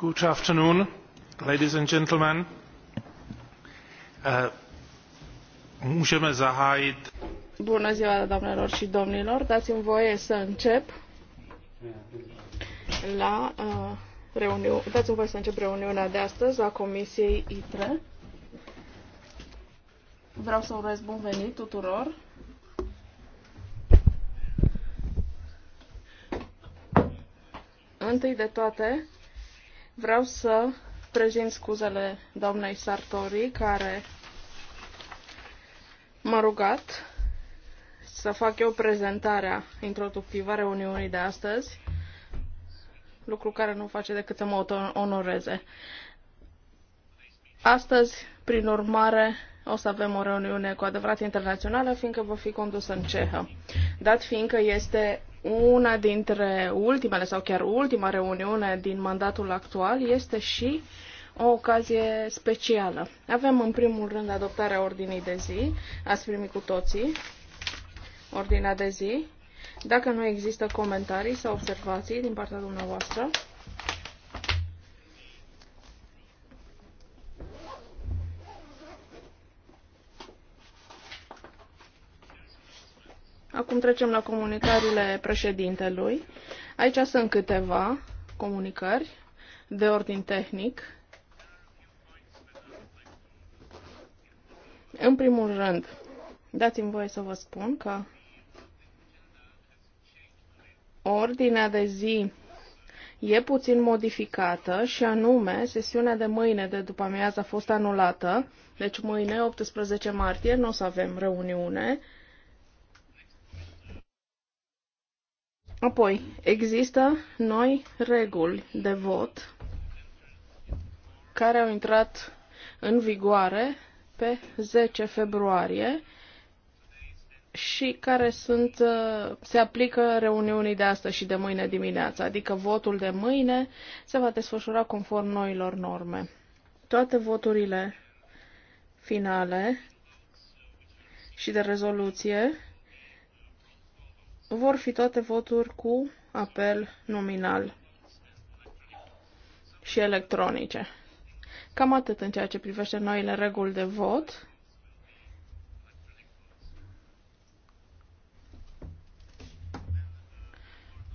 Good afternoon, ladies and gentlemen. Uh, můžeme zahájit. Bună ziua, doamnelor și domnilor. Dați-mi voie să încep la uh, reuniune. Dați-mi voie să încep reuniunea de astăzi a Comisiei ITRE. Vreau să urez bun venit tuturor. Întâi de toate, Vreau să prezint scuzele doamnei Sartori, care m-a rugat să fac eu prezentarea introductivă a reuniunii de astăzi, lucru care nu face decât să mă onoreze. Astăzi, prin urmare, o să avem o reuniune cu adevărat internațională, fiindcă va fi condusă în cehă. Dat fiindcă este una dintre ultimele sau chiar ultima reuniune din mandatul actual este și o ocazie specială. Avem în primul rând adoptarea ordinii de zi. Ați primit cu toții ordinea de zi. Dacă nu există comentarii sau observații din partea dumneavoastră, Acum trecem la comunicările președintelui. Aici sunt câteva comunicări de ordin tehnic. În primul rând, dați-mi voie să vă spun că ordinea de zi e puțin modificată și anume sesiunea de mâine de după amiază a fost anulată, deci mâine 18 martie nu o să avem reuniune, Apoi, există noi reguli de vot care au intrat în vigoare pe 10 februarie și care sunt, uh, se aplică reuniunii de astăzi și de mâine dimineața, adică votul de mâine se va desfășura conform noilor norme. Toate voturile finale și de rezoluție vor fi toate voturi cu apel nominal și electronice. Cam atât în ceea ce privește noile reguli de vot.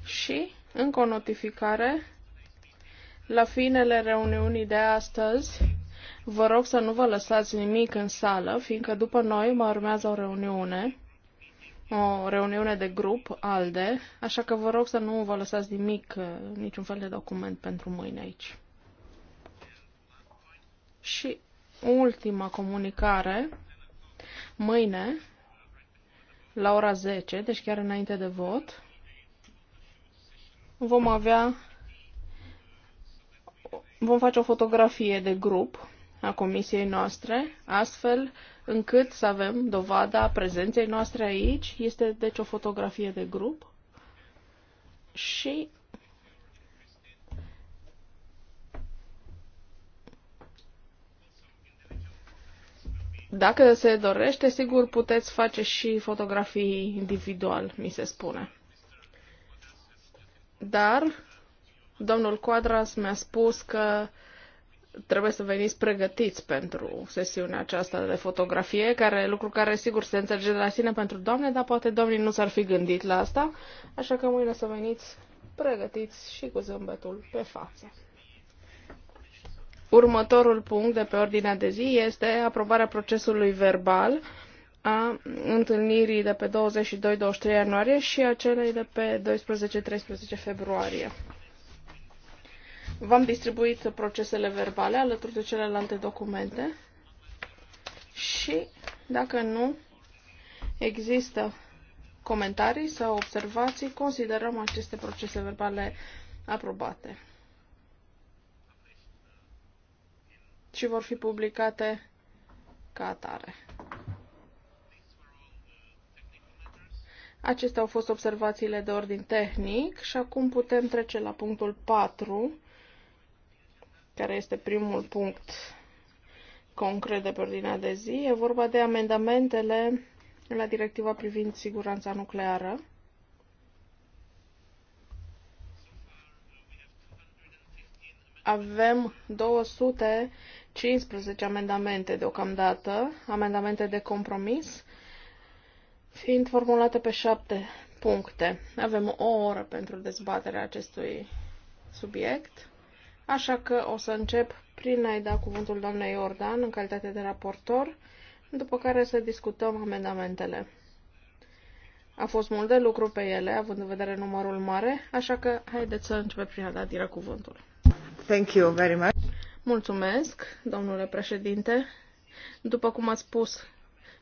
Și, încă o notificare, la finele reuniunii de astăzi, vă rog să nu vă lăsați nimic în sală, fiindcă după noi mai urmează o reuniune o reuniune de grup ALDE, așa că vă rog să nu vă lăsați nimic, uh, niciun fel de document pentru mâine aici. Și ultima comunicare, mâine, la ora 10, deci chiar înainte de vot, vom avea vom face o fotografie de grup a comisiei noastre, astfel încât să avem dovada prezenței noastre aici. Este deci o fotografie de grup și Dacă se dorește, sigur puteți face și fotografii individual, mi se spune. Dar domnul Quadras mi-a spus că uh, trebuie să veniți pregătiți pentru sesiunea aceasta de fotografie, care lucru care sigur se înțelege de la sine pentru doamne, dar poate domnii nu s-ar fi gândit la asta, așa că mâine să veniți pregătiți și cu zâmbetul pe față. Următorul punct de pe ordinea de zi este aprobarea procesului verbal a întâlnirii de pe 22-23 ianuarie și a celei de pe 12-13 februarie. V-am distribuit procesele verbale alături de celelalte documente și dacă nu există comentarii sau observații, considerăm aceste procese verbale aprobate. Și vor fi publicate ca atare. Acestea au fost observațiile de ordin tehnic și acum putem trece la punctul 4, care este primul punct concret de pe ordinea de zi. E vorba de amendamentele la directiva privind siguranța nucleară. Avem 215 amendamente deocamdată, amendamente de compromis, fiind formulate pe șapte puncte. Avem o oră pentru dezbaterea acestui subiect. Așa că o să încep prin a-i da cuvântul doamnei Iordan în calitate de raportor, după care să discutăm amendamentele. A fost mult de lucru pe ele, având în vedere numărul mare, așa că haideți să începem prin a da direct cuvântul. Thank you very much. Mulțumesc, domnule președinte. După cum ați spus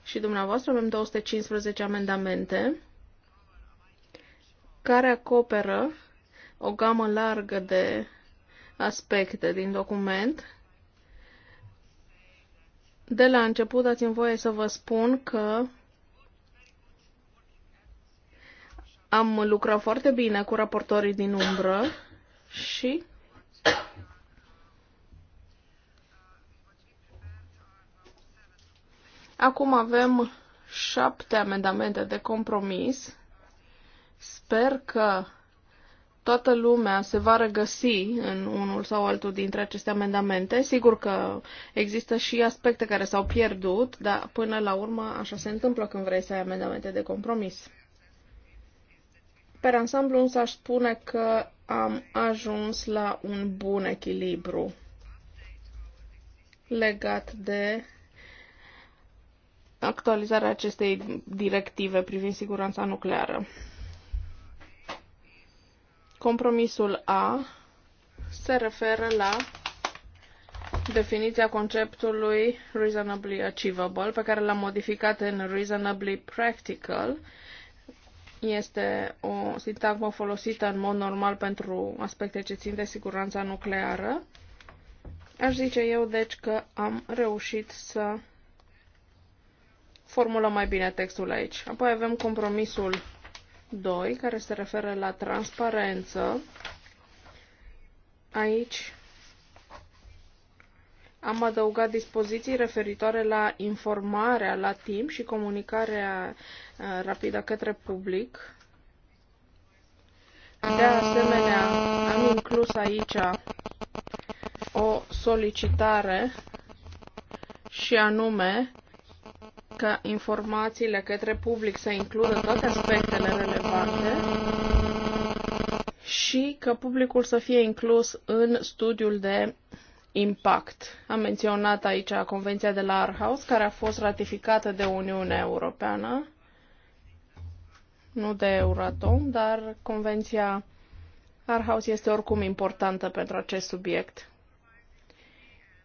și dumneavoastră, avem 215 amendamente care acoperă o gamă largă de aspecte din document. De la început dați-mi voie să vă spun că am lucrat foarte bine cu raportorii din umbră și acum avem șapte amendamente de compromis. Sper că toată lumea se va regăsi în unul sau altul dintre aceste amendamente. Sigur că există și aspecte care s-au pierdut, dar până la urmă așa se întâmplă când vrei să ai amendamente de compromis. Per ansamblu însă aș spune că am ajuns la un bun echilibru legat de actualizarea acestei directive privind siguranța nucleară. Compromisul A se referă la definiția conceptului reasonably achievable, pe care l-am modificat în reasonably practical. Este o sintagmă folosită în mod normal pentru aspecte ce țin de siguranța nucleară. Aș zice eu, deci, că am reușit să formulăm mai bine textul aici. Apoi avem compromisul 2, care se referă la transparență. Aici am adăugat dispoziții referitoare la informarea la timp și comunicarea uh, rapidă către public. De asemenea, am inclus aici o solicitare și anume ca informațiile către public să includă toate aspectele relevante și că publicul să fie inclus în studiul de impact. Am menționat aici Convenția de la Arhaus, care a fost ratificată de Uniunea Europeană, nu de Euratom, dar Convenția Arhaus este oricum importantă pentru acest subiect.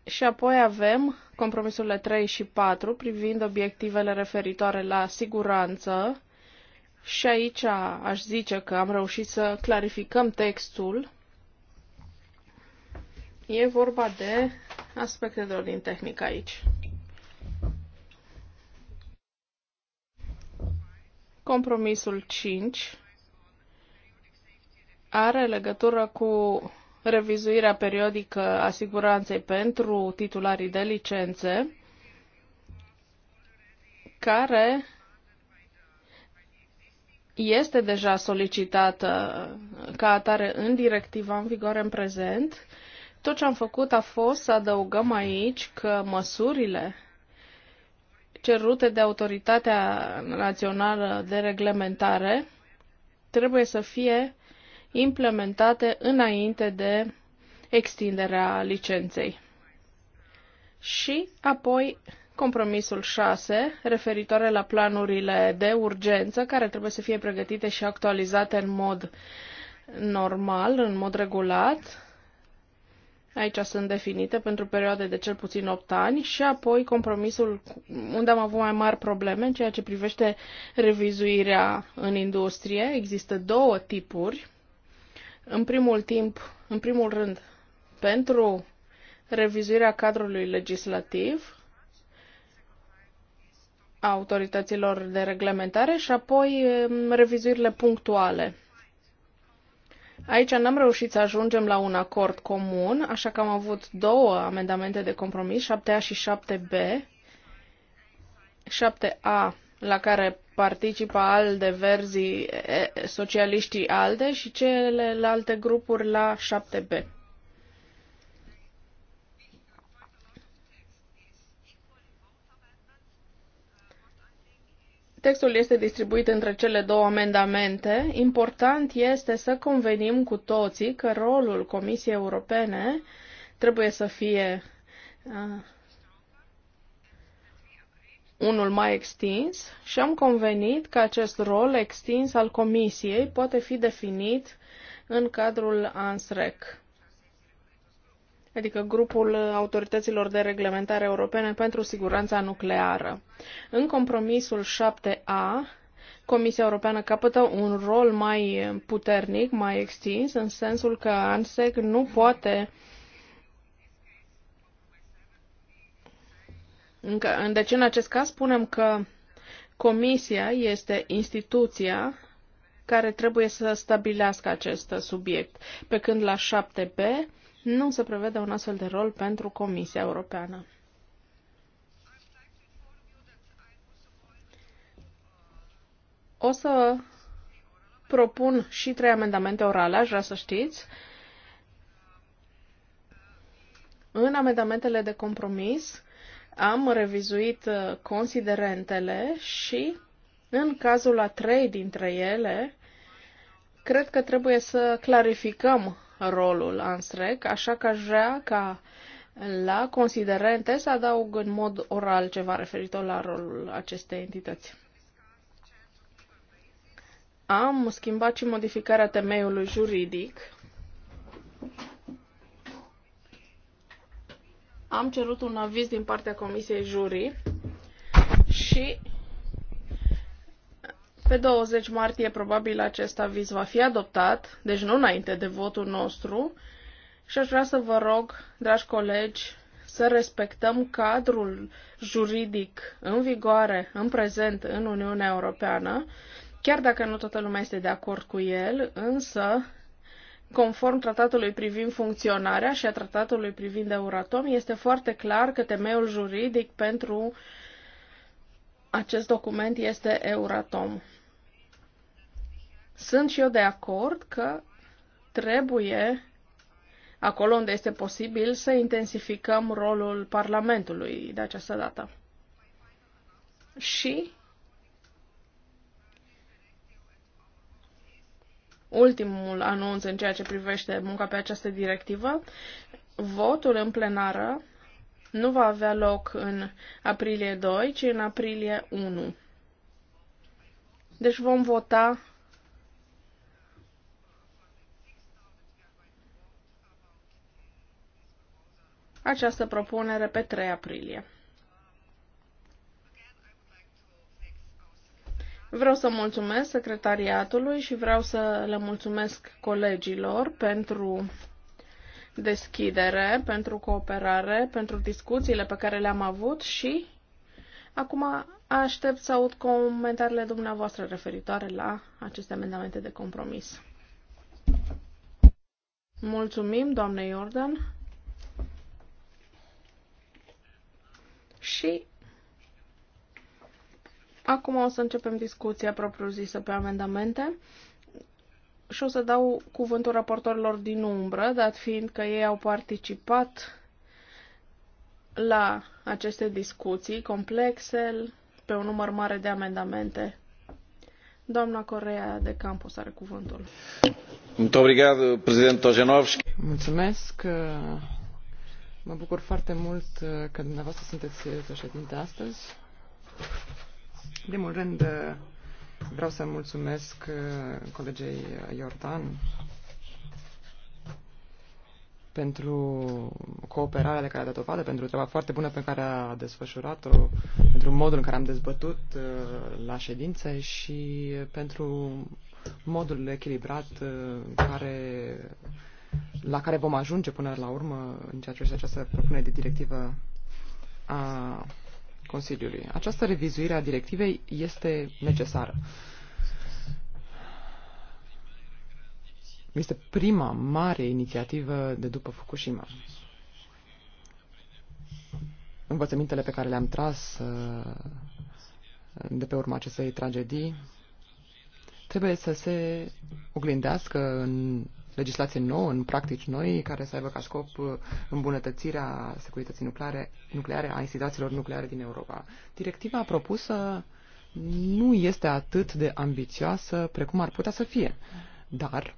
Și apoi avem compromisurile 3 și 4 privind obiectivele referitoare la siguranță și aici aș zice că am reușit să clarificăm textul. E vorba de aspecte de ordin tehnic aici. Compromisul 5 are legătură cu revizuirea periodică a siguranței pentru titularii de licențe, care este deja solicitată ca atare în directiva în vigoare în prezent. Tot ce am făcut a fost să adăugăm aici că măsurile cerute de Autoritatea Națională de Reglementare trebuie să fie implementate înainte de extinderea licenței. Și apoi compromisul 6, referitoare la planurile de urgență, care trebuie să fie pregătite și actualizate în mod normal, în mod regulat. Aici sunt definite pentru perioade de cel puțin 8 ani și apoi compromisul unde am avut mai mari probleme în ceea ce privește revizuirea în industrie. Există două tipuri în primul timp, în primul rând, pentru revizuirea cadrului legislativ a autorităților de reglementare și apoi revizuirile punctuale. Aici n-am reușit să ajungem la un acord comun, așa că am avut două amendamente de compromis, 7A și 7B. 7A la care participă ALDE, Verzii, Socialiștii ALDE și celelalte grupuri la 7B. Textul este distribuit între cele două amendamente. Important este să convenim cu toții că rolul Comisiei Europene trebuie să fie uh, unul mai extins și am convenit că acest rol extins al Comisiei poate fi definit în cadrul ANSREC, adică grupul autorităților de reglementare europene pentru siguranța nucleară. În compromisul 7A, Comisia Europeană capătă un rol mai puternic, mai extins, în sensul că ANSEC nu poate uh, Deci, în acest caz, spunem că Comisia este instituția care trebuie să stabilească acest subiect, pe când la 7b nu se prevede un astfel de rol pentru Comisia Europeană. O să propun și trei amendamente orale, aș vrea să știți. În amendamentele de compromis, am revizuit uh, considerentele și, în cazul a trei dintre ele, cred că trebuie să clarificăm rolul ANSREC, așa că aș vrea ca la considerente să adaug în mod oral ceva referitor la rolul acestei entități. Am schimbat și modificarea temeiului juridic am cerut un aviz din partea Comisiei Jurii și pe 20 martie probabil acest aviz va fi adoptat, deci nu înainte de votul nostru. Și aș vrea să vă rog, dragi colegi, să respectăm cadrul juridic în vigoare în prezent în Uniunea Europeană, chiar dacă nu toată lumea este de acord cu el, însă conform tratatului privind funcționarea și a tratatului privind Euratom, este foarte clar că temeiul juridic pentru acest document este Euratom. Sunt și eu de acord că trebuie, acolo unde este posibil, să intensificăm rolul Parlamentului de această dată. Și ultimul anunț în ceea ce privește munca pe această directivă. Votul în plenară nu va avea loc în aprilie 2, ci în aprilie 1. Deci vom vota această propunere pe 3 aprilie. Vreau să mulțumesc secretariatului și vreau să le mulțumesc colegilor pentru deschidere, pentru cooperare, pentru discuțiile pe care le-am avut și acum aștept să aud comentariile dumneavoastră referitoare la aceste amendamente de compromis. Mulțumim, doamne Jordan. Și Acum o să începem discuția propriu-zisă pe amendamente și o să dau cuvântul raportorilor din umbră, dat fiind că ei au participat la aceste discuții complexe pe un număr mare de amendamente. Doamna Corea de Campos are cuvântul. Mulțumesc. Mă bucur foarte mult că dumneavoastră sunteți președinte astăzi primul rând vreau să mulțumesc uh, colegei Iordan pentru cooperarea de care a dat dovadă, pentru treaba foarte bună pe care a desfășurat-o, pentru modul în care am dezbătut uh, la ședințe și pentru modul echilibrat uh, care, la care vom ajunge până la urmă în ceea ce este această propunere de directivă a Consiliului. Această revizuire a directivei este necesară. Este prima mare inițiativă de după Fukushima. Învățămintele pe care le-am tras uh, de pe urma acestei tragedii trebuie să se oglindească în legislație nouă, în practici noi, care să aibă ca scop uh, îmbunătățirea securității nucleare, nucleare a instituțiilor nucleare din Europa. Directiva propusă nu este atât de ambițioasă precum ar putea să fie, dar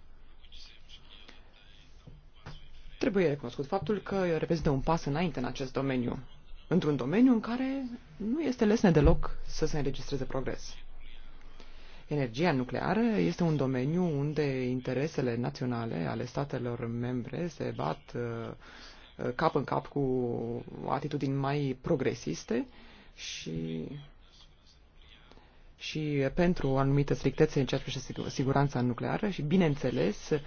trebuie recunoscut faptul că reprezintă un pas înainte în acest domeniu, într-un domeniu în care nu este lesne deloc să se înregistreze progres. Energia nucleară este un domeniu unde interesele naționale ale statelor membre se bat uh, uh, cap în cap cu atitudini mai progresiste și și pentru anumite strictețe în ceea ce privește siguranța nucleară și, bineînțeles, uh,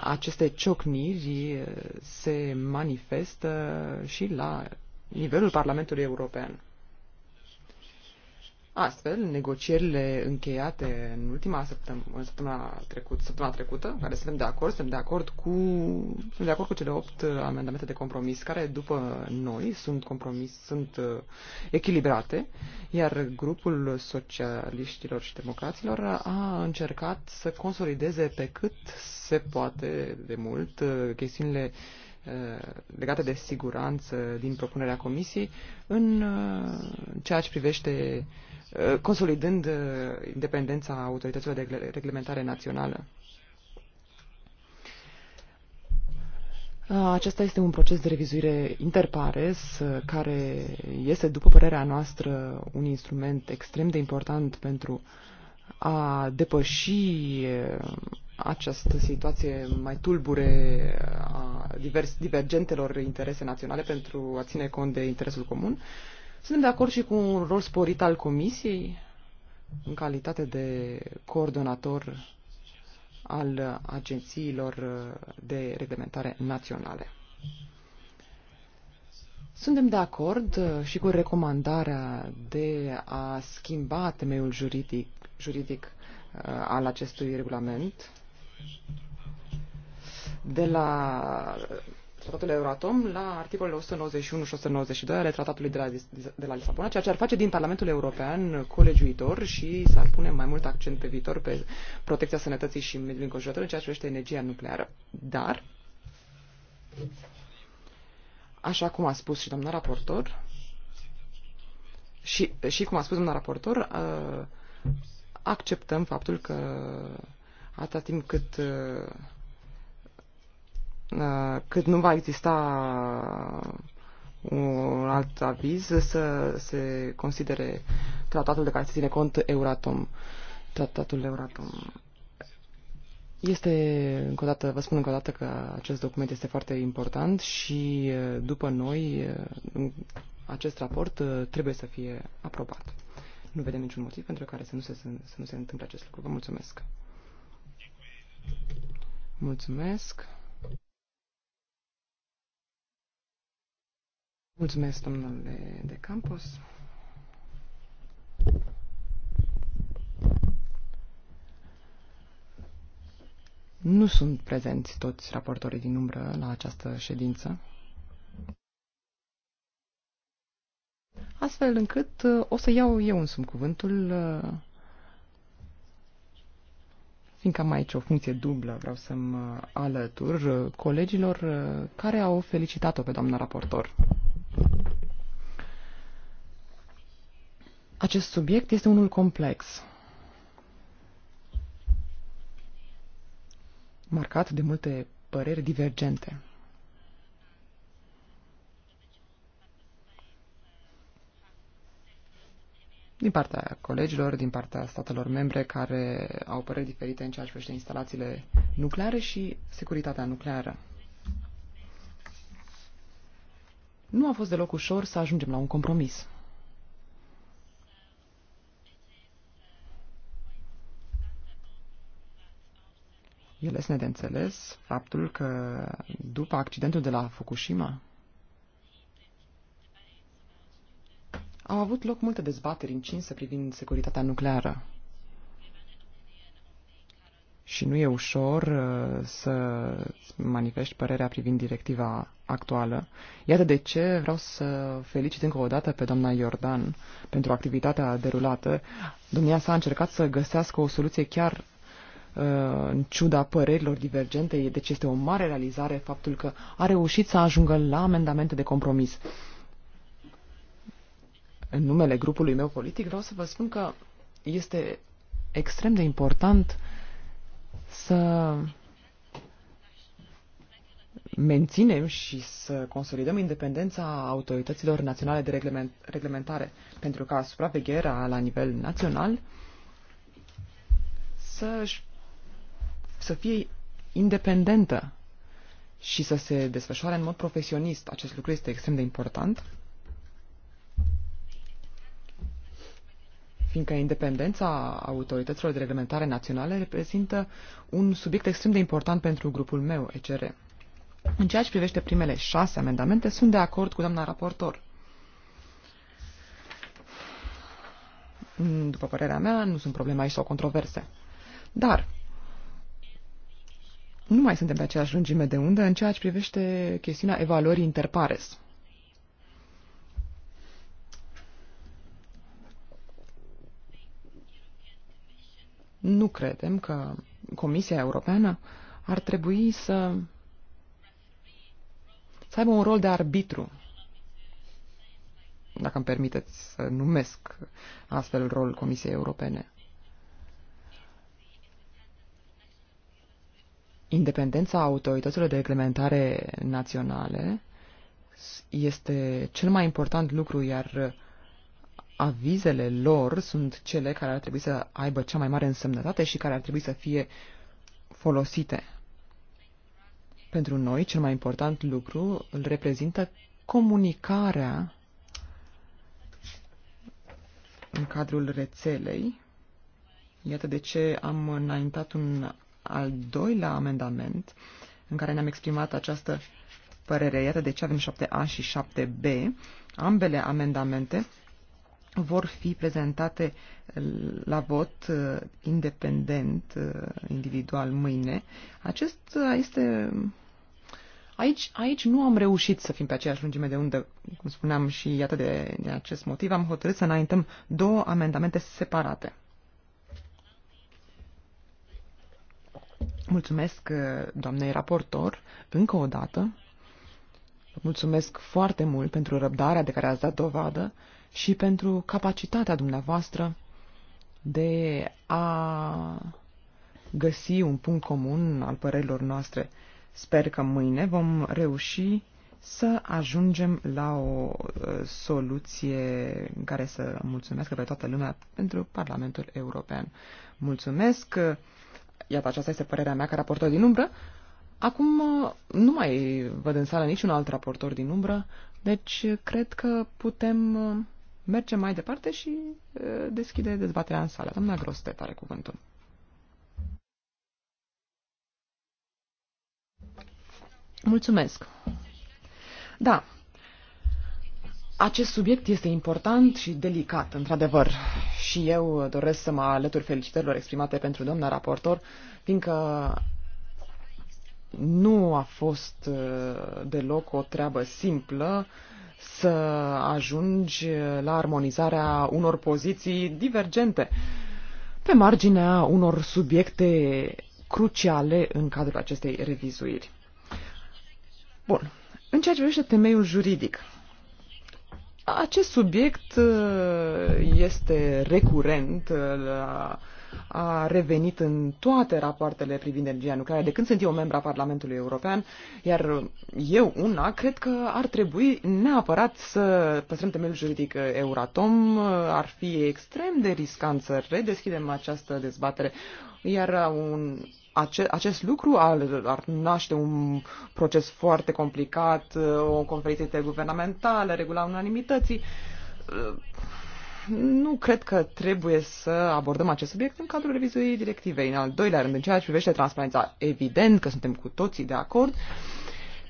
aceste ciocniri se manifestă și la nivelul Parlamentului European. Astfel, negocierile încheiate în ultima săptămână, săptămâna, trecut, săptămâna trecută, în care suntem de acord, suntem de acord cu suntem de acord cu cele opt amendamente de compromis, care după noi sunt compromis, sunt uh, echilibrate, iar grupul socialiștilor și democraților a încercat să consolideze pe cât se poate de mult uh, chestiunile uh, legate de siguranță din propunerea comisiei în ceea ce privește Uh, consolidând uh, independența autorităților de reglementare națională. Uh, acesta este un proces de revizuire interpares, care este, după părerea noastră, un instrument extrem de important pentru a depăși această situație mai tulbure a divers, divergentelor interese naționale pentru a ține cont de interesul comun suntem de acord și cu un rol sporit al Comisiei în calitate de coordonator al agențiilor de reglementare naționale. Suntem de acord și cu recomandarea de a schimba temeiul juridic, juridic uh, al acestui regulament de la tratatul Euratom la articolele 191 și 192 ale tratatului de la, de la Lisabona, ceea ce ar face din Parlamentul European colegiuitor și s-ar pune mai mult accent pe viitor pe protecția sănătății și mediului înconjurător în ceea ce privește energia nucleară. Dar, așa cum a spus și doamna raportor, și, și cum a spus doamna raportor, uh, acceptăm faptul că atâta timp cât uh, Uh, cât nu va exista un alt aviz, să se considere tratatul de care se ține cont Euratom. Tratatul Euratom. Este, încă o dată, vă spun încă o dată că acest document este foarte important și uh, după noi uh, acest raport trebuie să fie aprobat. Nu vedem niciun motiv pentru care să nu se, să nu se întâmple acest lucru. Vă mulțumesc. Mulțumesc. Mulțumesc, domnule de Campos. Nu sunt prezenți toți raportorii din umbră la această ședință. Astfel încât uh, o să iau eu însumi cuvântul, uh, fiindcă am aici o funcție dublă, vreau să-mi alătur uh, colegilor care au felicitat-o pe doamna raportor. Acest subiect este unul complex, marcat de multe păreri divergente. din partea colegilor, din partea statelor membre care au păreri diferite în ceea ce privește instalațiile nucleare și securitatea nucleară. Nu a fost deloc ușor să ajungem la un compromis. El este de înțeles faptul că după accidentul de la Fukushima au avut loc multe dezbateri încinsă privind securitatea nucleară. Și nu e ușor uh, să manifesti părerea privind directiva actuală. Iată de ce vreau să felicit încă o dată pe doamna Iordan pentru activitatea derulată. Domnia s-a încercat să găsească o soluție chiar Uh, în ciuda părerilor divergente, deci este o mare realizare faptul că a reușit să ajungă la amendamente de compromis. În numele grupului meu politic vreau să vă spun că este extrem de important să menținem și să consolidăm independența autorităților naționale de reglementare, pentru ca supravegherea la nivel național să-și să fie independentă și să se desfășoare în mod profesionist. Acest lucru este extrem de important. fiindcă independența autorităților de reglementare naționale reprezintă un subiect extrem de important pentru grupul meu, ECR. În ceea ce privește primele șase amendamente, sunt de acord cu doamna raportor. După părerea mea, nu sunt probleme aici sau controverse. Dar nu mai suntem pe aceeași lungime de undă în ceea ce privește chestiunea evaluării interpares. Nu credem că Comisia Europeană ar trebui să, să aibă un rol de arbitru, dacă îmi permiteți să numesc astfel rol Comisiei Europene. independența autorităților de reglementare naționale este cel mai important lucru, iar avizele lor sunt cele care ar trebui să aibă cea mai mare însemnătate și care ar trebui să fie folosite. Pentru noi, cel mai important lucru îl reprezintă comunicarea în cadrul rețelei. Iată de ce am înaintat un al doilea amendament în care ne-am exprimat această părere. Iată de ce avem 7A și 7B. Ambele amendamente vor fi prezentate la vot uh, independent, uh, individual, mâine. Acest este... Aici, aici nu am reușit să fim pe aceeași lungime de undă, cum spuneam, și iată de, de acest motiv am hotărât să înaintăm două amendamente separate. Mulțumesc uh, doamnei raportor încă o dată. Mulțumesc foarte mult pentru răbdarea de care ați dat dovadă și pentru capacitatea dumneavoastră de a găsi un punct comun al părerilor noastre. Sper că mâine vom reuși să ajungem la o uh, soluție care să mulțumesc pe toată lumea pentru Parlamentul European. Mulțumesc! Uh, Iată, aceasta este părerea mea ca raportor din umbră. Acum uh, nu mai văd în sală niciun alt raportor din umbră, deci uh, cred că putem uh, merge mai departe și deschide dezbaterea în sală. Doamna Groste, tare cuvântul. Mulțumesc. Da, acest subiect este important și delicat, într-adevăr, și eu doresc să mă alătur felicitărilor exprimate pentru doamna raportor, fiindcă nu a fost uh, deloc o treabă simplă să ajungi la armonizarea unor poziții divergente pe marginea unor subiecte cruciale în cadrul acestei revizuiri. Bun. În ceea ce privește temeiul juridic, acest subiect uh, este recurent, uh, a revenit în toate rapoartele privind energia nucleară de când sunt eu membra Parlamentului European, iar eu una cred că ar trebui neapărat să păstrăm temelul juridic Euratom, uh, ar fi extrem de riscant să redeschidem această dezbatere, iar un, Ace- acest lucru ar, ar naște un proces foarte complicat, o conferință interguvernamentală, regula unanimității. Nu cred că trebuie să abordăm acest subiect în cadrul revizuirii directivei. În al doilea rând, în ceea ce privește transparența, evident că suntem cu toții de acord. Uh,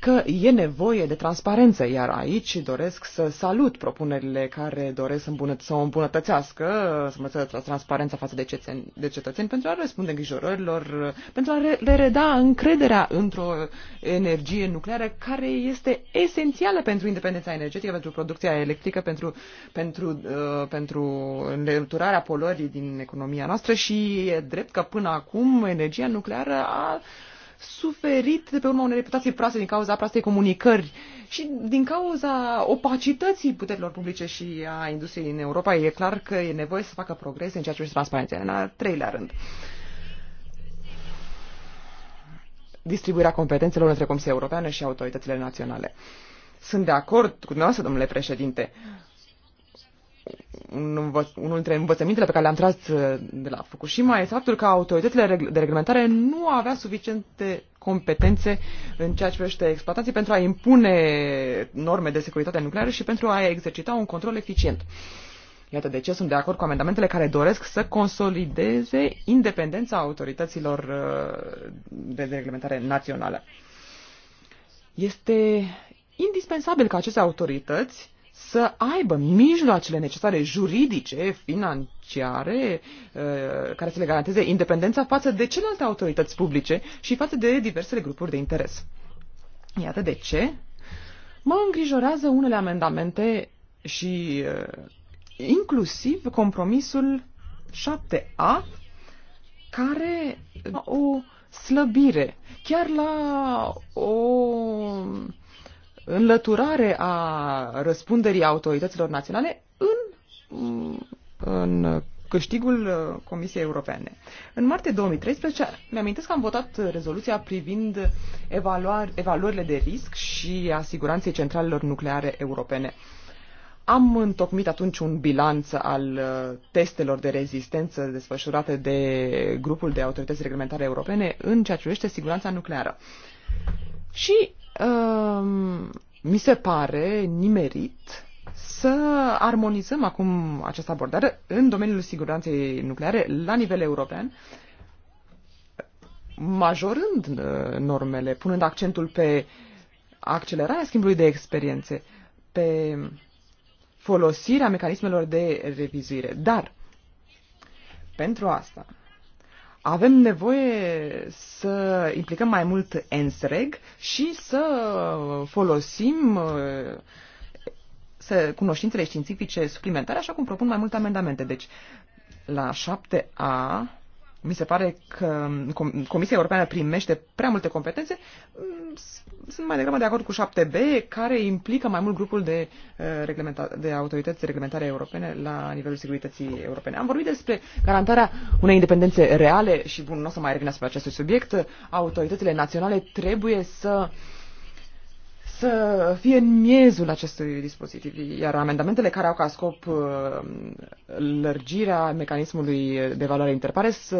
că e nevoie de transparență, iar aici doresc să salut propunerile care doresc să, o îmbunătățească, să îmbunătățească transparența față de cetățeni, de cetățeni pentru a răspunde îngrijorărilor, pentru a le reda încrederea într-o energie nucleară care este esențială pentru independența energetică, pentru producția electrică, pentru, pentru, uh, pentru înlăturarea polorii din economia noastră și e drept că până acum energia nucleară a suferit de pe urma unei reputații proaste din cauza proastei comunicări și din cauza opacității puterilor publice și a industriei în Europa. E clar că e nevoie să facă progrese în ceea ce privește transparența. În al treilea rând, distribuirea competențelor între Comisia Europeană și autoritățile naționale. Sunt de acord cu dumneavoastră, domnule președinte un unul dintre învățămintele pe care le-am tras uh, de la Fukushima este faptul că autoritățile de reglementare nu avea suficiente competențe în ceea ce privește exploatații pentru a impune norme de securitate nucleară și pentru a exercita un control eficient. Iată de ce sunt de acord cu amendamentele care doresc să consolideze independența autorităților uh, de reglementare națională. Este indispensabil ca aceste autorități să aibă mijloacele necesare juridice, financiare, eh, care să le garanteze independența față de celelalte autorități publice și față de diversele grupuri de interes. Iată de ce mă îngrijorează unele amendamente și eh, inclusiv compromisul 7A, care o slăbire, chiar la o înlăturare a răspunderii autorităților naționale în, în câștigul uh, Comisiei Europene. În martie 2013, mi-amintesc că am votat rezoluția privind evaluar, evaluările de risc și asiguranței centralelor nucleare europene. Am întocmit atunci un bilanț al uh, testelor de rezistență desfășurate de grupul de autorități reglementare europene în ceea ce privește siguranța nucleară. Și Ehm, mi se pare nimerit să armonizăm acum această abordare în domeniul siguranței nucleare la nivel european, majorând uh, normele, punând accentul pe accelerarea schimbului de experiențe, pe folosirea mecanismelor de revizuire. Dar, pentru asta, avem nevoie să implicăm mai mult ENSREG și să folosim să, cunoștințele științifice suplimentare, așa cum propun mai multe amendamente. Deci, la 7A mi se pare că Comisia Europeană primește prea multe competențe, mm, sunt mai degrabă de acord cu 7B, care implică mai mult grupul de, uh, de autorități reglementare europene la nivelul securității europene. Am vorbit despre garantarea unei independențe reale și, bun, nu o să mai revin asupra acestui subiect, autoritățile naționale trebuie să uh, să fie în miezul acestui dispozitiv, iar amendamentele care au ca scop uh, lărgirea mecanismului de valoare interpares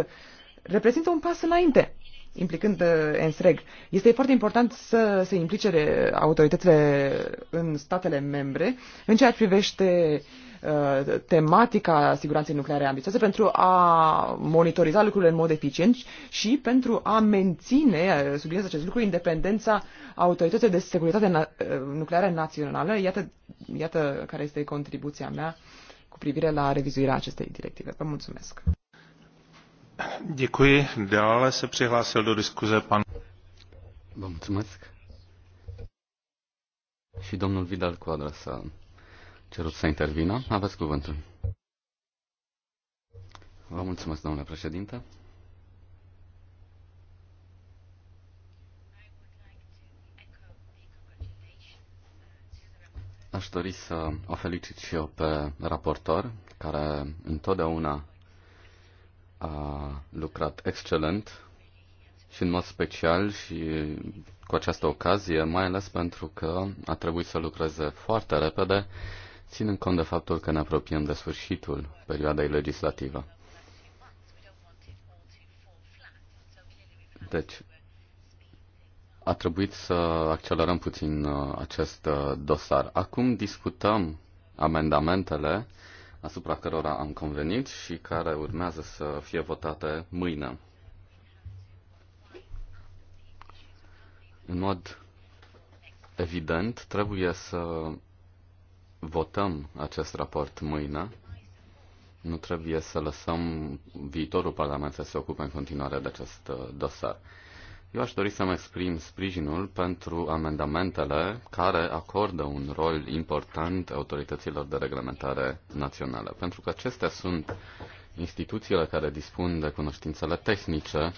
reprezintă un pas înainte implicând uh, ENSREG. Este foarte important să se implice uh, autoritățile în statele membre în ceea ce privește uh, Uh, tematica siguranței nucleare ambițioase pentru a monitoriza lucrurile în mod eficient și pentru a menține, uh, subliniez acest lucru, independența autorității de securitate na- uh, nucleară națională. Iată, iată care este contribuția mea cu privire la revizuirea acestei directive. Vă mulțumesc. Děkuji. Dále se přihlásil do diskuze pan... Vă mulțumesc. Și domnul Vidal Quadra cerut să intervină. Aveți cuvântul. Vă mulțumesc, domnule președinte. Aș dori să o felicit și eu pe raportor, care întotdeauna a lucrat excelent și în mod special și cu această ocazie, mai ales pentru că a trebuit să lucreze foarte repede ținând cont de faptul că ne apropiem de sfârșitul perioadei legislative. Deci, a trebuit să accelerăm puțin uh, acest uh, dosar. Acum discutăm amendamentele asupra cărora am convenit și care urmează să fie votate mâine. În mod evident, trebuie să votăm acest raport mâine, nu trebuie să lăsăm viitorul Parlament să se ocupe în continuare de acest uh, dosar. Eu aș dori să-mi exprim sprijinul pentru amendamentele care acordă un rol important autorităților de reglementare naționale, pentru că acestea sunt instituțiile care dispun de cunoștințele tehnice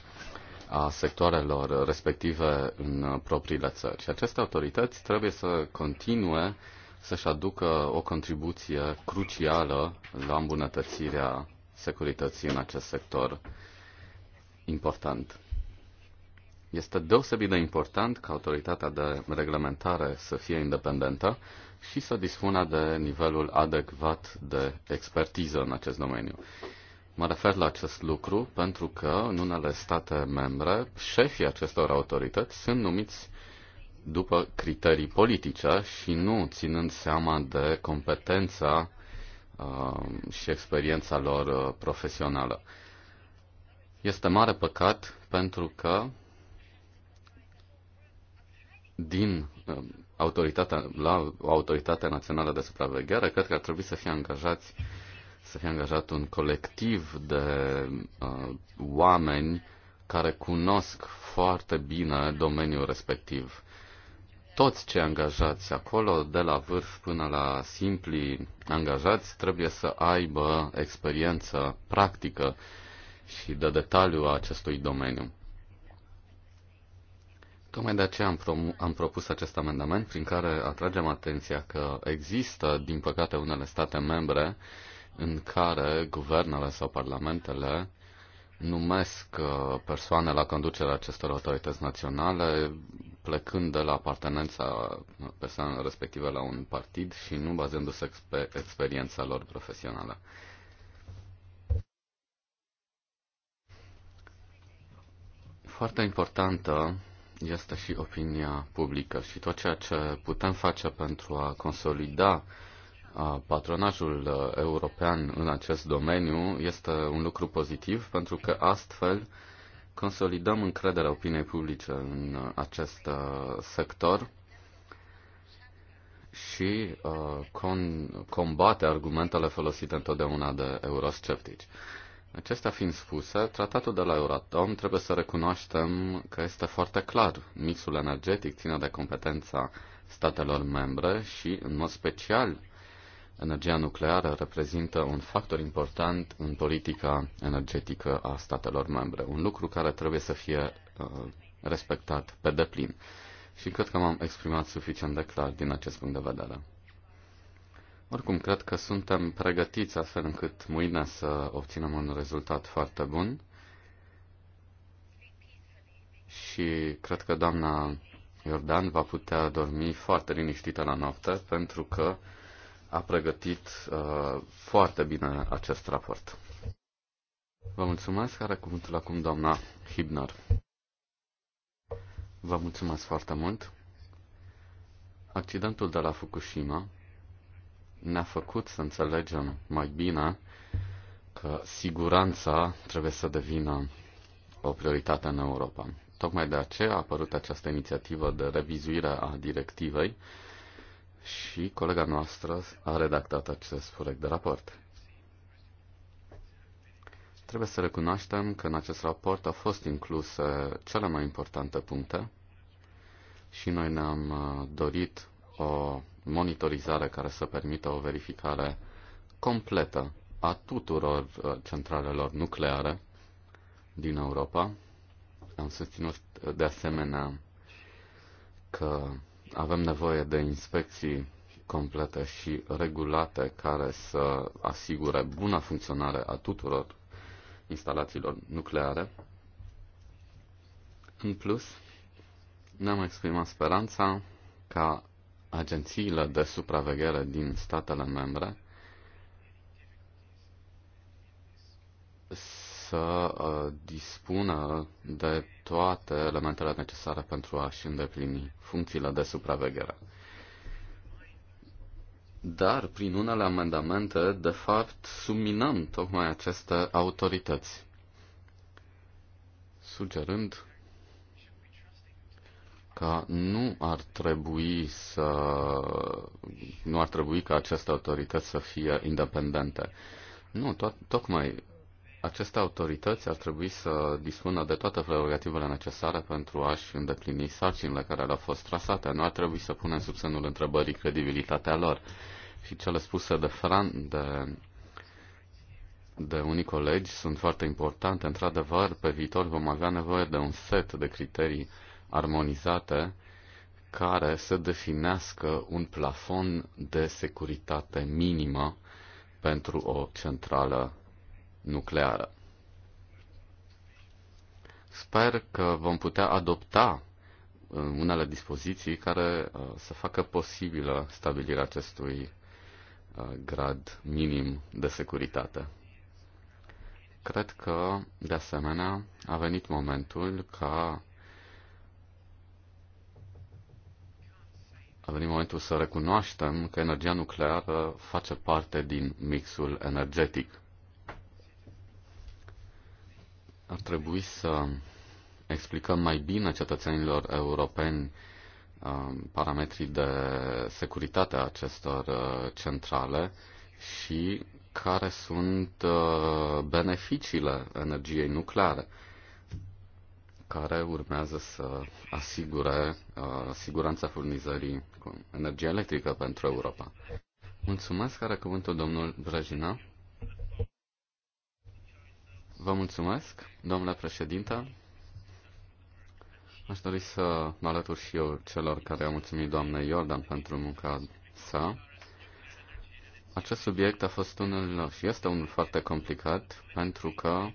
a sectoarelor respective în uh, propriile țări. Și aceste autorități trebuie să continue să-și aducă o contribuție crucială la îmbunătățirea securității în acest sector important. Este deosebit de important ca autoritatea de reglementare să fie independentă și să dispună de nivelul adecvat de expertiză în acest domeniu. Mă refer la acest lucru pentru că în unele state membre, șefii acestor autorități sunt numiți după criterii politice și nu ținând seama de competența uh, și experiența lor uh, profesională. Este mare păcat pentru că din uh, autoritatea, la Autoritatea Națională de Supraveghere, cred că ar trebui să fie angajați să fie angajat un colectiv de uh, oameni care cunosc foarte bine domeniul respectiv toți cei angajați acolo, de la vârf până la simpli angajați, trebuie să aibă experiență practică și de detaliu a acestui domeniu. Tocmai de aceea am, prom- am propus acest amendament prin care atragem atenția că există, din păcate, unele state membre în care guvernele sau parlamentele numesc uh, persoane la conducerea acestor autorități naționale, plecând de la apartenența persoanelor respective la un partid și nu bazându-se pe experiența lor profesională. Foarte importantă este și opinia publică și tot ceea ce putem face pentru a consolida uh, patronajul uh, european în acest domeniu este un lucru pozitiv pentru că astfel consolidăm încrederea opiniei publice în uh, acest uh, sector și uh, con- combate argumentele folosite întotdeauna de eurosceptici. Acestea fiind spuse, tratatul de la Euratom trebuie să recunoaștem că este foarte clar. Mixul energetic ține de competența statelor membre și, în mod special, uh, energia nucleară reprezintă un factor important în politica energetică a statelor membre, un lucru care trebuie să fie uh, respectat pe deplin. Și cred că m-am exprimat suficient de clar din acest punct de vedere. Oricum, cred că suntem pregătiți astfel încât mâine să obținem un rezultat foarte bun. Și cred că doamna Iordan va putea dormi foarte liniștită la noapte, pentru că a pregătit uh, foarte bine acest raport. Vă mulțumesc. Are cuvântul acum doamna Hibner. Vă mulțumesc foarte mult. Accidentul de la Fukushima ne-a făcut să înțelegem mai bine că siguranța trebuie să devină o prioritate în Europa. Tocmai de aceea a apărut această inițiativă de revizuire a directivei și colega noastră a redactat acest proiect de raport. Trebuie să recunoaștem că în acest raport a fost inclusă cele mai importante puncte și noi ne-am uh, dorit o monitorizare care să permită o verificare completă a tuturor uh, centralelor nucleare din Europa. Am susținut uh, de asemenea că avem nevoie de inspecții complete și regulate care să asigure buna funcționare a tuturor instalațiilor nucleare. În plus, ne-am exprimat speranța ca agențiile de supraveghere din statele membre să uh, dispună de toate elementele necesare pentru a-și îndeplini funcțiile de supraveghere. Dar, prin unele amendamente, de fapt, subminăm tocmai aceste autorități, sugerând că nu ar trebui să nu ar trebui ca aceste autorități să fie independente. Nu, to- tocmai aceste autorități ar trebui să dispună de toate prerogativele necesare pentru a-și îndeplini sarcinile care le-au fost trasate. Nu ar trebui să punem sub semnul întrebării credibilitatea lor. Și cele spuse de Fran, de, de unii colegi, sunt foarte importante. Într-adevăr, pe viitor vom avea nevoie de un set de criterii armonizate care să definească un plafon de securitate minimă pentru o centrală nucleară. Sper că vom putea adopta uh, unele dispoziții care uh, să facă posibilă stabilirea acestui uh, grad minim de securitate. Cred că, de asemenea, a venit momentul ca a venit momentul să recunoaștem că energia nucleară face parte din mixul energetic ar trebui să explicăm mai bine cetățenilor europeni uh, parametrii de securitate a acestor uh, centrale și care sunt uh, beneficiile energiei nucleare care urmează să asigure siguranța furnizării cu energie electrică pentru Europa. Mulțumesc, are cuvântul domnul Brăjina. Vă mulțumesc, domnule președinte. Aș dori să mă alătur și eu celor care au mulțumit doamnei Jordan pentru munca sa. Acest subiect a fost unul și este unul foarte complicat pentru că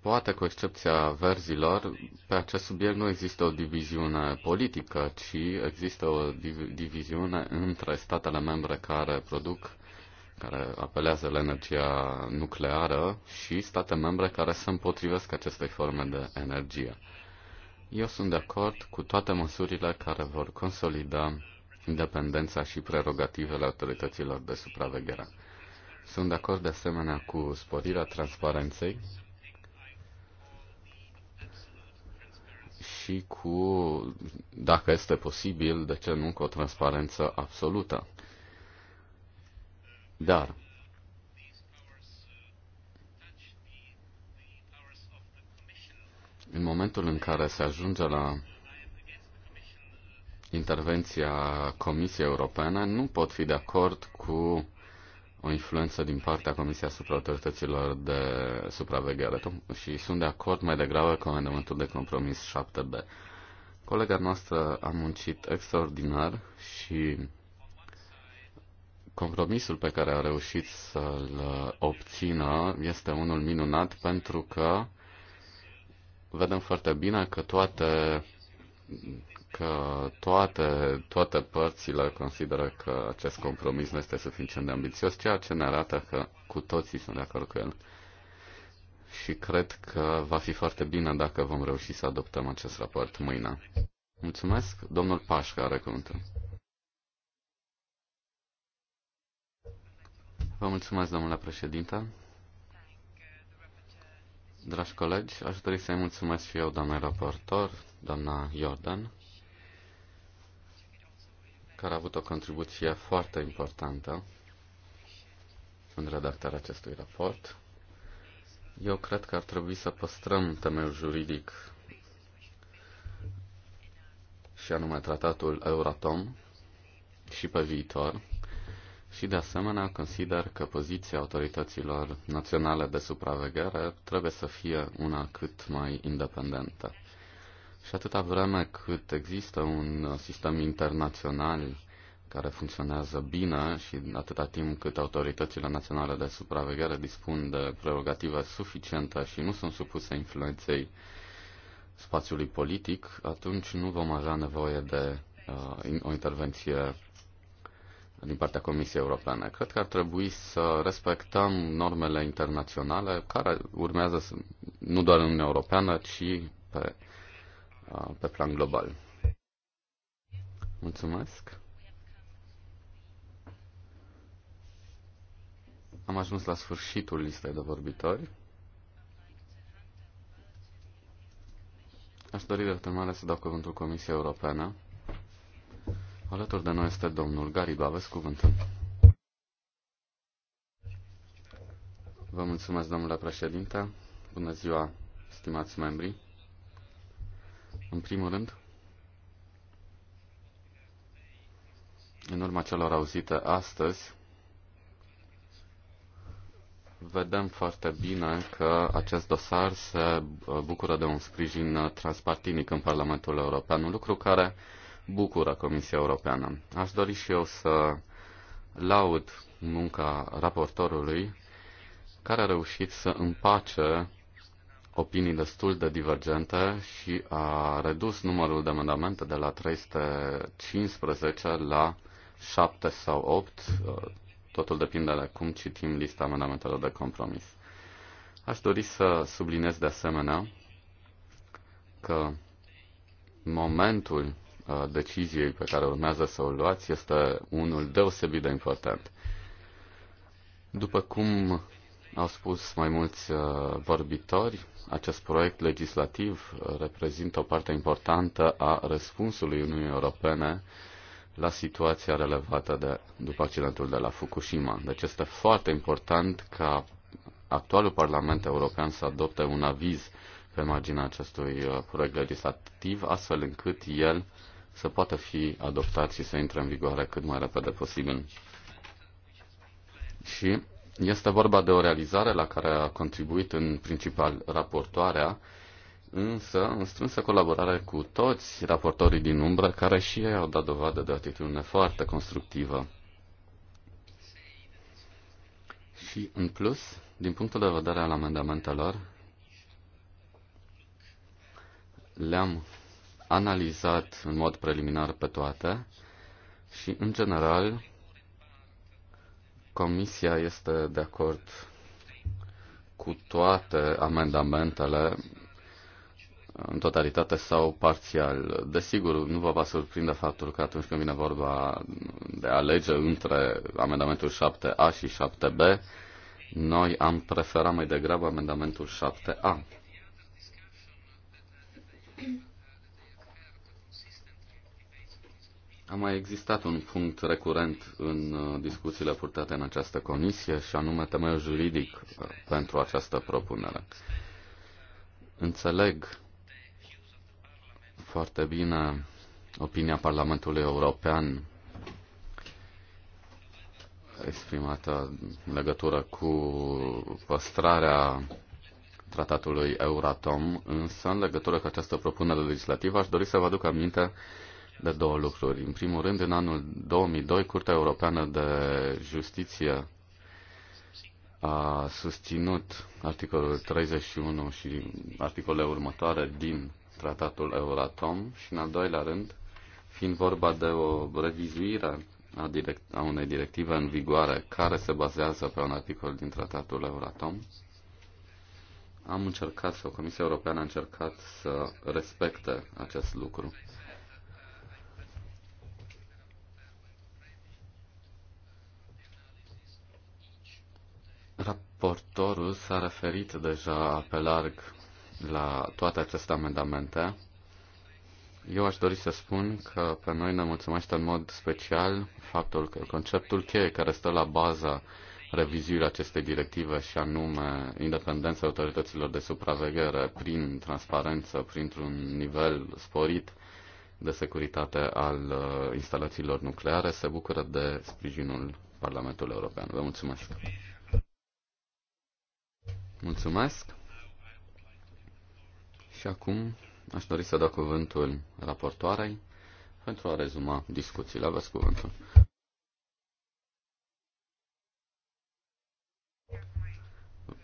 Poate cu excepția verzilor, pe acest subiect nu există o diviziune politică, ci există o div- diviziune între statele membre care produc care apelează la energia nucleară și state membre care se împotrivesc acestei forme de energie. Eu sunt de acord cu toate măsurile care vor consolida independența și prerogativele autorităților de supraveghere. Sunt de acord de asemenea cu sporirea transparenței și cu, dacă este posibil, de ce nu, cu o transparență absolută. Dar în momentul în care se ajunge la intervenția Comisiei Europene, nu pot fi de acord cu o influență din partea Comisiei asupra autorităților de supraveghere și sunt de acord mai degrabă cu amendamentul de compromis 7b. Colega noastră a muncit extraordinar și compromisul pe care a reușit să-l obțină este unul minunat pentru că vedem foarte bine că toate că toate, toate părțile consideră că acest compromis nu este suficient de ambițios, ceea ce ne arată că cu toții sunt de acord cu el. Și cred că va fi foarte bine dacă vom reuși să adoptăm acest raport mâine. Mulțumesc. Domnul Pașca are cuvântul. Vă mulțumesc, domnule președinte. Dragi colegi, aș dori să-i mulțumesc și eu, doamna raportor, doamna Jordan, care a avut o contribuție foarte importantă în redactarea acestui raport. Eu cred că ar trebui să păstrăm temeiul juridic și anume tratatul Euratom și pe viitor, și de asemenea consider că poziția autorităților naționale de supraveghere trebuie să fie una cât mai independentă. Și atâta vreme cât există un sistem internațional care funcționează bine și atâta timp cât autoritățile naționale de supraveghere dispun de prerogative suficiente și nu sunt supuse influenței spațiului politic, atunci nu vom avea nevoie de uh, o intervenție din partea Comisiei Europene. Cred că ar trebui să respectăm normele internaționale care urmează să, nu doar în Uniunea Europeană, ci pe, pe plan global. Mulțumesc. Am ajuns la sfârșitul listei de vorbitori. Aș dori de să dau cuvântul Comisiei Europene Alături de noi este domnul Gariba. Aveți cuvântul. Vă mulțumesc, domnule președinte. Bună ziua, stimați membri. În primul rând, în urma celor auzite astăzi, vedem foarte bine că acest dosar se bucură de un sprijin transpartinic în Parlamentul European, un lucru care bucură Comisia Europeană. Aș dori și eu să laud munca raportorului care a reușit să împace opinii destul de divergente și a redus numărul de amendamente de la 315 la 7 sau 8. Totul depinde de cum citim lista amendamentelor de compromis. Aș dori să subliniez de asemenea că momentul deciziei pe care urmează să o luați este unul deosebit de important. După cum au spus mai mulți uh, vorbitori, acest proiect legislativ uh, reprezintă o parte importantă a răspunsului Uniunii Europene la situația relevată de, după accidentul de la Fukushima. Deci este foarte important ca actualul Parlament European să adopte un aviz pe marginea acestui uh, proiect legislativ, astfel încât el să poată fi adoptat și să intre în vigoare cât mai repede posibil. Și este vorba de o realizare la care a contribuit în principal raportoarea, însă în strânsă colaborare cu toți raportorii din umbră, care și ei au dat dovadă de o atitudine foarte constructivă. Și în plus, din punctul de vedere al amendamentelor, le-am analizat în mod preliminar pe toate și, în general, Comisia este de acord cu toate amendamentele în totalitate sau parțial. Desigur, nu vă va surprinde faptul că atunci când vine vorba de alege între amendamentul 7A și 7B, noi am preferat mai degrabă amendamentul 7A. A mai existat un punct recurent în uh, discuțiile purtate în această comisie și anume temeiul juridic uh, pentru această propunere. Înțeleg foarte bine opinia Parlamentului European exprimată în legătură cu păstrarea tratatului Euratom, însă în legătură cu această propunere legislativă aș dori să vă aduc aminte de două lucruri. În primul rând, în anul 2002, Curtea Europeană de Justiție a susținut articolul 31 și articolele următoare din tratatul Euratom și, în al doilea rând, fiind vorba de o revizuire a, direct, a unei directive în vigoare care se bazează pe un articol din tratatul Euratom, am încercat sau Comisia Europeană a încercat să respecte acest lucru. Raportorul s-a referit deja pe larg la toate aceste amendamente. Eu aș dori să spun că pe noi ne mulțumește în mod special faptul că conceptul cheie care stă la baza revizuirii acestei directive și anume independența autorităților de supraveghere prin transparență, printr-un nivel sporit de securitate al uh, instalațiilor nucleare, se bucură de sprijinul Parlamentului European. Vă mulțumesc! Mulțumesc. Și acum aș dori să dau cuvântul raportoarei pentru a rezuma discuțiile. Aveți cuvântul.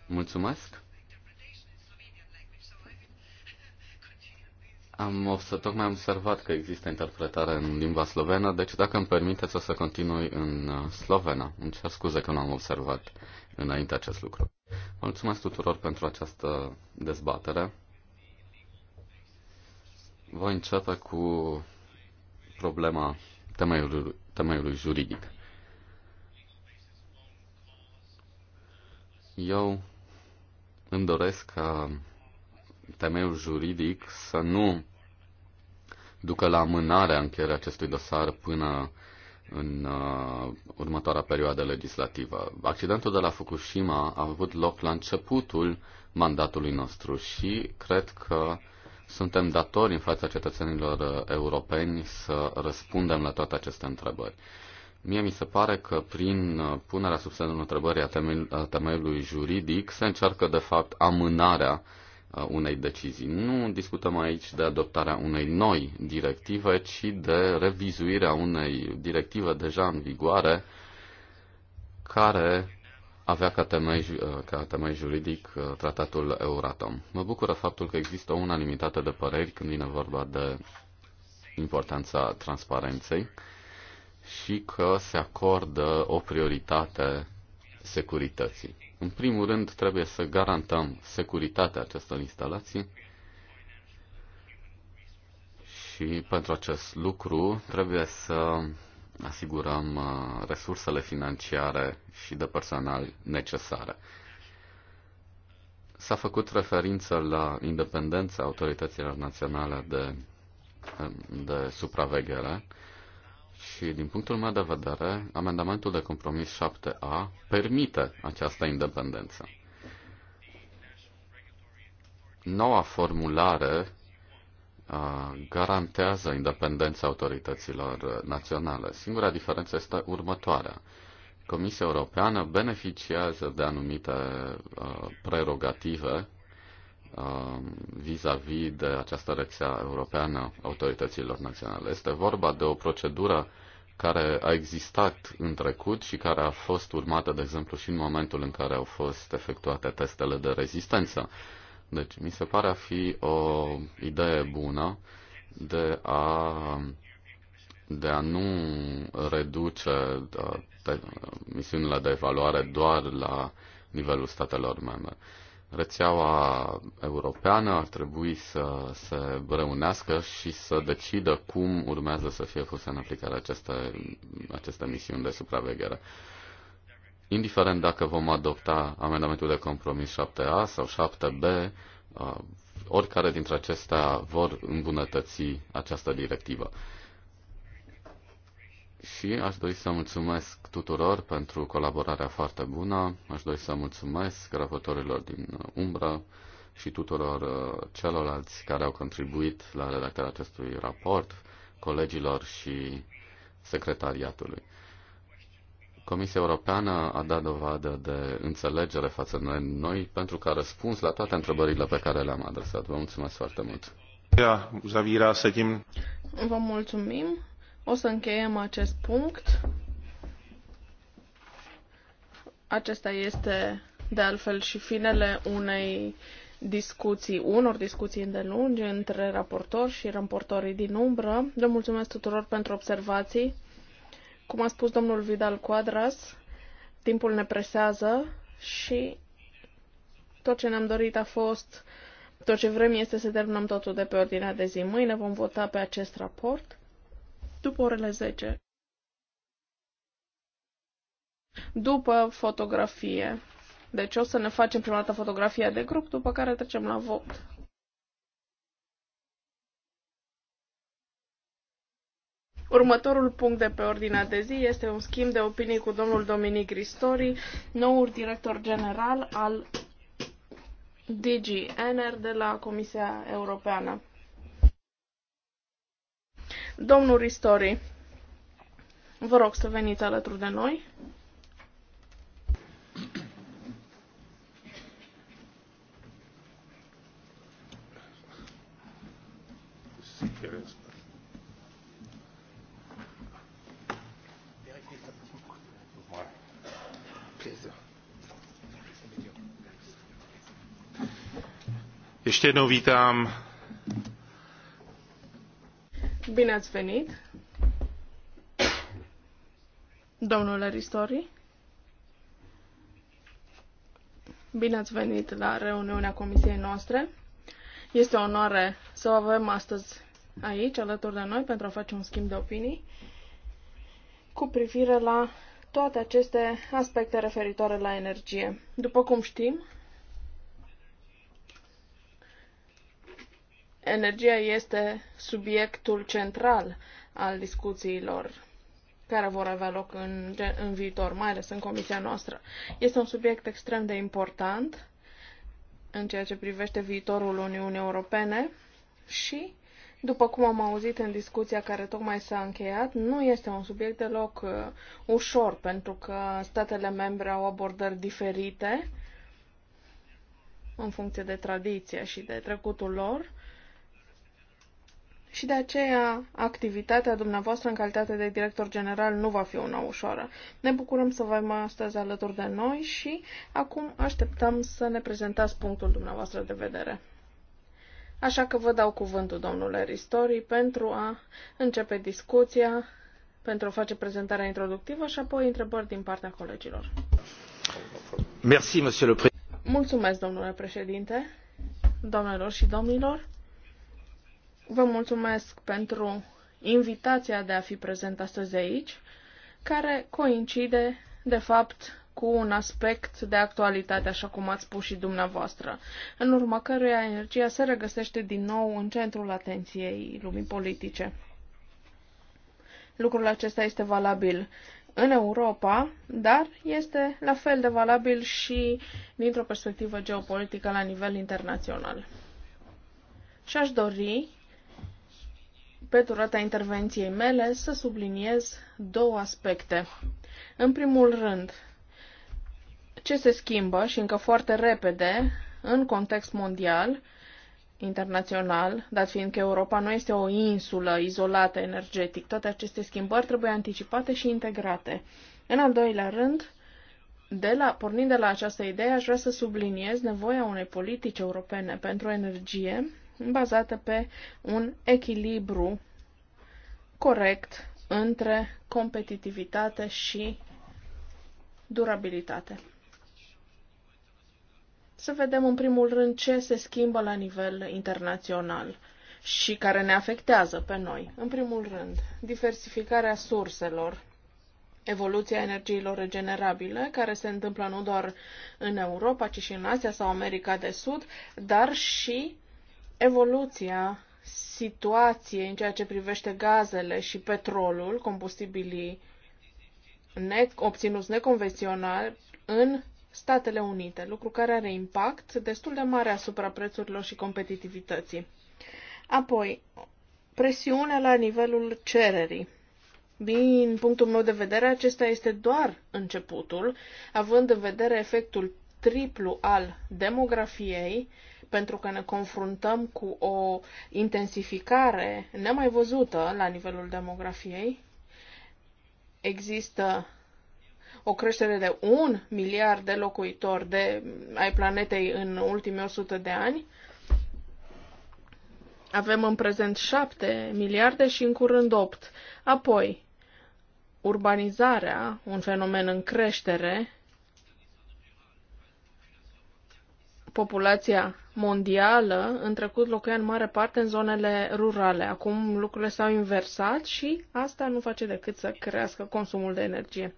Mulțumesc. Am să tocmai am observat că există interpretare în limba slovenă, deci dacă îmi permiteți o să continui în uh, slovena. Îmi cer scuze că nu am observat înainte acest lucru. Mulțumesc tuturor pentru această dezbatere. Voi începe cu problema temeiului, temeiului juridic. Eu îmi doresc ca temeiul juridic să nu ducă la amânarea încheierii acestui dosar până în uh, următoarea perioadă legislativă. Accidentul de la Fukushima a avut loc la începutul mandatului nostru și cred că suntem datori în fața cetățenilor europeni să răspundem la toate aceste întrebări. Mie mi se pare că prin uh, punerea sub semnul întrebării a temeiului juridic se încearcă de fapt amânarea uh, unei decizii. Nu discutăm aici de adoptarea unei noi directive, ci de revizuirea unei directive deja în vigoare care avea ca temei, ca temei juridic tratatul Euratom. Mă bucură faptul că există o unanimitate de păreri când vine vorba de importanța transparenței și că se acordă o prioritate securității. În primul rând, trebuie să garantăm securitatea acestor instalații și pentru acest lucru trebuie să asigurăm uh, resursele financiare și de personal necesare. S-a făcut referință la independența autorităților naționale de, uh, de supraveghere. Și din punctul meu de vedere, amendamentul de compromis 7A permite această independență. Noua formulare garantează independența autorităților naționale. Singura diferență este următoarea. Comisia Europeană beneficiază de anumite prerogative Um, vis-a-vis -vis de această rețea europeană autorităților naționale. Este vorba de o procedură care a existat în trecut și care a fost urmată, de exemplu, și în momentul în care au fost efectuate testele de rezistență. Deci, mi se pare a fi o idee bună de a, de a nu reduce uh, uh, misiunile de evaluare doar la nivelul statelor membre rețeaua europeană ar trebui să se reunească și să decidă cum urmează să fie puse în aplicare aceste, aceste misiuni de supraveghere. Indiferent dacă vom adopta amendamentul de compromis 7A sau 7B, uh, oricare dintre acestea vor îmbunătăți această directivă și aș dori să mulțumesc tuturor pentru colaborarea foarte bună, aș dori să mulțumesc raportorilor din umbră și tuturor uh, celorlalți care au contribuit la redactarea acestui raport, colegilor și secretariatului. Comisia Europeană a dat dovadă de înțelegere față de noi pentru că a răspuns la toate întrebările pe care le-am adresat. Vă mulțumesc foarte mult! Vă mulțumim. O să încheiem acest punct. Acesta este, de altfel, și finele unei discuții, unor discuții îndelungi între raportori și raportorii din umbră. Le mulțumesc tuturor pentru observații. Cum a spus domnul Vidal Quadras, timpul ne presează și tot ce ne-am dorit a fost, tot ce vrem este să terminăm totul de pe ordinea de zi. Mâine vom vota pe acest raport după orele 10. După fotografie. Deci o să ne facem prima dată fotografia de grup, după care trecem la vot. Următorul punct de pe ordinea de zi este un schimb de opinii cu domnul Dominic Ristori, noul director general al DG Ener de la Comisia Europeană. Domnul Ristori, vă rog să veniți alături de noi. ještě jednou vítám Bine ați venit! Domnule Ristori, bine ați venit la reuniunea comisiei noastre. Este o onoare să o avem astăzi aici, alături de noi, pentru a face un schimb de opinii cu privire la toate aceste aspecte referitoare la energie. După cum știm, energia este subiectul central al discuțiilor care vor avea loc în, în viitor, mai ales în comisia noastră. Este un subiect extrem de important în ceea ce privește viitorul Uniunii Europene și, după cum am auzit în discuția care tocmai s-a încheiat, nu este un subiect deloc uh, ușor, pentru că statele membre au abordări diferite în funcție de tradiție și de trecutul lor și de aceea activitatea dumneavoastră în calitate de director general nu va fi una ușoară. Ne bucurăm să vă avem astăzi alături de noi și acum așteptăm să ne prezentați punctul dumneavoastră de vedere. Așa că vă dau cuvântul, domnule Ristori, pentru a începe discuția, pentru a face prezentarea introductivă și apoi întrebări din partea colegilor. Mulțumesc, domnule președinte, doamnelor și domnilor. Vă mulțumesc pentru invitația de a fi prezent astăzi aici, care coincide, de fapt, cu un aspect de actualitate, așa cum ați spus și dumneavoastră, în urma căruia energia se regăsește din nou în centrul atenției lumii politice. Lucrul acesta este valabil în Europa, dar este la fel de valabil și dintr-o perspectivă geopolitică la nivel internațional. Și aș dori pe durata intervenției mele să subliniez două aspecte. În primul rând, ce se schimbă și încă foarte repede în context mondial, internațional, dat fiind că Europa nu este o insulă izolată energetic. Toate aceste schimbări trebuie anticipate și integrate. În al doilea rând, de la, pornind de la această idee, aș vrea să subliniez nevoia unei politici europene pentru energie bazată pe un echilibru corect între competitivitate și durabilitate. Să vedem în primul rând ce se schimbă la nivel internațional și care ne afectează pe noi. În primul rând, diversificarea surselor, evoluția energiilor regenerabile, care se întâmplă nu doar în Europa, ci și în Asia sau America de Sud, dar și evoluția situației în ceea ce privește gazele și petrolul, combustibilii ne- obținuți neconvențional în Statele Unite, lucru care are impact destul de mare asupra prețurilor și competitivității. Apoi, presiunea la nivelul cererii. Din punctul meu de vedere, acesta este doar începutul, având în vedere efectul triplu al demografiei, pentru că ne confruntăm cu o intensificare nemai văzută la nivelul demografiei. Există o creștere de un miliard de locuitori de, ai planetei în ultimii 100 de ani. Avem în prezent 7 miliarde și în curând 8. Apoi, urbanizarea, un fenomen în creștere, populația mondială, în trecut locuia în mare parte în zonele rurale. Acum lucrurile s-au inversat și asta nu face decât să crească consumul de energie.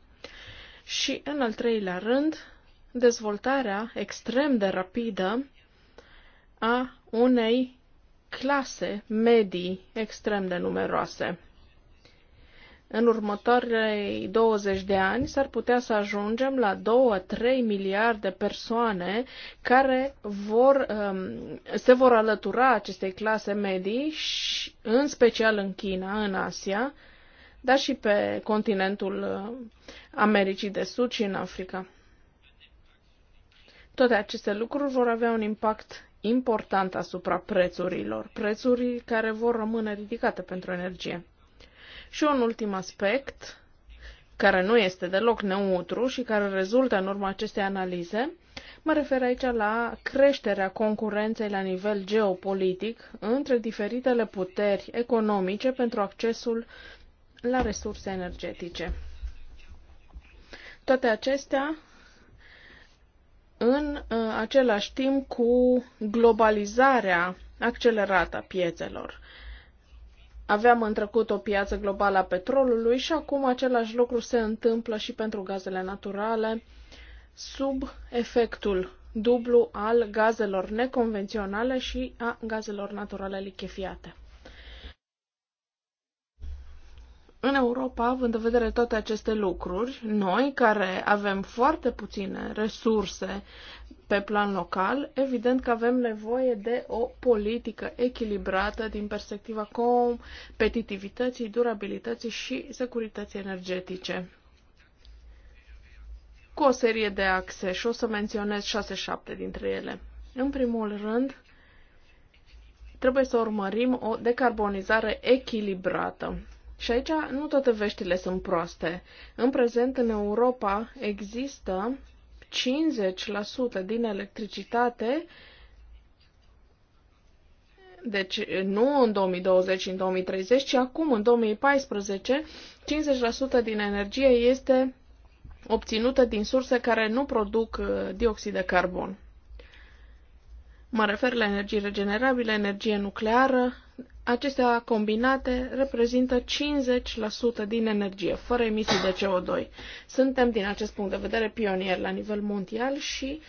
Și, în al treilea rând, dezvoltarea extrem de rapidă a unei clase medii extrem de numeroase în următoarei 20 de ani s-ar putea să ajungem la 2-3 miliarde persoane care vor, um, se vor alătura acestei clase medii, și, în special în China, în Asia, dar și pe continentul uh, Americii de Sud și în Africa. Toate aceste lucruri vor avea un impact important asupra prețurilor, prețuri care vor rămâne ridicate pentru energie. Și un ultim aspect, care nu este deloc neutru și care rezultă în urma acestei analize, mă refer aici la creșterea concurenței la nivel geopolitic între diferitele puteri economice pentru accesul la resurse energetice. Toate acestea în uh, același timp cu globalizarea accelerată a piețelor. Aveam în trecut o piață globală a petrolului și acum același lucru se întâmplă și pentru gazele naturale sub efectul dublu al gazelor neconvenționale și a gazelor naturale lichefiate. În Europa, având în vedere toate aceste lucruri, noi care avem foarte puține resurse pe plan local, evident că avem nevoie de o politică echilibrată din perspectiva competitivității, durabilității și securității energetice. Cu o serie de axe și o să menționez 6-7 dintre ele. În primul rând, trebuie să urmărim o decarbonizare echilibrată și aici nu toate veștile sunt proaste. În prezent, în Europa, există 50% din electricitate deci nu în 2020 și în 2030, ci acum, în 2014, 50% din energie este obținută din surse care nu produc uh, dioxid de carbon. Mă refer la energie regenerabilă, energie nucleară, Acestea combinate reprezintă 50% din energie, fără emisii de CO2. Suntem, din acest punct de vedere, pionieri la nivel mondial și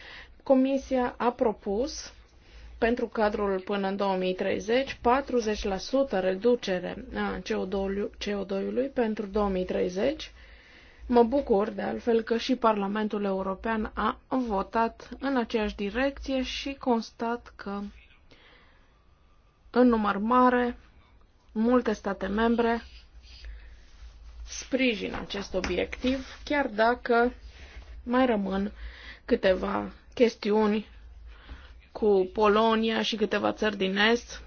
Comisia a propus pentru cadrul până în 2030, 40% reducere a CO2-ului pentru 2030. Mă bucur de altfel că și Parlamentul European a votat în aceeași direcție și constat că în număr mare, multe state membre sprijină acest obiectiv, chiar dacă mai rămân câteva chestiuni cu Polonia și câteva țări din Est,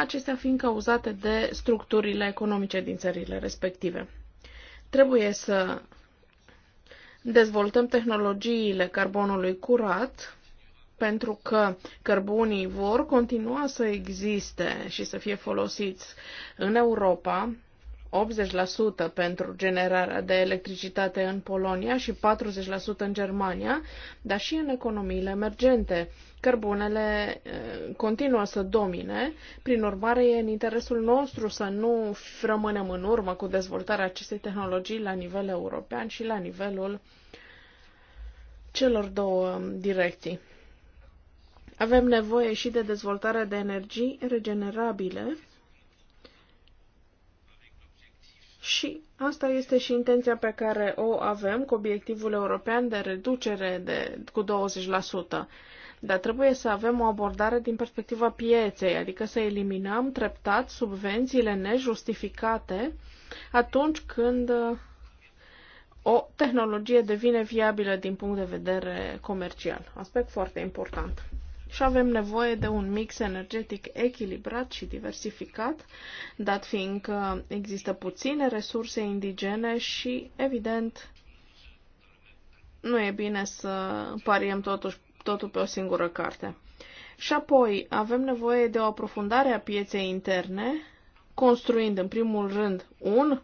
acestea fiind cauzate de structurile economice din țările respective. Trebuie să dezvoltăm tehnologiile carbonului curat, pentru că cărbunii vor continua să existe și să fie folosiți în Europa, 80% pentru generarea de electricitate în Polonia și 40% în Germania, dar și în economiile emergente. Cărbunele eh, continuă să domine, prin urmare e în interesul nostru să nu rămânem în urmă cu dezvoltarea acestei tehnologii la nivel european și la nivelul celor două direcții. Avem nevoie și de dezvoltarea de energii regenerabile și asta este și intenția pe care o avem cu obiectivul european de reducere de, cu 20%. Dar trebuie să avem o abordare din perspectiva pieței, adică să eliminăm treptat subvențiile nejustificate atunci când uh, o tehnologie devine viabilă din punct de vedere comercial. Aspect foarte important și avem nevoie de un mix energetic echilibrat și diversificat, dat fiindcă există puține resurse indigene și, evident, nu e bine să pariem totuși, totul pe o singură carte. Și apoi avem nevoie de o aprofundare a pieței interne, construind în primul rând un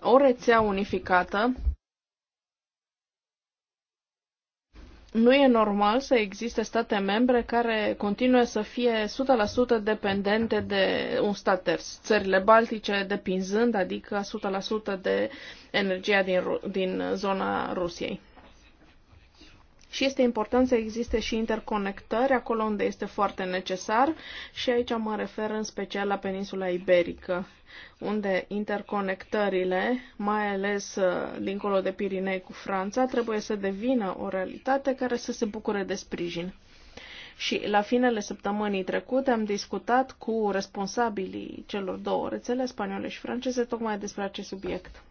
o rețea unificată nu e normal să existe state membre care continue să fie 100% dependente de un stat terț. Țările Baltice depinzând, adică 100% de energia din, din zona Rusiei și este important să existe și interconectări acolo unde este foarte necesar și aici mă refer în special la peninsula iberică, unde interconectările, mai ales uh, dincolo de Pirinei cu Franța, trebuie să devină o realitate care să se bucure de sprijin. Și la finele săptămânii trecute am discutat cu responsabilii celor două rețele, spaniole și franceze, tocmai despre acest subiect.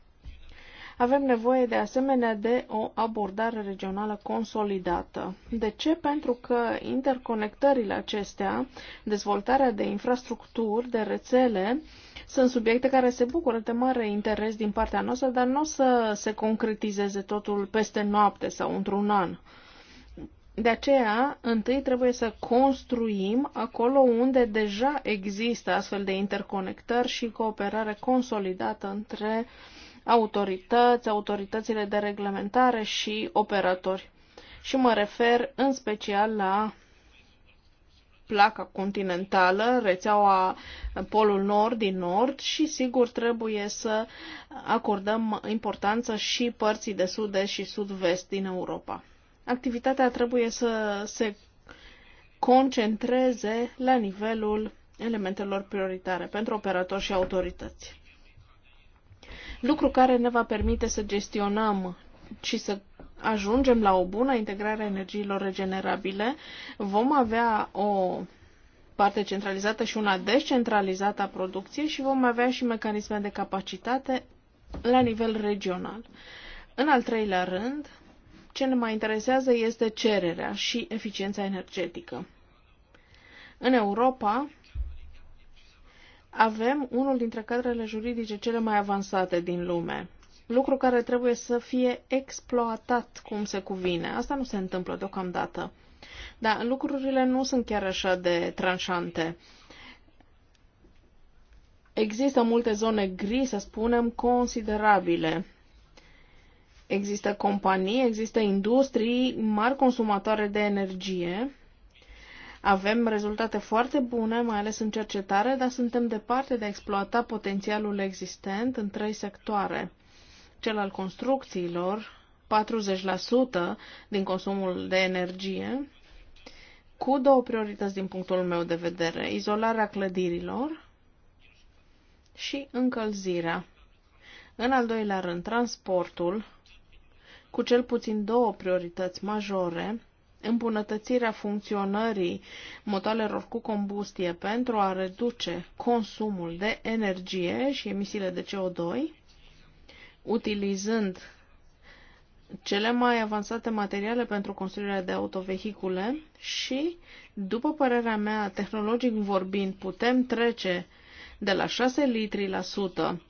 Avem nevoie de asemenea de o abordare regională consolidată. De ce? Pentru că interconectările acestea, dezvoltarea de infrastructuri, de rețele, sunt subiecte care se bucură de mare interes din partea noastră, dar nu o să se concretizeze totul peste noapte sau într-un an. De aceea, întâi trebuie să construim acolo unde deja există astfel de interconectări și cooperare consolidată între uh, autorități, autoritățile de reglementare și operatori. Și mă refer în special la placa continentală, rețeaua Polul Nord din Nord și sigur trebuie să acordăm importanță și părții de sud-est și sud-vest din Europa. Activitatea trebuie să se concentreze la nivelul elementelor prioritare pentru operatori și autorități lucru care ne va permite să gestionăm și să ajungem la o bună integrare a energiilor regenerabile. Vom avea o parte centralizată și una descentralizată a producției și vom avea și mecanisme de capacitate la nivel regional. În al treilea rând, ce ne mai interesează este cererea și eficiența energetică. În Europa, avem unul dintre cadrele juridice cele mai avansate din lume. Lucru care trebuie să fie exploatat cum se cuvine. Asta nu se întâmplă deocamdată. Dar lucrurile nu sunt chiar așa de tranșante. Există multe zone gri, să spunem, considerabile. Există companii, există industrii mari consumatoare de energie avem rezultate foarte bune, mai ales în cercetare, dar suntem departe de a exploata potențialul existent în trei sectoare. Cel al construcțiilor, 40% din consumul de energie, cu două priorități din punctul meu de vedere, izolarea clădirilor și încălzirea. În al doilea rând, transportul, cu cel puțin două priorități majore, îmbunătățirea funcționării motoarelor cu combustie pentru a reduce consumul de energie și emisiile de CO2, utilizând cele mai avansate materiale pentru construirea de autovehicule și, după părerea mea, tehnologic vorbind, putem trece de la 6 litri la 100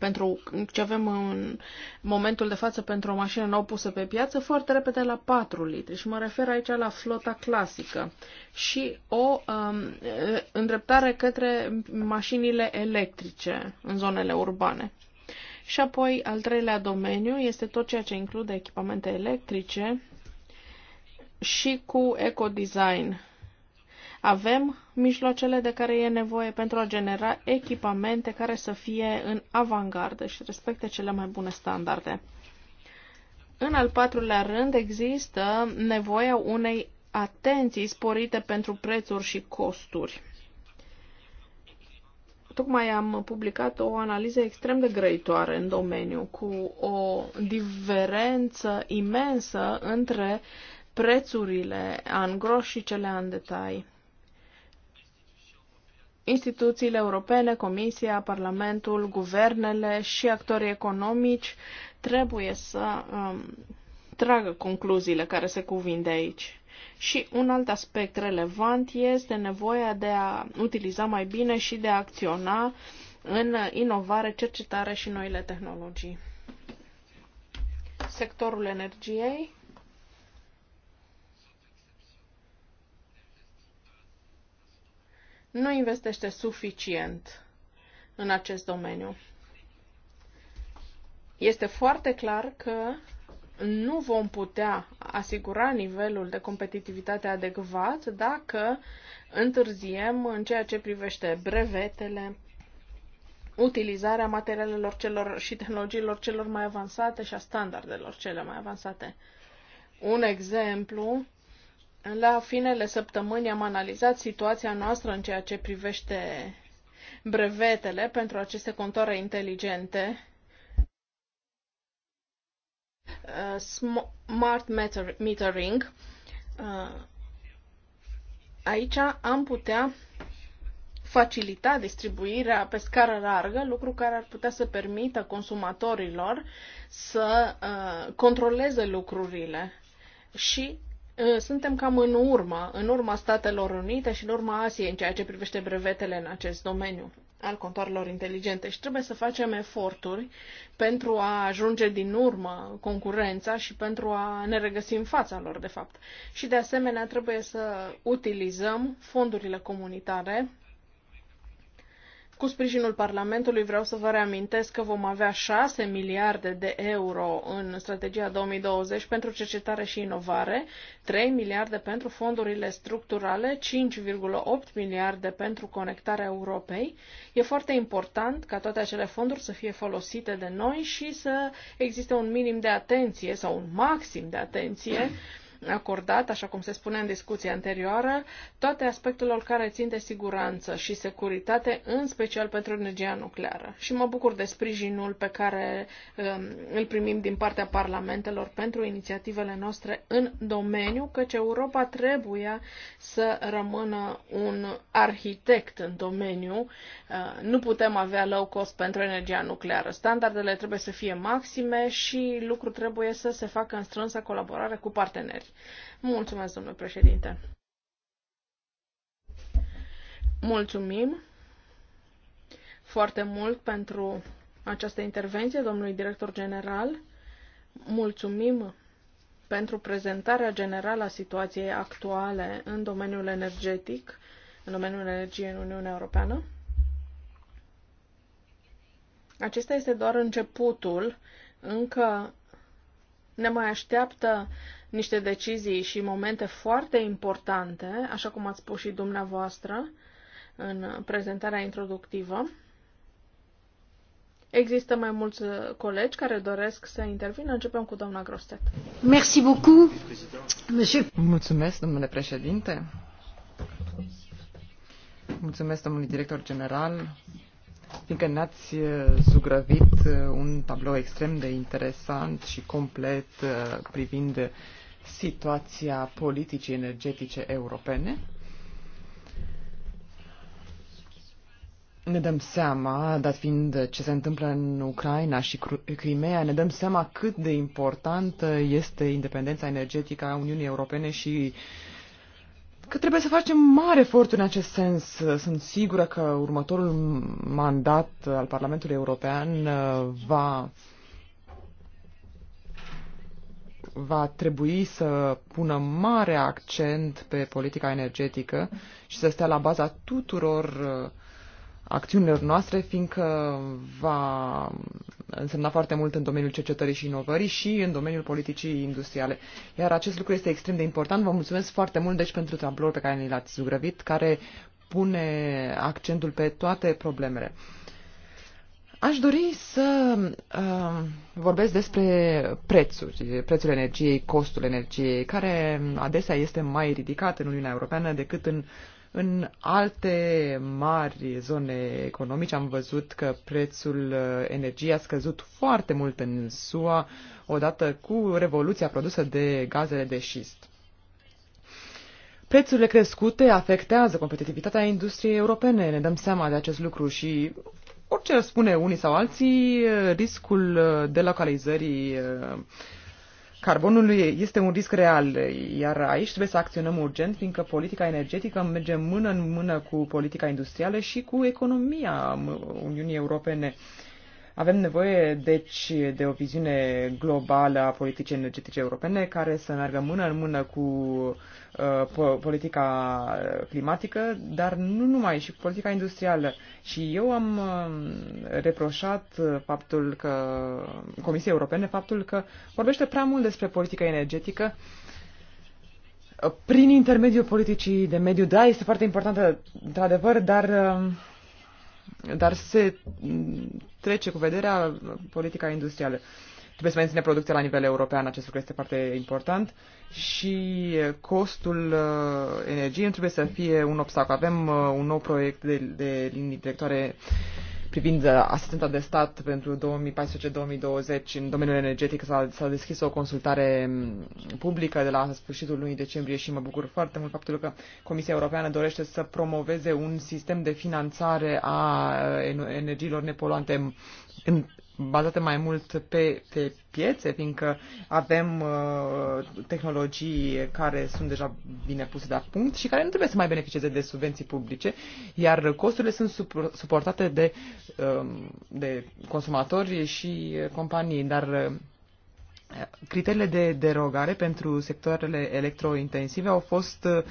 pentru ce avem în momentul de față pentru o mașină nouă pusă pe piață, foarte repede la 4 litri. Și mă refer aici la flota clasică și o um, îndreptare către mașinile electrice în zonele urbane. Și apoi, al treilea domeniu este tot ceea ce include echipamente electrice și cu ecodesign avem mijloacele de care e nevoie pentru a genera echipamente care să fie în avangardă și respecte cele mai bune standarde. În al patrulea rând, există nevoia unei atenții sporite pentru prețuri și costuri. Tocmai am publicat o analiză extrem de grăitoare în domeniu, cu o diferență imensă între prețurile în gros și cele în detalii instituțiile europene, Comisia, Parlamentul, guvernele și actorii economici trebuie să um, tragă concluziile care se cuvin de aici. Și un alt aspect relevant este nevoia de a utiliza mai bine și de a acționa în inovare, cercetare și noile tehnologii. Sectorul energiei nu investește suficient în acest domeniu. Este foarte clar că nu vom putea asigura nivelul de competitivitate adecvat dacă întârziem în ceea ce privește brevetele, utilizarea materialelor celor și tehnologiilor celor mai avansate și a standardelor cele mai avansate. Un exemplu la finele săptămânii am analizat situația noastră în ceea ce privește brevetele pentru aceste contoare inteligente. Uh, smart metering. Uh, aici am putea facilita distribuirea pe scară largă, lucru care ar putea să permită consumatorilor să uh, controleze lucrurile și Eh, suntem cam în urmă, în urma Statelor Unite și în urma Asiei în ceea ce privește brevetele în acest domeniu al contoarelor inteligente și trebuie să facem eforturi pentru a ajunge din urmă concurența și pentru a ne regăsi în fața lor, de fapt. Și de asemenea trebuie să utilizăm fondurile comunitare cu sprijinul Parlamentului vreau să vă reamintesc că vom avea 6 miliarde de euro în strategia 2020 pentru cercetare și inovare, 3 miliarde pentru fondurile structurale, 5,8 miliarde pentru conectarea Europei. E foarte important ca toate acele fonduri să fie folosite de noi și să existe un minim de atenție sau un maxim de atenție acordat, așa cum se spune în discuția anterioară, toate aspectelor care țin de siguranță și securitate, în special pentru energia nucleară. Și mă bucur de sprijinul pe care um, îl primim din partea parlamentelor pentru inițiativele noastre în domeniu, căci Europa trebuie să rămână un arhitect în domeniu. Uh, nu putem avea low cost pentru energia nucleară. Standardele trebuie să fie maxime și lucrul trebuie să se facă în strânsă colaborare cu parteneri. Mulțumesc, domnule președinte. Mulțumim foarte mult pentru această intervenție, domnului director general. Mulțumim pentru prezentarea generală a situației actuale în domeniul energetic, în domeniul energiei în Uniunea Europeană. Acesta este doar începutul. Încă ne mai așteaptă niște decizii și momente foarte importante, așa cum ați spus și dumneavoastră în prezentarea introductivă. Există mai mulți colegi care doresc să intervină. Începem cu doamna Grostet. Merci beaucoup, monsieur. Mulțumesc, domnule președinte. Mulțumesc, domnule director general, fiindcă ne-ați uh, zugrăvit uh, un tablou extrem de interesant și complet uh, privind situația politicii energetice europene. Ne dăm seama, dat fiind ce se întâmplă în Ucraina și Crimea, ne dăm seama cât de importantă este independența energetică a Uniunii Europene și că trebuie să facem mare efort în acest sens. Sunt sigură că următorul mandat al Parlamentului European uh, va va trebui să pună mare accent pe politica energetică și să stea la baza tuturor uh, acțiunilor noastre, fiindcă va însemna foarte mult în domeniul cercetării și inovării și în domeniul politicii industriale. Iar acest lucru este extrem de important. Vă mulțumesc foarte mult deci pentru tabloul pe care ni l-ați zugrăvit, care pune accentul pe toate problemele. Aș dori să uh, vorbesc despre prețuri, prețul energiei, costul energiei, care adesea este mai ridicat în Uniunea Europeană decât în, în alte mari zone economice. Am văzut că prețul uh, energiei a scăzut foarte mult în SUA odată cu revoluția produsă de gazele de șist. Prețurile crescute afectează competitivitatea industriei europene, ne dăm seama de acest lucru și orice ar spune unii sau alții, riscul uh, delocalizării uh, carbonului este un risc real, iar aici trebuie să acționăm urgent, fiindcă politica energetică merge mână în mână cu politica industrială și cu economia Uniunii Europene. Uh, avem nevoie, deci, de o viziune globală a politicii energetice europene care să meargă mână în mână cu uh, politica climatică, dar nu numai, și cu politica industrială. Și eu am uh, reproșat faptul că Comisia Europene faptul că vorbește prea mult despre politica energetică uh, prin intermediul politicii de mediu, da, este foarte importantă, într-adevăr, dar uh, dar se trece cu vederea politica industrială. Trebuie să menține producția la nivel european, acest lucru este foarte important și costul energiei nu trebuie să fie un obstacol. Avem un nou proiect de, de linii directoare uh, privind uh, asistența de stat pentru 2014-2020 în domeniul energetic s-a, deschis o consultare mm, publică de la sfârșitul lunii decembrie și mă bucur foarte mult faptul că Comisia Europeană dorește să promoveze un sistem de finanțare a uh, energiilor nepoluante în, bazate mai mult pe, pe piețe, fiindcă avem uh, tehnologii care sunt deja bine puse la punct și care nu trebuie să mai beneficieze de subvenții publice, iar costurile sunt suportate de, uh, de consumatori și companii, dar uh, criteriile de derogare pentru sectoarele electrointensive au fost uh,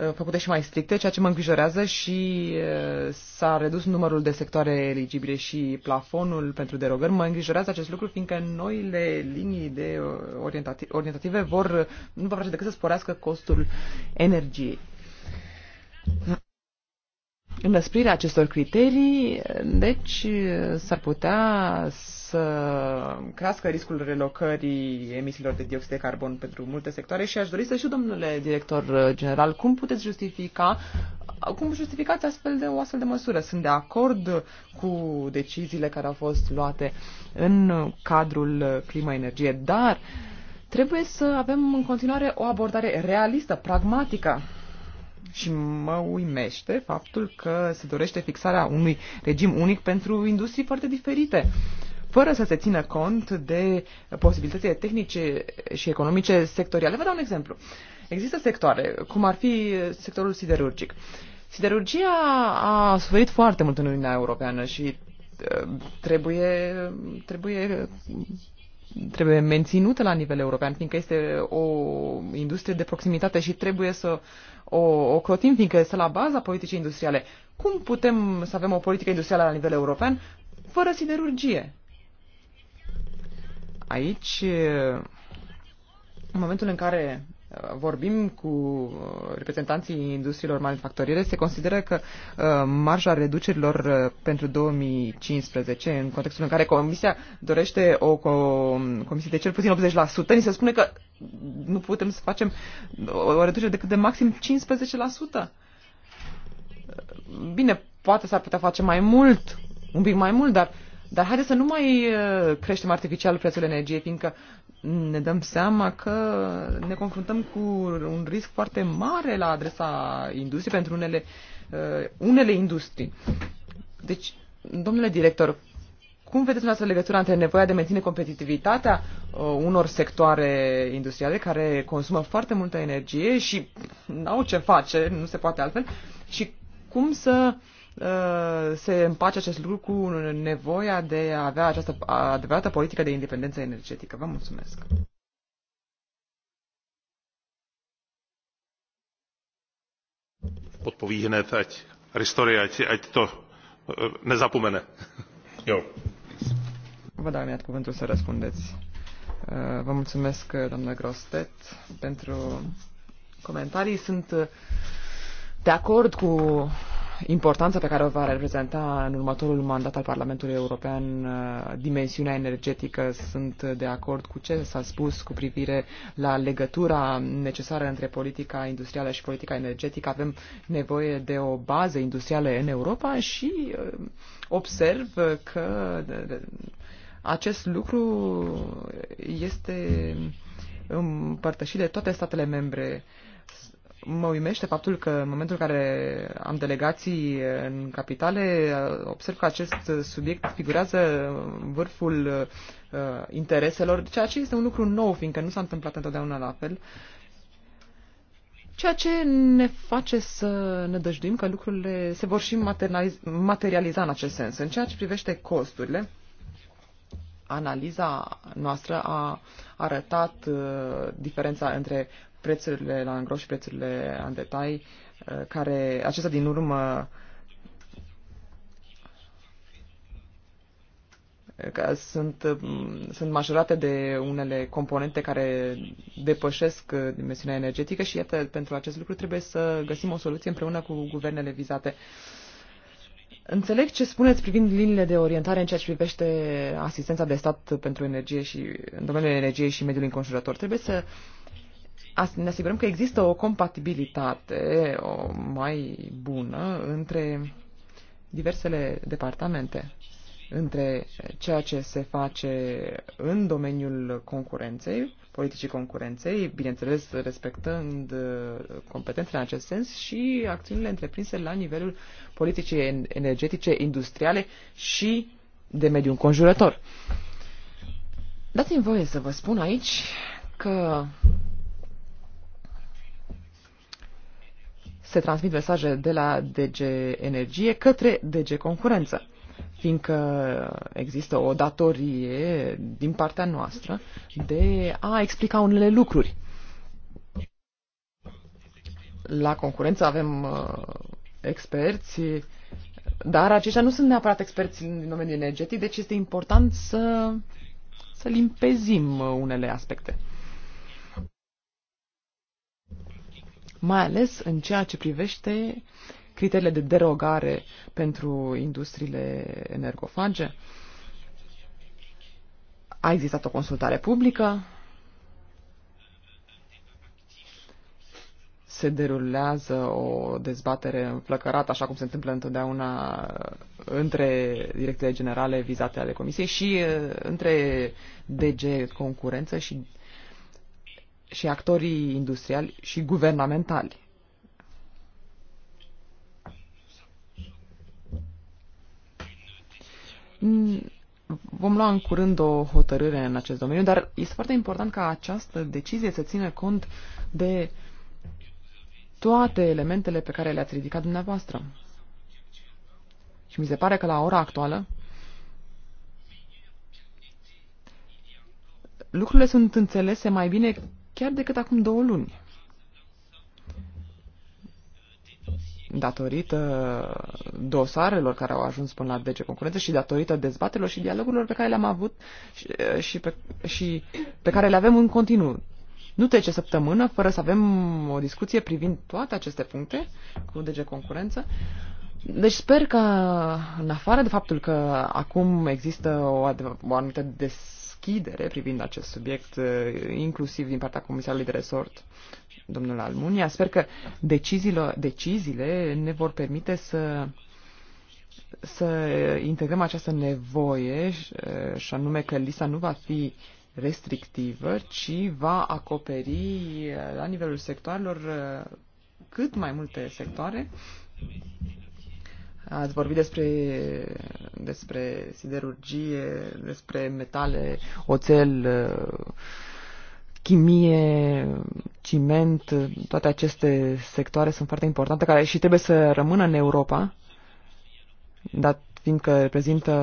Uh, făcute și mai stricte, ceea ce mă îngrijorează și uh, s-a redus numărul de sectoare eligibile și plafonul pentru derogări. Mă îngrijorează acest lucru fiindcă noile linii de uh, orientative, orientative vor, nu va face decât să sporească costul energiei înăsprirea acestor criterii, deci s-ar putea să crească riscul relocării emisiilor de dioxid de carbon pentru multe sectoare și aș dori să știu, domnule director general, cum puteți justifica cum justificați astfel de o astfel de măsură? Sunt de acord cu deciziile care au fost luate în cadrul clima-energie, dar trebuie să avem în continuare o abordare realistă, pragmatică și mă uimește faptul că se dorește fixarea unui regim unic pentru industrii foarte diferite fără să se țină cont de posibilitățile tehnice și economice sectoriale. Vă dau un exemplu. Există sectoare, cum ar fi sectorul siderurgic. Siderurgia a suferit foarte mult în Uniunea Europeană și uh, trebuie, trebuie trebuie menținută la nivel european, fiindcă este o industrie de proximitate și trebuie să o, o crotim, fiindcă este la baza politicii industriale. Cum putem să avem o politică industrială la nivel european fără siderurgie? Aici, în momentul în care vorbim cu uh, reprezentanții industriilor manufacturiere, se consideră că uh, marja reducerilor uh, pentru 2015, în contextul în care Comisia dorește o comisie de cel puțin 80%, ni se spune că nu putem să facem o reducere decât de maxim 15%. Bine, poate s-ar putea face mai mult, un pic mai mult, dar uh, dar haideți să nu mai uh, creștem artificial prețul energiei, fiindcă ne dăm seama că ne confruntăm cu un risc foarte mare la adresa industriei pentru unele, uh, unele industrii. Deci, domnule director, cum vedeți dumneavoastră legătura între nevoia de menține competitivitatea uh, unor sectoare industriale care consumă foarte multă energie și n-au ce face, nu se poate altfel, și cum să uh, Uh, se împace acest lucru cu nevoia de a avea această adevărată politică de independență energetică. Vă mulțumesc! odpoví hned ať ristory ať, ať to uh, nezapomene. Jo. Vă dau imediat cuvântul să răspundeți. Uh, vă mulțumesc, doamnă Grostet, pentru comentarii. Sunt de acord cu importanța pe care o va reprezenta în următorul mandat al Parlamentului European uh, dimensiunea energetică. Sunt de acord cu ce s-a spus cu privire la legătura necesară între politica industrială și politica energetică. Avem nevoie de o bază industrială în Europa și uh, observ că acest lucru este împărtășit de toate statele membre uh, mă uimește faptul că în momentul în care am delegații în capitale, observ că acest subiect figurează în vârful uh, intereselor, ceea ce este un lucru nou, fiindcă nu s-a întâmplat întotdeauna la fel. Ceea ce ne face să ne dăjduim că lucrurile se vor și materializa în acest sens. În ceea ce privește costurile, analiza noastră a arătat uh, diferența între prețurile la îngroș și prețurile în detai, uh, care acesta din urmă uh, că sunt, uh, sunt majorate de unele componente care depășesc dimensiunea energetică și iată, pentru acest lucru trebuie să găsim o soluție împreună cu guvernele vizate. Înțeleg ce spuneți privind liniile de orientare în ceea ce privește asistența de stat pentru energie și în domeniul energiei și mediului înconjurător. Trebuie să uh, ne asigurăm că există o compatibilitate o mai bună între diversele departamente, între ceea ce se face în domeniul concurenței, politicii concurenței, bineînțeles respectând uh, competențele în acest sens și acțiunile întreprinse la nivelul politicii energetice, industriale și de mediu înconjurător. Dați-mi voie să vă spun aici că se transmit mesaje de la DG Energie către DG Concurență, fiindcă există o datorie din partea noastră de a explica unele lucruri. La concurență avem uh, experți, dar aceștia nu sunt neapărat experți în domeniul energetic, deci este important să, să limpezim uh, unele aspecte. mai ales în ceea ce privește criteriile de derogare pentru industriile energofage. A existat o consultare publică, se derulează o dezbatere înflăcărată, așa cum se întâmplă întotdeauna între directele generale vizate ale Comisiei și între DG Concurență și și actorii industriali și guvernamentali. Mm, vom lua în curând o hotărâre în acest domeniu, dar este foarte important ca această decizie să țină cont de toate elementele pe care le-ați ridicat dumneavoastră. Și mi se pare că la ora actuală lucrurile sunt înțelese mai bine chiar decât acum două luni. datorită dosarelor care au ajuns până la DG Concurență și datorită dezbatelor și dialogurilor pe care le-am avut și, eh, și, pe, și pe care le avem în continuu. Nu trece săptămână fără să avem o discuție privind toate aceste puncte cu DG Concurență. Uh, deci sper că, în afară de faptul că acum există o, o anumită deschidere privind acest subiect, eh, inclusiv din partea comisarului de resort, domnul Almunia, sper că deciziile, deciziile ne vor permite să să integrăm această nevoie eh, și anume că lista nu va fi restrictivă, ci va acoperi eh, la nivelul sectoarelor cât mai multe sectoare Ați vorbit despre, despre siderurgie, despre metale, oțel, chimie, ciment, toate aceste sectoare sunt foarte importante care și trebuie să rămână în Europa, dar fiindcă reprezintă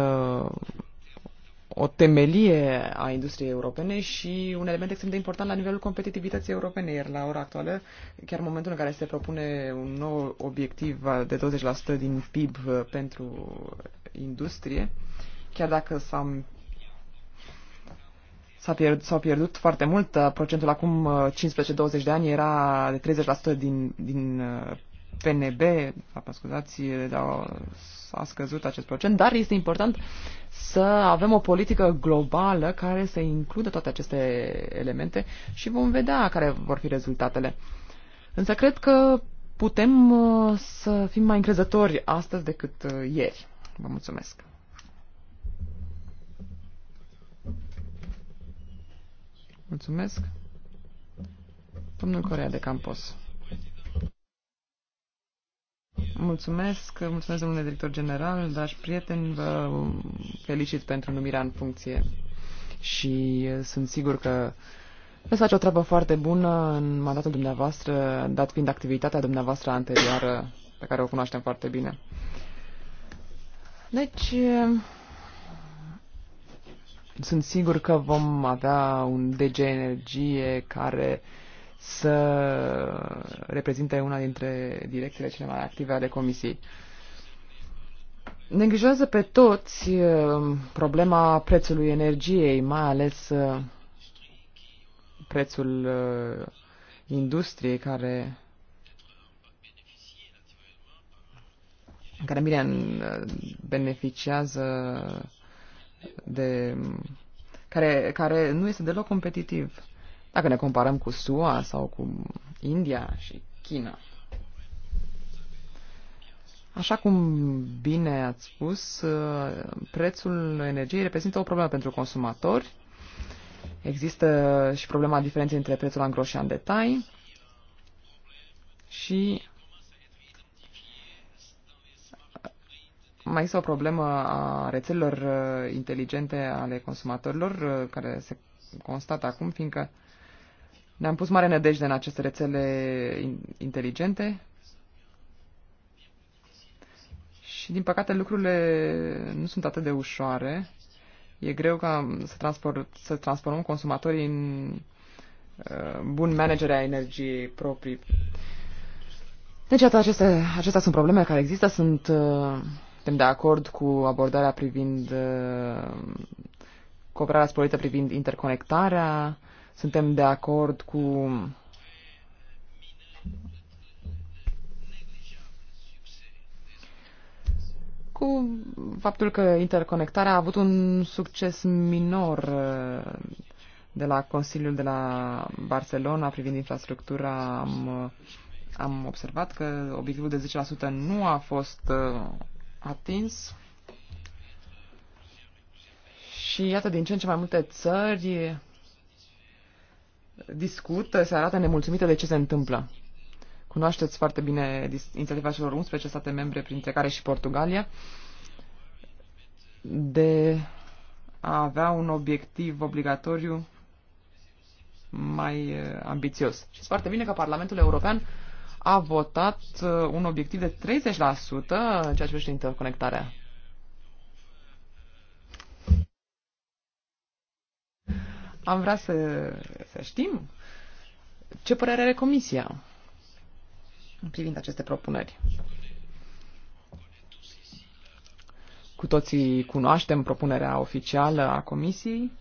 o temelie a industriei europene și un element extrem de important la nivelul competitivității europene. Iar la ora actuală, chiar în momentul în care se propune un nou obiectiv de 20% din PIB uh, pentru industrie, chiar dacă s-a S-a pierdut, s-au pierdut foarte mult. Uh, procentul acum 15-20 uh, de ani era de 30% din, din PNB, mă scuzați, da, a scăzut acest procent, dar este important să avem o politică globală care să includă toate aceste elemente și vom vedea care vor fi rezultatele. Însă cred că putem uh, să fim mai încrezători astăzi decât uh, ieri. Vă mulțumesc! Mulțumesc! Domnul Corea de Campos. Mulțumesc, mulțumesc domnule director general, dragi prieteni, vă felicit pentru numirea în funcție și eh, sunt sigur că veți face o treabă foarte bună în mandatul dumneavoastră, dat fiind activitatea dumneavoastră anterioară pe care o cunoaștem foarte bine. Deci, eh, sunt sigur că vom avea un DG Energie care uh, să reprezinte una dintre direcțiile cele mai active ale Comisiei. Ne îngrijează pe toți uh, problema prețului energiei, mai ales uh, prețul uh, industriei care care bine beneficiază de care, care nu este deloc competitiv. Dacă ne comparăm cu SUA sau cu India și China. Așa cum bine ați spus, prețul energiei reprezintă o problemă pentru consumatori. Există și problema diferenței între prețul la gros și în detai și mai este o problemă a rețelelor inteligente ale consumatorilor care se constată acum, fiindcă ne-am pus mare nădejde în aceste rețele inteligente și, din păcate, lucrurile nu sunt atât de ușoare. E greu ca să, transport, să transformăm consumatorii în uh, bun manager a energiei proprii. Deci, atât acestea, acestea sunt probleme care există. Sunt, uh, de acord cu abordarea privind uh, cooperarea sporită privind interconectarea, uh, suntem de acord cu cu faptul că interconectarea a avut un succes minor eh, de la Consiliul de la Barcelona privind infrastructura. Am, eh, am observat că obiectivul de 10% nu a fost eh, atins. Și iată, din ce în ce mai multe țări discută, se arată nemulțumită de ce se întâmplă. Cunoașteți foarte bine inițiativa celor 11 state membre, printre care și Portugalia, de a avea un obiectiv obligatoriu mai eh, ambițios. Și foarte bine că Parlamentul European a votat eh, un obiectiv de 30% în ceea ce privește interconectarea Am vrea să, să știm ce părere are Comisia în privind aceste propuneri. Cu toții cunoaștem propunerea oficială a Comisiei.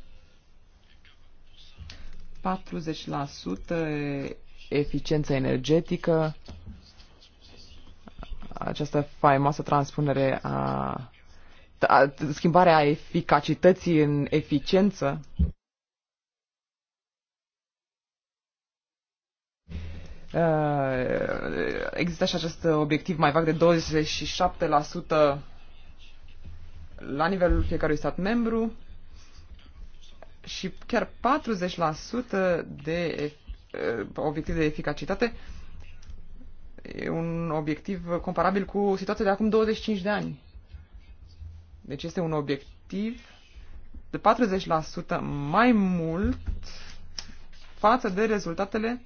40% eficiență energetică, această faimoasă transpunere a, a schimbarea eficacității în eficiență. Uh, există și acest obiectiv mai vag de 27% la nivelul fiecărui stat membru și chiar 40% de uh, obiectiv de eficacitate e un obiectiv comparabil cu situația de acum 25 de ani. Deci este un obiectiv de 40% mai mult față de rezultatele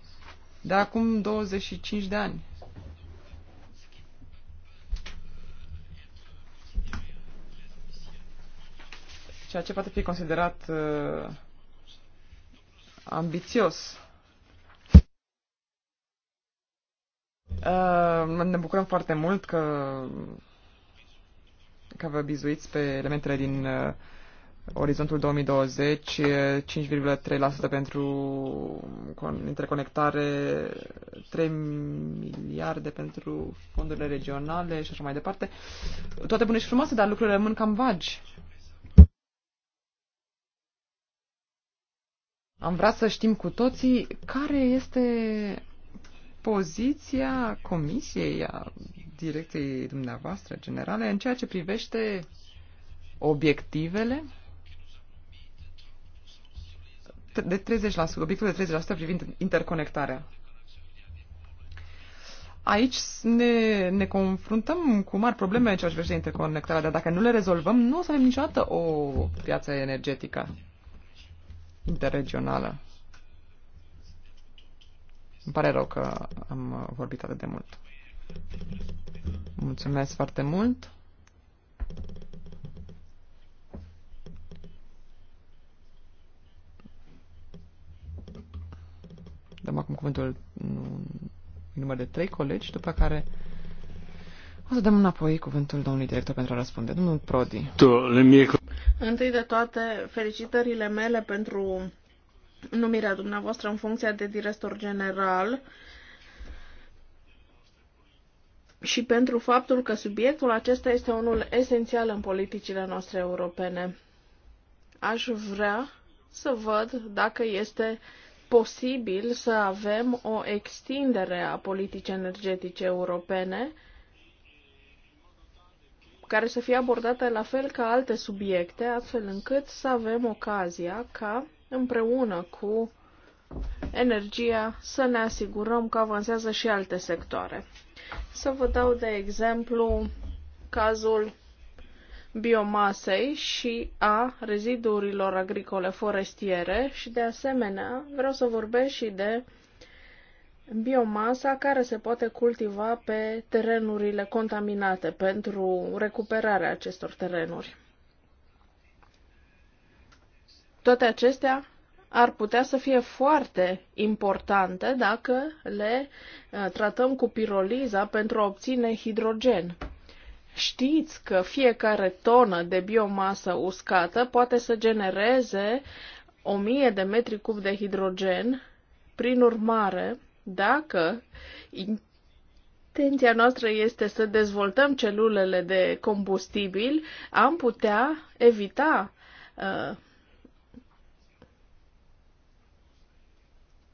de acum 25 de ani. Ceea ce poate fi considerat uh, ambițios. Uh, ne bucurăm foarte mult că, că vă bizuiți pe elementele din uh, Orizontul 2020, 5,3% pentru interconectare, 3 miliarde pentru fondurile regionale și așa mai departe. Toate bune și frumoase, dar lucrurile rămân cam vagi. Am vrea să știm cu toții care este poziția Comisiei, a direcției dumneavoastră generale, în ceea ce privește obiectivele de 30%, obiectul de 30% privind interconectarea. Aici ne, ne confruntăm cu mari probleme în ceea ce privește interconectarea, dar dacă nu le rezolvăm, nu o să avem niciodată o piață energetică interregională. Îmi pare rău că am vorbit atât de mult. Mulțumesc foarte mult. dăm acum cuvântul număr de trei colegi, după care o să dăm înapoi cuvântul domnului director pentru a răspunde. Domnul Prodi. Întâi de toate, felicitările mele pentru numirea dumneavoastră în funcția de director general și pentru faptul că subiectul acesta este unul esențial în politicile noastre europene. Aș vrea să văd dacă este uh, posibil să avem o extindere a politicii energetice europene care să fie abordată la fel ca alte subiecte, astfel încât să avem ocazia ca împreună cu energia să ne asigurăm că avansează și alte sectoare. Să vă dau de exemplu cazul biomasei și a rezidurilor agricole forestiere și de asemenea vreau să vorbesc și de biomasa care se poate cultiva pe terenurile contaminate pentru recuperarea acestor terenuri. Toate acestea ar putea să fie foarte importante dacă le uh, tratăm cu piroliza pentru a obține hidrogen. Știți că fiecare tonă de biomasă uscată poate să genereze 1000 de metri cub de hidrogen. Prin urmare, dacă intenția noastră este să dezvoltăm celulele de combustibil, am putea evita uh,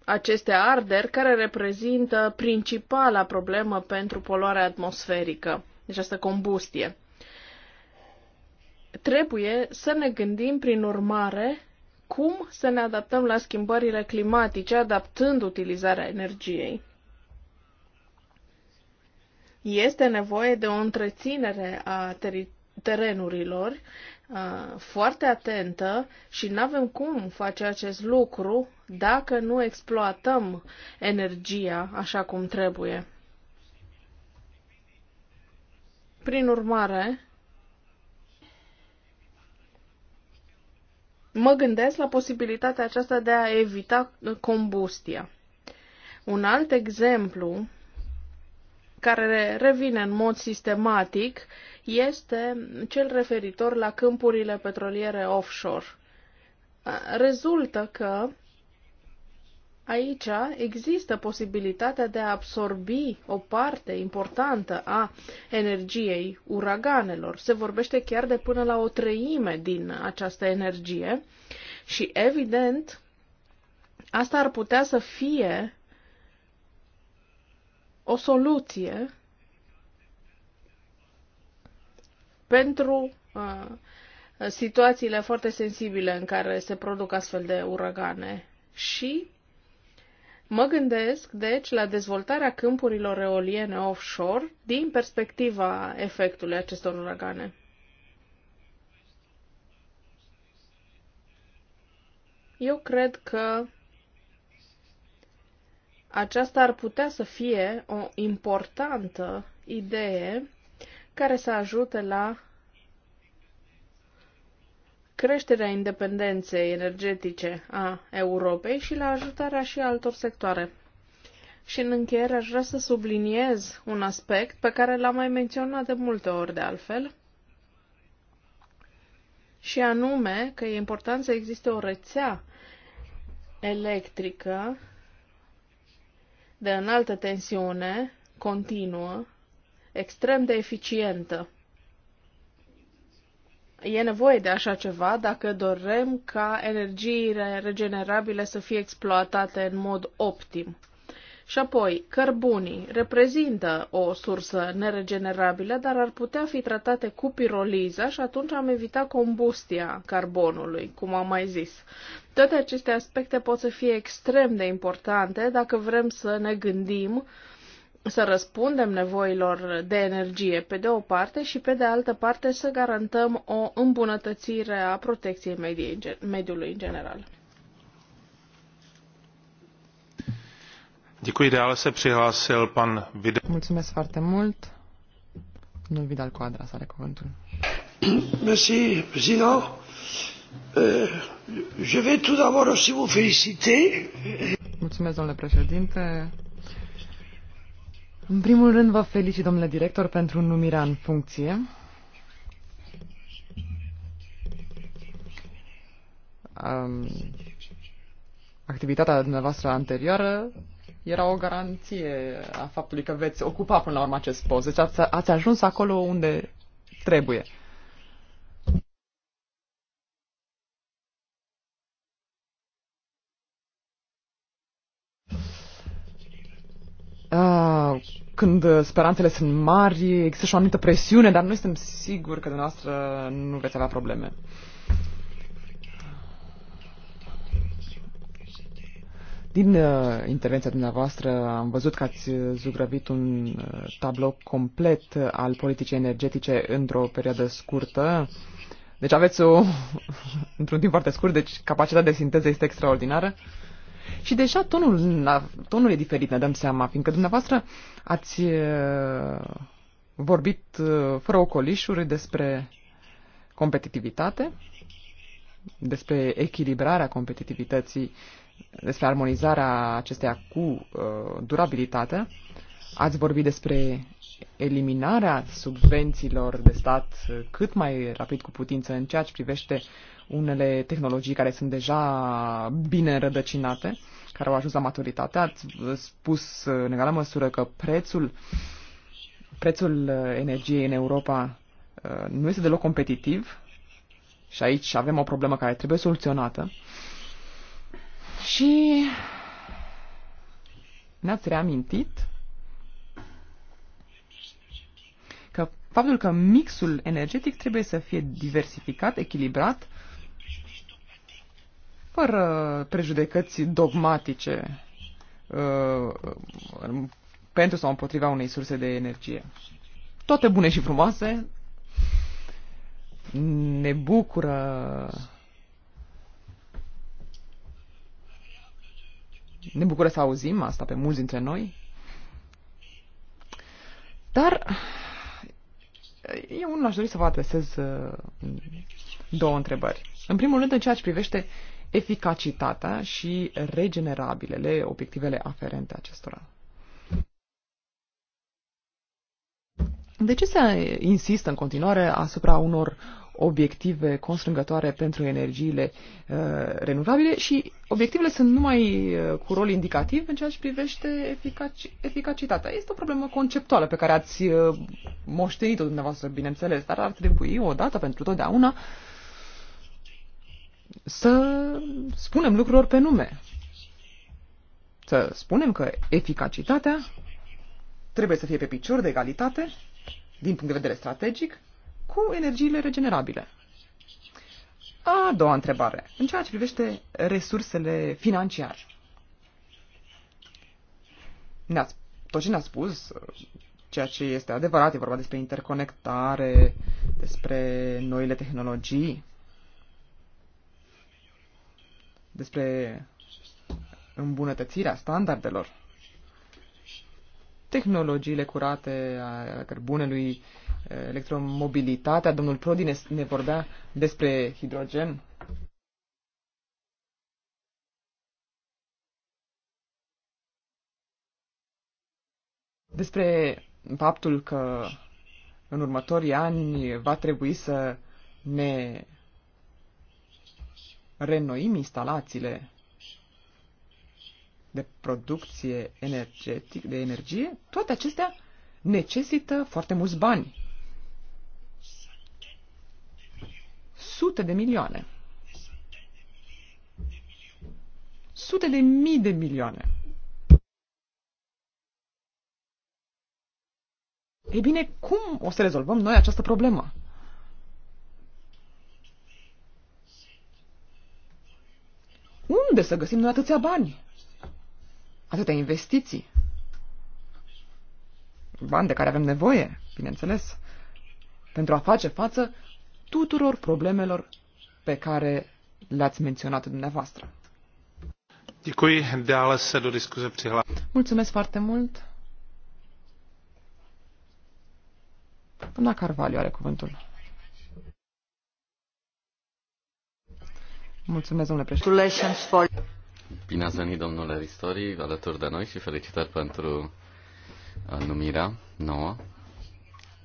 aceste arderi care reprezintă principala problemă pentru poluarea atmosferică deci asta combustie. Trebuie să ne gândim, prin urmare, cum să ne adaptăm la schimbările climatice, adaptând utilizarea energiei. Este nevoie de o întreținere a terenurilor foarte atentă și nu avem cum face acest lucru dacă nu exploatăm energia așa cum trebuie. Prin urmare, mă gândesc la posibilitatea aceasta de a evita combustia. Un alt exemplu care revine în mod sistematic este cel referitor la câmpurile petroliere offshore. Rezultă că aici există posibilitatea de a absorbi o parte importantă a energiei uraganelor. Se vorbește chiar de până la o treime din această energie și, evident, asta ar putea să fie o soluție pentru uh, situațiile foarte sensibile în care se produc astfel de uragane și Mă gândesc, deci, la dezvoltarea câmpurilor eoliene offshore din perspectiva efectului acestor uragane. Eu cred că aceasta ar putea să fie o importantă idee care să ajute la creșterea independenței energetice a Europei și la ajutarea și altor sectoare. Și în încheiere aș vrea să subliniez un aspect pe care l-am mai menționat de multe ori de altfel, și anume că e important să existe o rețea electrică de înaltă tensiune, continuă, extrem de eficientă E nevoie de așa ceva dacă dorem ca energiile regenerabile să fie exploatate în mod optim. Și apoi, cărbunii reprezintă o sursă neregenerabilă, dar ar putea fi tratate cu piroliza și atunci am evitat combustia carbonului, cum am mai zis. Toate aceste aspecte pot să fie extrem de importante dacă vrem să ne gândim uh, să răspundem nevoilor de energie pe de o parte și pe de altă parte să garantăm o îmbunătățire a protecției mediului în general. Děkuji, dále se přihlásil pan Vidal. Mulțumesc foarte mult. Domnul Vidal Coadras să cuvântul. Merci, président. Euh, je vais tout d'abord aussi vous féliciter. Mulțumesc, domnule președinte. În primul rând vă felicit, domnule director, pentru numirea în funcție. Um, activitatea dumneavoastră anterioară era o garanție a faptului că veți ocupa până la urmă acest post. Deci ați, ați ajuns acolo unde trebuie. Ah, când speranțele sunt mari, există și o anumită presiune, dar noi suntem siguri că dumneavoastră nu veți avea probleme. Din uh, intervenția dumneavoastră am văzut că ați zugrăvit un uh, tablou complet al politicii energetice într-o perioadă scurtă. Deci aveți o, într-un timp foarte scurt, deci capacitatea de sinteză este extraordinară. Uh, și deja tonul, tonul e diferit, ne dăm seama, fiindcă dumneavoastră ați vorbit fără ocolișuri despre competitivitate, despre echilibrarea competitivității, despre armonizarea acesteia cu durabilitatea. Ați vorbit despre deci, eliminarea subvențiilor de stat cât mai rapid cu putință în ceea ce privește unele tehnologii care sunt deja bine rădăcinate, care au ajuns la maturitate. Ați spus în egală măsură că prețul, prețul energiei în Europa uh, nu este deloc competitiv și aici avem o problemă care trebuie soluționată. Și ne-ați reamintit faptul că mixul energetic trebuie să fie diversificat, echilibrat, fără prejudecăți dogmatice uh, pentru sau împotriva unei surse de energie. Toate bune și frumoase. Ne bucură ne bucură să auzim asta pe mulți dintre noi. Dar eu unul aș dori să vă adresez uh, două întrebări. În primul rând, în ceea ce privește eficacitatea și regenerabilele, obiectivele aferente acestora. De ce se insistă în continuare asupra unor obiective constrângătoare pentru energiile uh, renovabile și obiectivele sunt numai uh, cu rol indicativ în ceea ce privește eficac- eficacitatea. Este o problemă conceptuală pe care ați uh, moștenit-o dumneavoastră, bineînțeles, dar ar trebui o dată pentru totdeauna să spunem lucrurilor pe nume. Să spunem că eficacitatea trebuie să fie pe picior de egalitate din punct de vedere strategic cu energiile regenerabile. A doua întrebare, în ceea ce privește resursele financiare. Ne-ați, tot ce ne-a spus, ceea ce este adevărat, e vorba despre interconectare, despre noile tehnologii, despre îmbunătățirea standardelor, tehnologiile curate a cărbunelui, electromobilitatea. Domnul Prodi ne, vorbea despre hidrogen. Despre faptul că în următorii ani va trebui să ne renoim instalațiile de producție energetic, de energie, toate acestea necesită foarte mulți bani. sute de milioane. Sute de mii de milioane. Ei bine, cum o să rezolvăm noi această problemă? Unde să găsim noi atâția bani? Atâtea investiții? Bani de care avem nevoie, bineînțeles, pentru a face față tuturor problemelor pe care le-ați menționat dumneavoastră. Děkuji. ales se do diskuze přihlásí. Mulțumesc foarte mult. Doamna Carvalho are cuvântul. Mulțumesc, domnule președinte. Bine ați venit, domnule Ristori, alături de noi și felicitări pentru numirea nouă.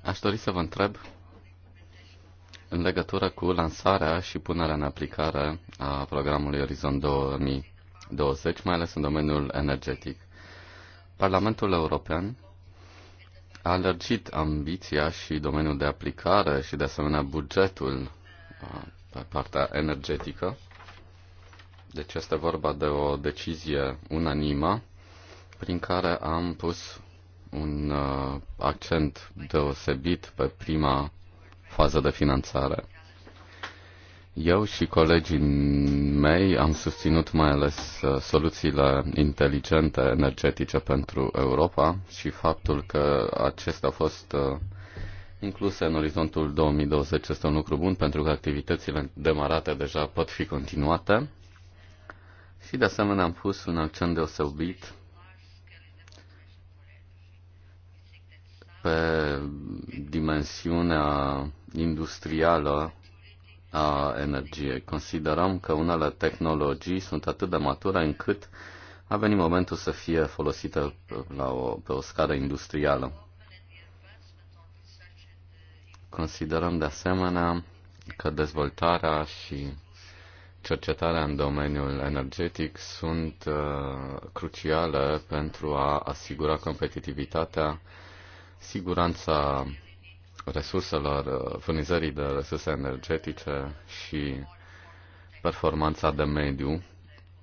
Aș dori să vă întreb în legătură cu lansarea și punerea în aplicare a programului Orizont 2020, mai ales în domeniul energetic. Parlamentul European a alergit ambiția și domeniul de aplicare și de asemenea bugetul pe partea energetică. Deci este vorba de o decizie unanimă prin care am pus un accent deosebit pe prima fază de finanțare. Eu și colegii mei am susținut mai ales uh, soluțiile inteligente energetice pentru Europa și faptul că acestea au fost uh, incluse în orizontul 2020 este un lucru bun pentru că activitățile demarate deja pot fi continuate și de asemenea am pus un accent deosebit pe dimensiunea industrială a energiei. Considerăm că unele tehnologii sunt atât de mature încât a venit momentul să fie folosite la o, pe o scară industrială. Considerăm de asemenea că dezvoltarea și cercetarea în domeniul energetic sunt uh, cruciale pentru a asigura competitivitatea Siguranța resurselor, furnizării de resurse energetice și performanța de mediu.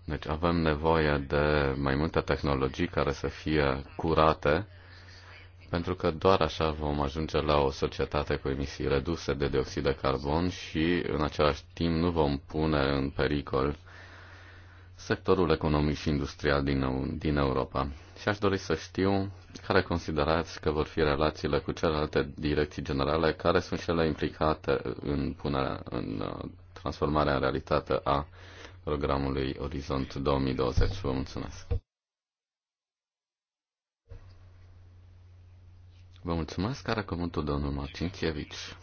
Deci avem nevoie de mai multe tehnologii care să fie curate, pentru că doar așa vom ajunge la o societate cu emisii reduse de dioxid de carbon și în același timp nu vom pune în pericol sectorul economic și industrial din, din Europa. Și aș dori să știu care considerați că vor fi relațiile cu celelalte direcții generale, care sunt cele implicate în, punerea, în uh, transformarea în realitate a programului Orizont 2020. Vă mulțumesc! Vă mulțumesc, care cuvântul domnul Marcinchievici.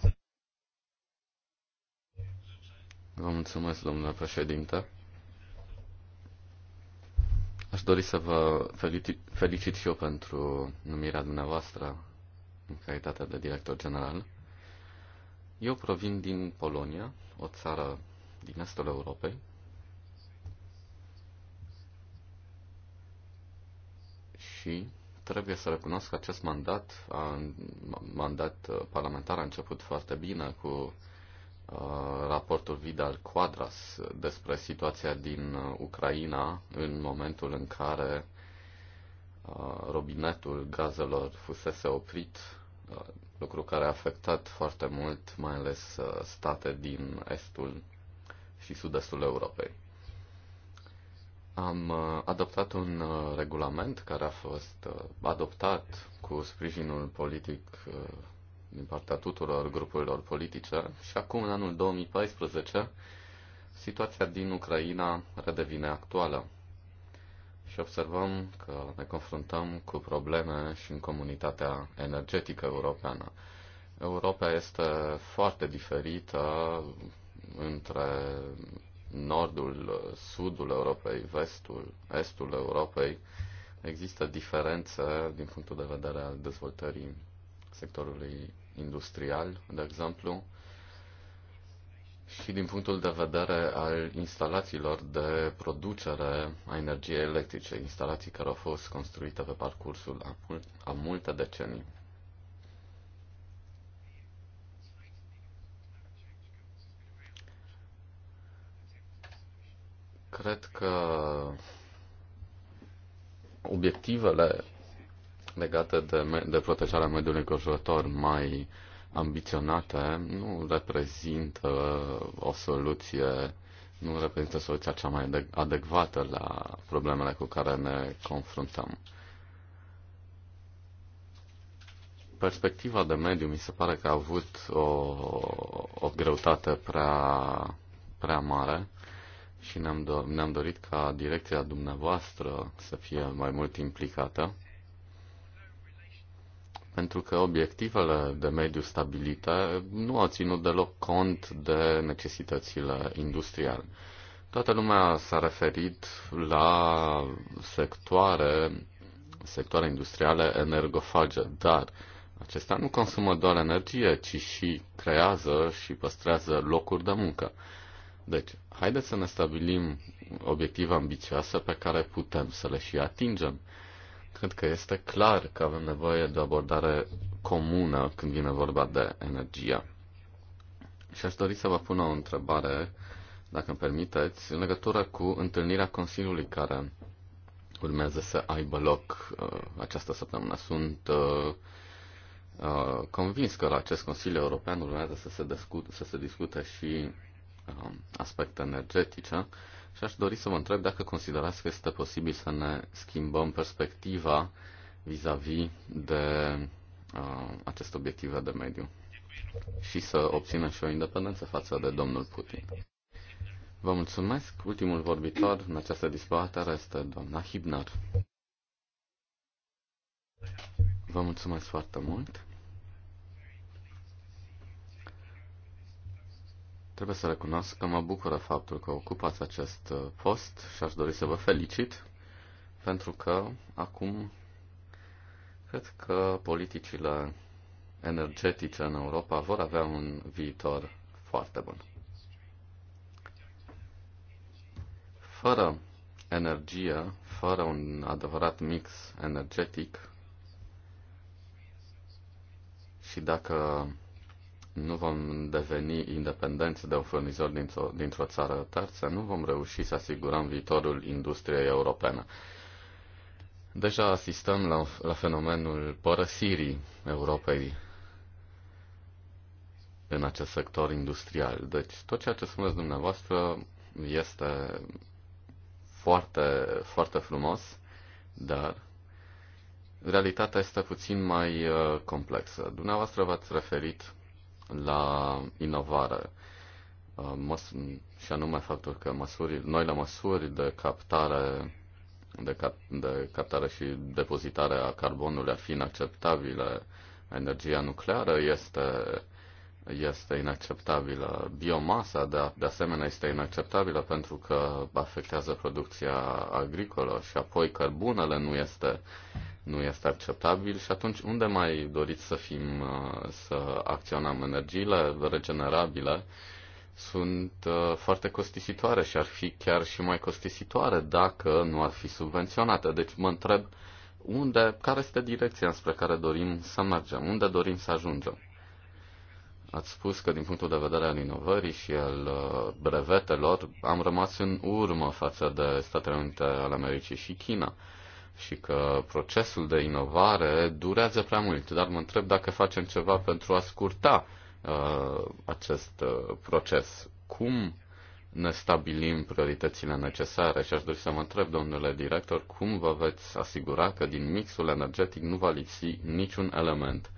Vă mulțumesc, domnule președinte. Aș dori să vă felicit, felicit și eu pentru numirea dumneavoastră în calitatea de director general. Eu provin din Polonia, o țară din estul Europei. Și trebuie să recunosc că acest mandat, a, mandat uh, parlamentar a început foarte bine cu Uh, raportul Vidal Quadras despre situația din uh, Ucraina în momentul în care uh, robinetul gazelor fusese oprit, lucru care a afectat foarte mult mai ales state din estul și sud-estul Europei. Am adoptat un regulament care a fost adoptat cu sprijinul politic din partea tuturor grupurilor politice și acum, în anul 2014, situația din Ucraina redevine actuală și observăm că ne confruntăm cu probleme și în comunitatea energetică europeană. Europa este foarte diferită între nordul, sudul Europei, vestul, estul Europei. Există diferențe din punctul de vedere al dezvoltării sectorului industrial, de exemplu, și din punctul de vedere al instalațiilor de producere a energiei electrice, instalații care au fost construite pe parcursul a, mul- a multe decenii. Cred că obiectivele legate de, de protejarea mediului înconjurător mai ambiționate nu reprezintă o soluție, nu reprezintă soluția cea mai adecvată la problemele cu care ne confruntăm. Perspectiva de mediu mi se pare că a avut o, o greutate prea, prea mare și ne-am, do- ne-am dorit ca direcția dumneavoastră să fie mai mult implicată pentru că obiectivele de mediu stabilite nu au ținut deloc cont de necesitățile industriale. Toată lumea s-a referit la sectoare, sectoare industriale energofage, dar acestea nu consumă doar energie, ci și creează și păstrează locuri de muncă. Deci, haideți să ne stabilim obiective ambițioase pe care putem să le și atingem. Cred că este clar că avem nevoie de o abordare comună când vine vorba de energia. Și aș dori să vă pun o întrebare, dacă îmi permiteți, în legătură cu întâlnirea Consiliului care urmează să aibă loc uh, această săptămână. Sunt uh, uh, convins că la acest Consiliu European urmează să se, discute, să se discute și uh, aspecte energetice. Uh, și aș dori să vă întreb dacă considerați că este posibil să ne schimbăm perspectiva vis-a-vis -vis de uh, aceste obiective de mediu și să obținem și o independență față de domnul Putin. Vă mulțumesc. Ultimul vorbitor în această dispoatere este doamna Hibnar. Vă mulțumesc foarte mult. Trebuie să recunosc că mă bucură faptul că ocupați acest uh, post și aș dori să vă felicit, pentru că acum cred că politicile energetice în Europa vor avea un viitor foarte bun. Fără energie, fără un adevărat mix energetic și dacă nu vom deveni independenți de un furnizor dintr-o, dintr-o țară terță, nu vom reuși să asigurăm viitorul industriei europene. Deja asistăm la, la fenomenul părăsirii Europei în acest sector industrial. Deci tot ceea ce spuneți dumneavoastră este foarte, foarte frumos, dar realitatea este puțin mai uh, complexă. Dumneavoastră v-ați referit la inovare. Uh, și anume faptul că măsuri, noile măsuri de captare de, cap- de captare și depozitare a carbonului ar fi inacceptabile, energia nucleară este este inacceptabilă. Biomasa, de, de asemenea, este inacceptabilă pentru că afectează producția agricolă și apoi cărbunele nu este, nu este acceptabil și atunci unde mai doriți să fim, uh, să acționăm energiile regenerabile? sunt uh, foarte costisitoare și ar fi chiar și mai costisitoare dacă nu ar fi subvenționate. Deci mă întreb unde, care este direcția spre care dorim să mergem, unde dorim să ajungem. Ați spus că din punctul de vedere al inovării și al uh, brevetelor am rămas în urmă față de Statele Unite ale Americii și China și că procesul de inovare durează prea mult, dar mă întreb dacă facem ceva pentru a scurta uh, acest uh, proces. Cum ne stabilim prioritățile necesare și aș dori să mă întreb, domnule director, cum vă veți asigura că din mixul energetic nu va lipsi niciun element?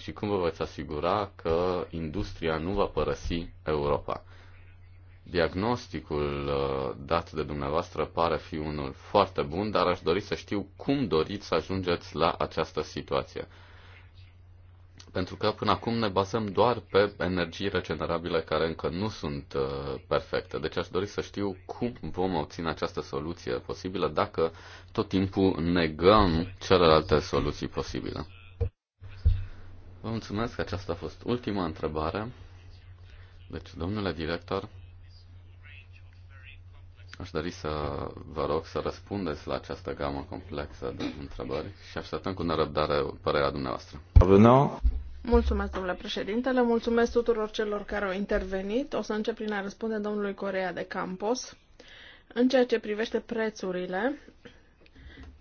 și cum vă veți asigura că industria nu va părăsi Europa? Diagnosticul uh, dat de dumneavoastră pare fi unul foarte bun, dar aș dori să știu cum doriți să ajungeți la această situație. Pentru că până acum ne bazăm doar pe energii regenerabile care încă nu sunt uh, perfecte. Deci aș dori să știu cum vom obține această soluție posibilă dacă tot timpul negăm celelalte soluții posibile. Vă mulțumesc, aceasta a fost ultima întrebare. Deci, domnule director, aș dori să vă rog să răspundeți la această gamă complexă de întrebări și așteptăm cu nerăbdare părerea dumneavoastră. Mulțumesc, domnule președintele, mulțumesc tuturor celor care au intervenit. O să încep prin a răspunde domnului Corea de Campos. În ceea ce privește prețurile,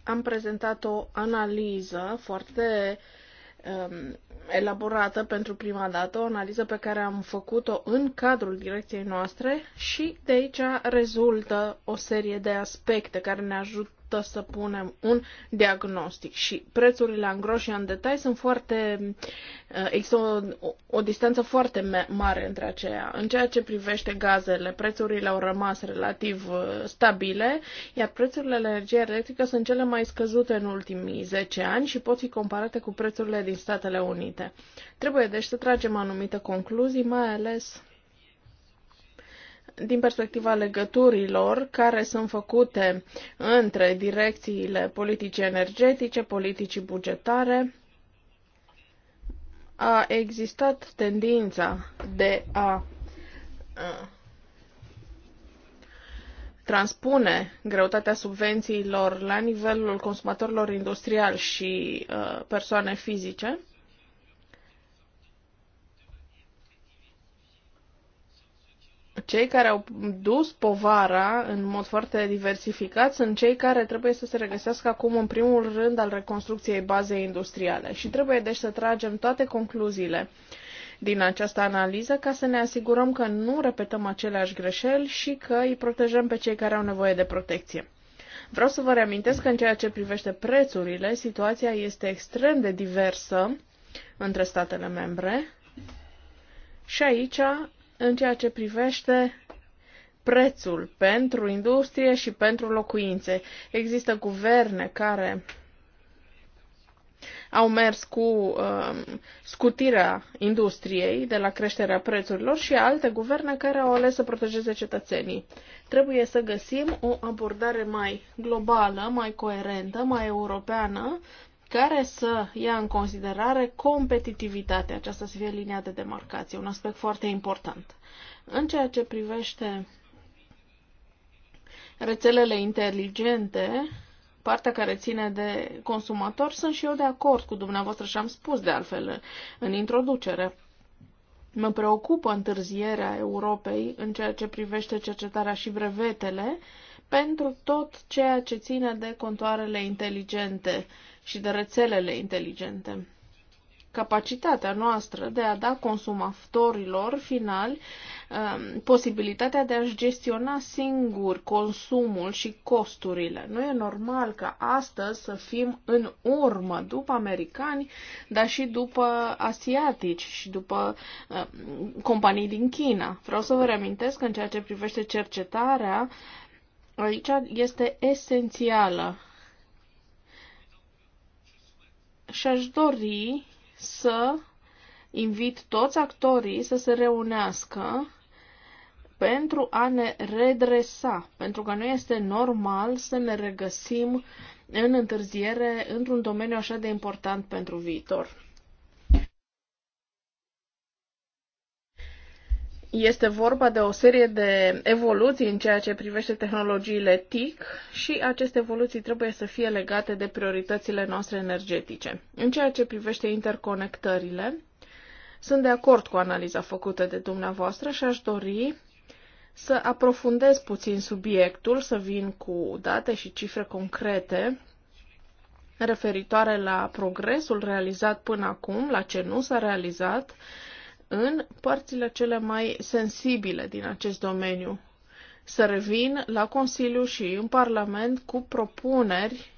am prezentat o analiză foarte uh, Um, elaborată pentru prima dată, o analiză pe care am făcut-o în cadrul direcției noastre și de aici rezultă o serie de aspecte care ne ajută poată să punem un diagnostic. Și prețurile în gros și în detai sunt foarte. Uh, există o, o distanță foarte mare între aceea. În ceea ce privește gazele, prețurile au rămas relativ uh, stabile, iar prețurile energiei electrică sunt cele mai scăzute în ultimii 10 ani și pot fi comparate cu prețurile din Statele Unite. Trebuie deci să tragem anumite concluzii, mai ales din perspectiva legăturilor care sunt făcute între direcțiile politice energetice, politicii bugetare, a existat tendința de a transpune greutatea subvențiilor la nivelul consumatorilor industriali și persoane fizice, cei care au dus povara în mod foarte diversificat sunt cei care trebuie să se regăsească acum în primul rând al reconstrucției bazei industriale și trebuie deci să tragem toate concluziile din această analiză ca să ne asigurăm că nu repetăm aceleași greșeli și că îi protejăm pe cei care au nevoie de protecție. Vreau să vă reamintesc că în ceea ce privește prețurile, situația este extrem de diversă între statele membre și aici în ceea ce privește prețul pentru industrie și pentru locuințe. Există guverne care au mers cu um, scutirea industriei de la creșterea prețurilor și alte guverne care au ales să protejeze cetățenii. Trebuie să găsim o abordare mai globală, mai coerentă, mai europeană care să ia în considerare competitivitatea, aceasta să fie linia de demarcație, un aspect foarte important. În ceea ce privește rețelele inteligente, partea care ține de consumator, sunt și eu de acord cu dumneavoastră și am spus de altfel în introducere. Mă preocupă întârzierea Europei în ceea ce privește cercetarea și brevetele pentru tot ceea ce ține de contoarele inteligente și de rețelele inteligente. Capacitatea noastră de a da consumatorilor finali um, posibilitatea de a-și gestiona singur consumul și costurile. Nu e normal ca astăzi să fim în urmă după americani, dar și după asiatici și după um, companii din China. Vreau să vă reamintesc că în ceea ce privește cercetarea, aici este esențială și aș dori să invit toți actorii să se reunească pentru a ne redresa, pentru că nu este normal să ne regăsim în întârziere într-un domeniu așa de important pentru viitor. este vorba de o serie de evoluții în ceea ce privește tehnologiile TIC și aceste evoluții trebuie să fie legate de prioritățile noastre energetice. În ceea ce privește interconectările, sunt de acord cu analiza făcută de dumneavoastră și aș dori să aprofundez puțin subiectul, să vin cu date și cifre concrete referitoare la progresul realizat până acum, la ce nu s-a realizat în părțile cele mai sensibile din acest domeniu, să revin la Consiliu și în Parlament cu propuneri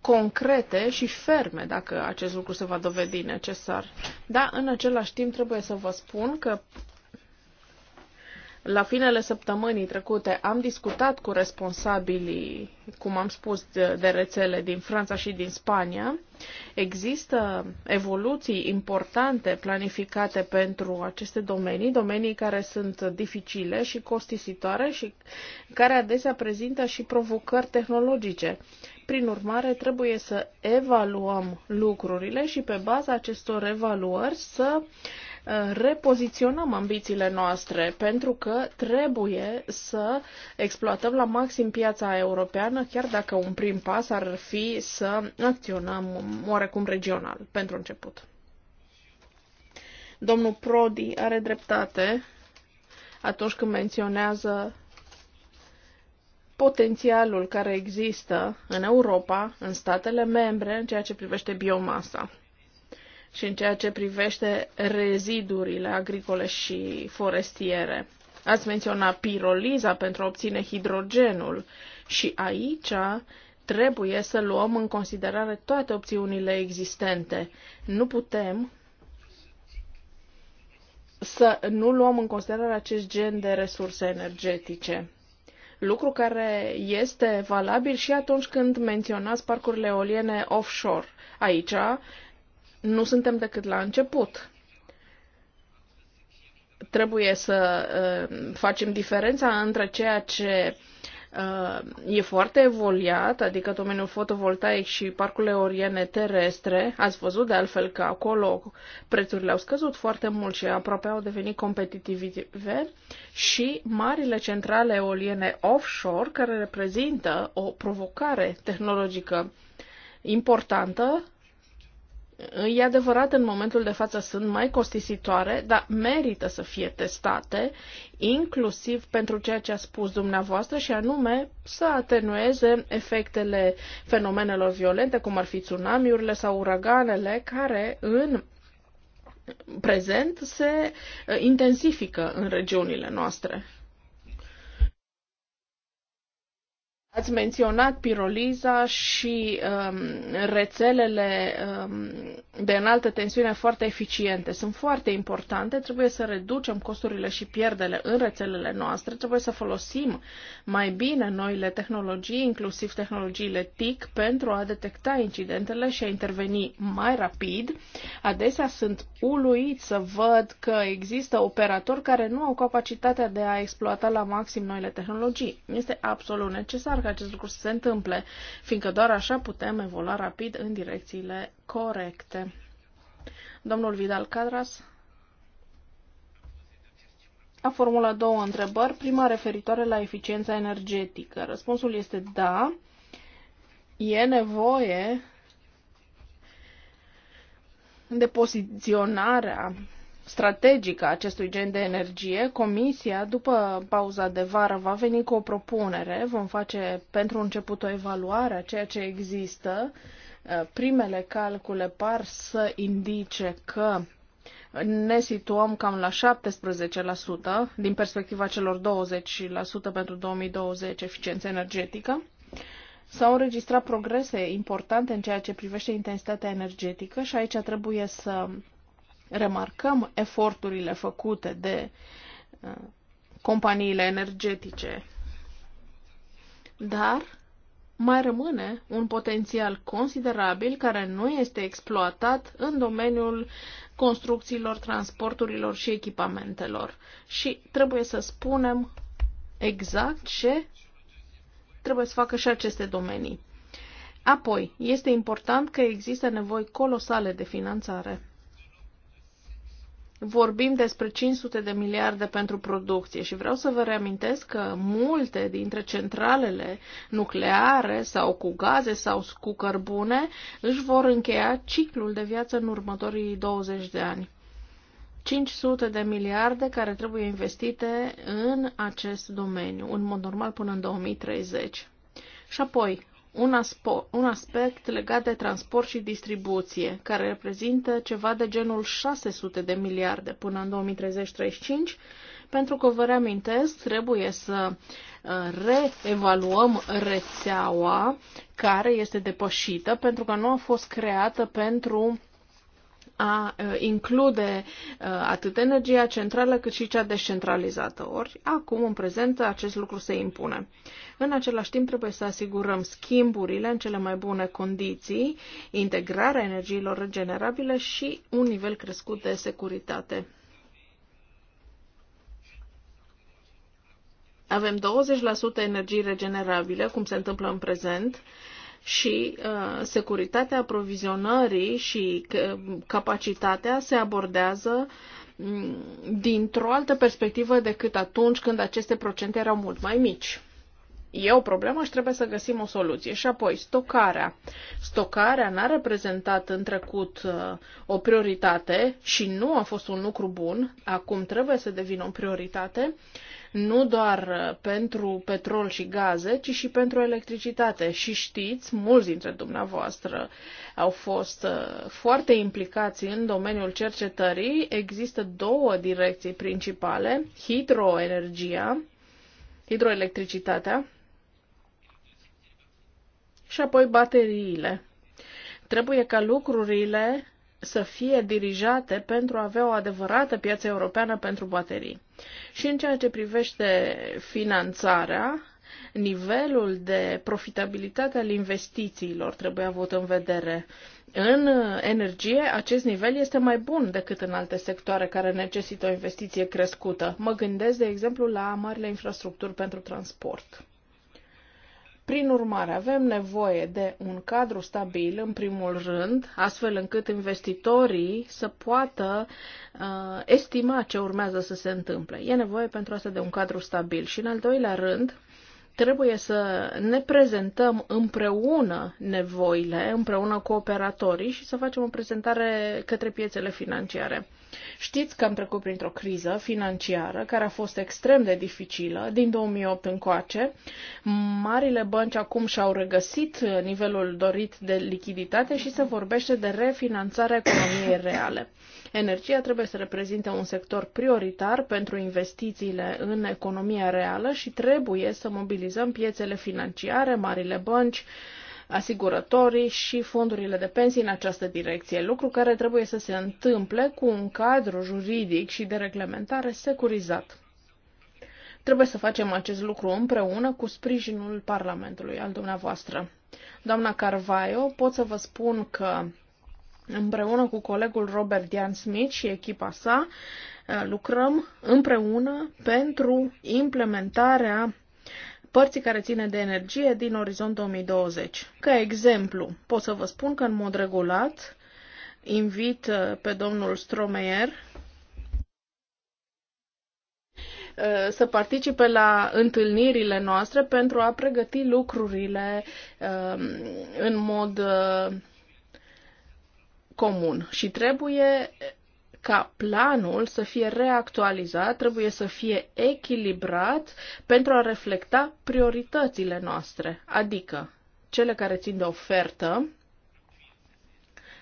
concrete și ferme, dacă acest lucru se va dovedi necesar. Dar, în același timp, trebuie să vă spun că la finele săptămânii trecute am discutat cu responsabilii, cum am spus, de, de rețele din Franța și din Spania. Există evoluții importante planificate pentru aceste domenii, domenii care sunt dificile și costisitoare și care adesea prezintă și provocări tehnologice. Prin urmare, trebuie să evaluăm lucrurile și pe baza acestor evaluări să uh, repoziționăm ambițiile noastre, pentru că trebuie să exploatăm la maxim piața europeană, chiar dacă un prim pas ar fi să acționăm oarecum regional, pentru început. Domnul Prodi are dreptate atunci când menționează potențialul care există în Europa, în statele membre, în ceea ce privește biomasa și în ceea ce privește rezidurile agricole și forestiere. Ați menționat piroliza pentru a obține hidrogenul și aici trebuie să luăm în considerare toate opțiunile existente. Nu putem să nu luăm în considerare acest gen de resurse energetice lucru care este valabil și atunci când menționați parcurile eoliene offshore. Aici nu suntem decât la început trebuie să uh, facem diferența între ceea ce Uh, e foarte evoluat, adică domeniul fotovoltaic și parcurile oriene terestre. Ați văzut de altfel că acolo prețurile au scăzut foarte mult și aproape au devenit competitive și marile centrale eoliene offshore, care reprezintă o provocare tehnologică importantă, e adevărat, în momentul de față sunt mai costisitoare, dar merită să fie testate, inclusiv pentru ceea ce a spus dumneavoastră și anume să atenueze efectele fenomenelor violente, cum ar fi tsunamiurile sau uraganele, care în prezent se uh, intensifică în regiunile noastre. Ați menționat piroliza și um, rețelele um, de înaltă tensiune foarte eficiente. Sunt foarte importante, trebuie să reducem costurile și pierdele în rețelele noastre, trebuie să folosim mai bine noile tehnologii, inclusiv tehnologiile TIC, pentru a detecta incidentele și a interveni mai rapid. Adesea sunt uluit să văd că există operatori care nu au capacitatea de a exploata la maxim noile tehnologii. Este absolut necesar ca acest lucru să se întâmple, fiindcă doar așa putem evolua rapid în direcțiile corecte. Domnul Vidal Cadras a formulat două întrebări, prima referitoare la eficiența energetică. Răspunsul este da, e nevoie de poziționarea strategică a acestui gen de energie, Comisia, după pauza de vară, va veni cu o propunere. Vom face pentru început o evaluare a ceea ce există. Uh, primele calcule par să indice că ne situăm cam la 17% din perspectiva celor 20% pentru 2020 eficiență energetică. S-au înregistrat progrese importante în ceea ce privește intensitatea energetică și aici trebuie să remarcăm eforturile făcute de uh, companiile energetice, dar mai rămâne un potențial considerabil care nu este exploatat în domeniul construcțiilor, transporturilor și echipamentelor. Și trebuie să spunem exact ce trebuie să facă și aceste domenii. Apoi, este important că există nevoi colosale de finanțare vorbim despre 500 de miliarde pentru producție și vreau să vă reamintesc că multe dintre centralele nucleare sau cu gaze sau cu cărbune își vor încheia ciclul de viață în următorii 20 de ani. 500 de miliarde care trebuie investite în acest domeniu, în mod normal până în 2030. Și apoi, un, aspo- un aspect legat de transport și distribuție, care reprezintă ceva de genul 600 de miliarde până în 2035, pentru că vă reamintesc, trebuie să uh, reevaluăm rețeaua care este depășită pentru că nu a fost creată pentru a include atât energia centrală cât și cea descentralizată. Ori, acum, în prezent, acest lucru se impune. În același timp, trebuie să asigurăm schimburile în cele mai bune condiții, integrarea energiilor regenerabile și un nivel crescut de securitate. Avem 20% energii regenerabile, cum se întâmplă în prezent, și uh, securitatea aprovizionării și uh, capacitatea se abordează mm, dintr-o altă perspectivă decât atunci când aceste procente erau mult mai mici. E o problemă și trebuie să găsim o soluție. Și apoi, stocarea. Stocarea n-a reprezentat în trecut uh, o prioritate și nu a fost un lucru bun. Acum trebuie să devină o prioritate nu doar uh, pentru petrol și gaze, ci și pentru electricitate. Și știți, mulți dintre dumneavoastră au fost uh, foarte implicați în domeniul cercetării. Există două direcții principale, hidroenergia, hidroelectricitatea și apoi bateriile. Trebuie ca lucrurile să fie dirijate pentru a avea o adevărată piață europeană pentru baterii. Și în ceea ce privește finanțarea, nivelul de profitabilitate al investițiilor trebuie avut în vedere. În energie, acest nivel este mai bun decât în alte sectoare care necesită o investiție crescută. Mă gândesc, de exemplu, la marile infrastructuri pentru transport. Prin urmare, avem nevoie de un cadru stabil, în primul rând, astfel încât investitorii să poată uh, estima ce urmează să se întâmple. E nevoie pentru asta de un cadru stabil. Și, în al doilea rând, trebuie să ne prezentăm împreună nevoile, împreună cu operatorii și să facem o prezentare către piețele financiare. Știți că am trecut printr-o criză financiară care a fost extrem de dificilă din 2008 încoace. Marile bănci acum și-au regăsit nivelul dorit de lichiditate și se vorbește de refinanțarea economiei reale. Energia trebuie să reprezinte un sector prioritar pentru investițiile în economia reală și trebuie să mobilizăm piețele financiare, marile bănci, asigurătorii și fondurile de pensii în această direcție, lucru care trebuie să se întâmple cu un cadru juridic și de reglementare securizat. Trebuie să facem acest lucru împreună cu sprijinul Parlamentului al dumneavoastră. Doamna Carvaio, pot să vă spun că împreună cu colegul Robert Dian Smith și echipa sa eh, lucrăm împreună pentru implementarea părții care ține de energie din orizont 2020. Ca exemplu, pot să vă spun că în mod regulat invit uh, pe domnul Stromeyer uh, să participe la întâlnirile noastre pentru a pregăti lucrurile um, în mod uh, comun și trebuie ca planul să fie reactualizat, trebuie să fie echilibrat pentru a reflecta prioritățile noastre, adică cele care țin de ofertă,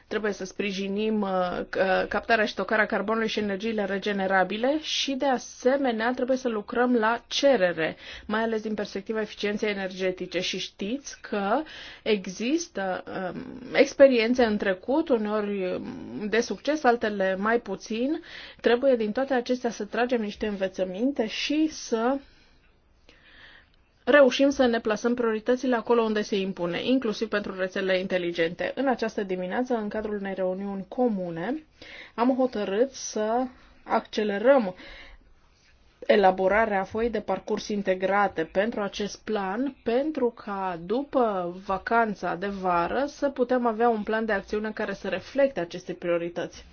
Trebuie să sprijinim uh, uh, captarea și tocarea carbonului și energiile regenerabile și, de asemenea, trebuie să lucrăm la cerere, mai ales din perspectiva eficienței energetice. Și știți că există um, experiențe în trecut, uneori de succes, altele mai puțin. Trebuie din toate acestea să tragem niște învățăminte și să reușim să ne plasăm prioritățile acolo unde se impune, inclusiv pentru rețelele inteligente. În această dimineață, în cadrul unei reuniuni comune, am hotărât să accelerăm elaborarea foii de parcurs integrate pentru acest plan, pentru ca după vacanța de vară să putem avea un plan de acțiune care să reflecte aceste priorități.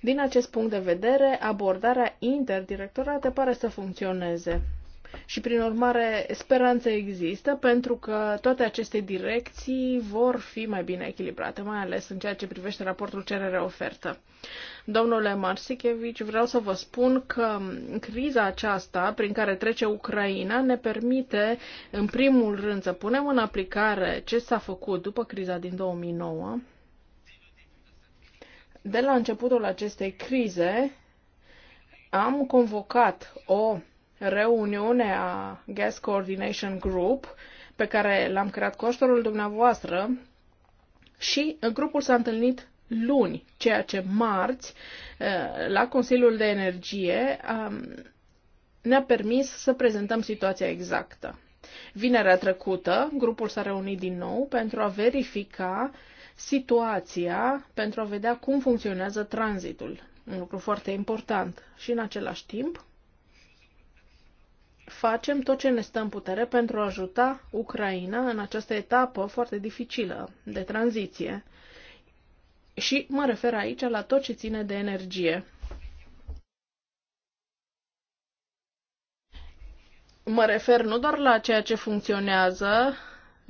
Din acest punct de vedere, abordarea interdirectorată pare să funcționeze. Și prin urmare, speranță există pentru că toate aceste direcții vor fi mai bine echilibrate, mai ales în ceea ce privește raportul cerere-ofertă. Domnule Marsikevici, vreau să vă spun că criza aceasta prin care trece Ucraina ne permite, în primul rând, să punem în aplicare ce s-a făcut după criza din 2009. De la începutul acestei crize am convocat o reuniune a Gas Coordination Group pe care l-am creat cu ajutorul dumneavoastră și grupul s-a întâlnit luni, ceea ce marți eh, la Consiliul de Energie ne-a permis să prezentăm situația exactă. Vinerea trecută, grupul s-a reunit din nou pentru a verifica situația, pentru a vedea cum funcționează tranzitul. Un lucru foarte important. Și în același timp, facem tot ce ne stă în putere pentru a ajuta Ucraina în această etapă foarte dificilă de tranziție. Și mă refer aici la tot ce ține de energie. Mă refer nu doar la ceea ce funcționează,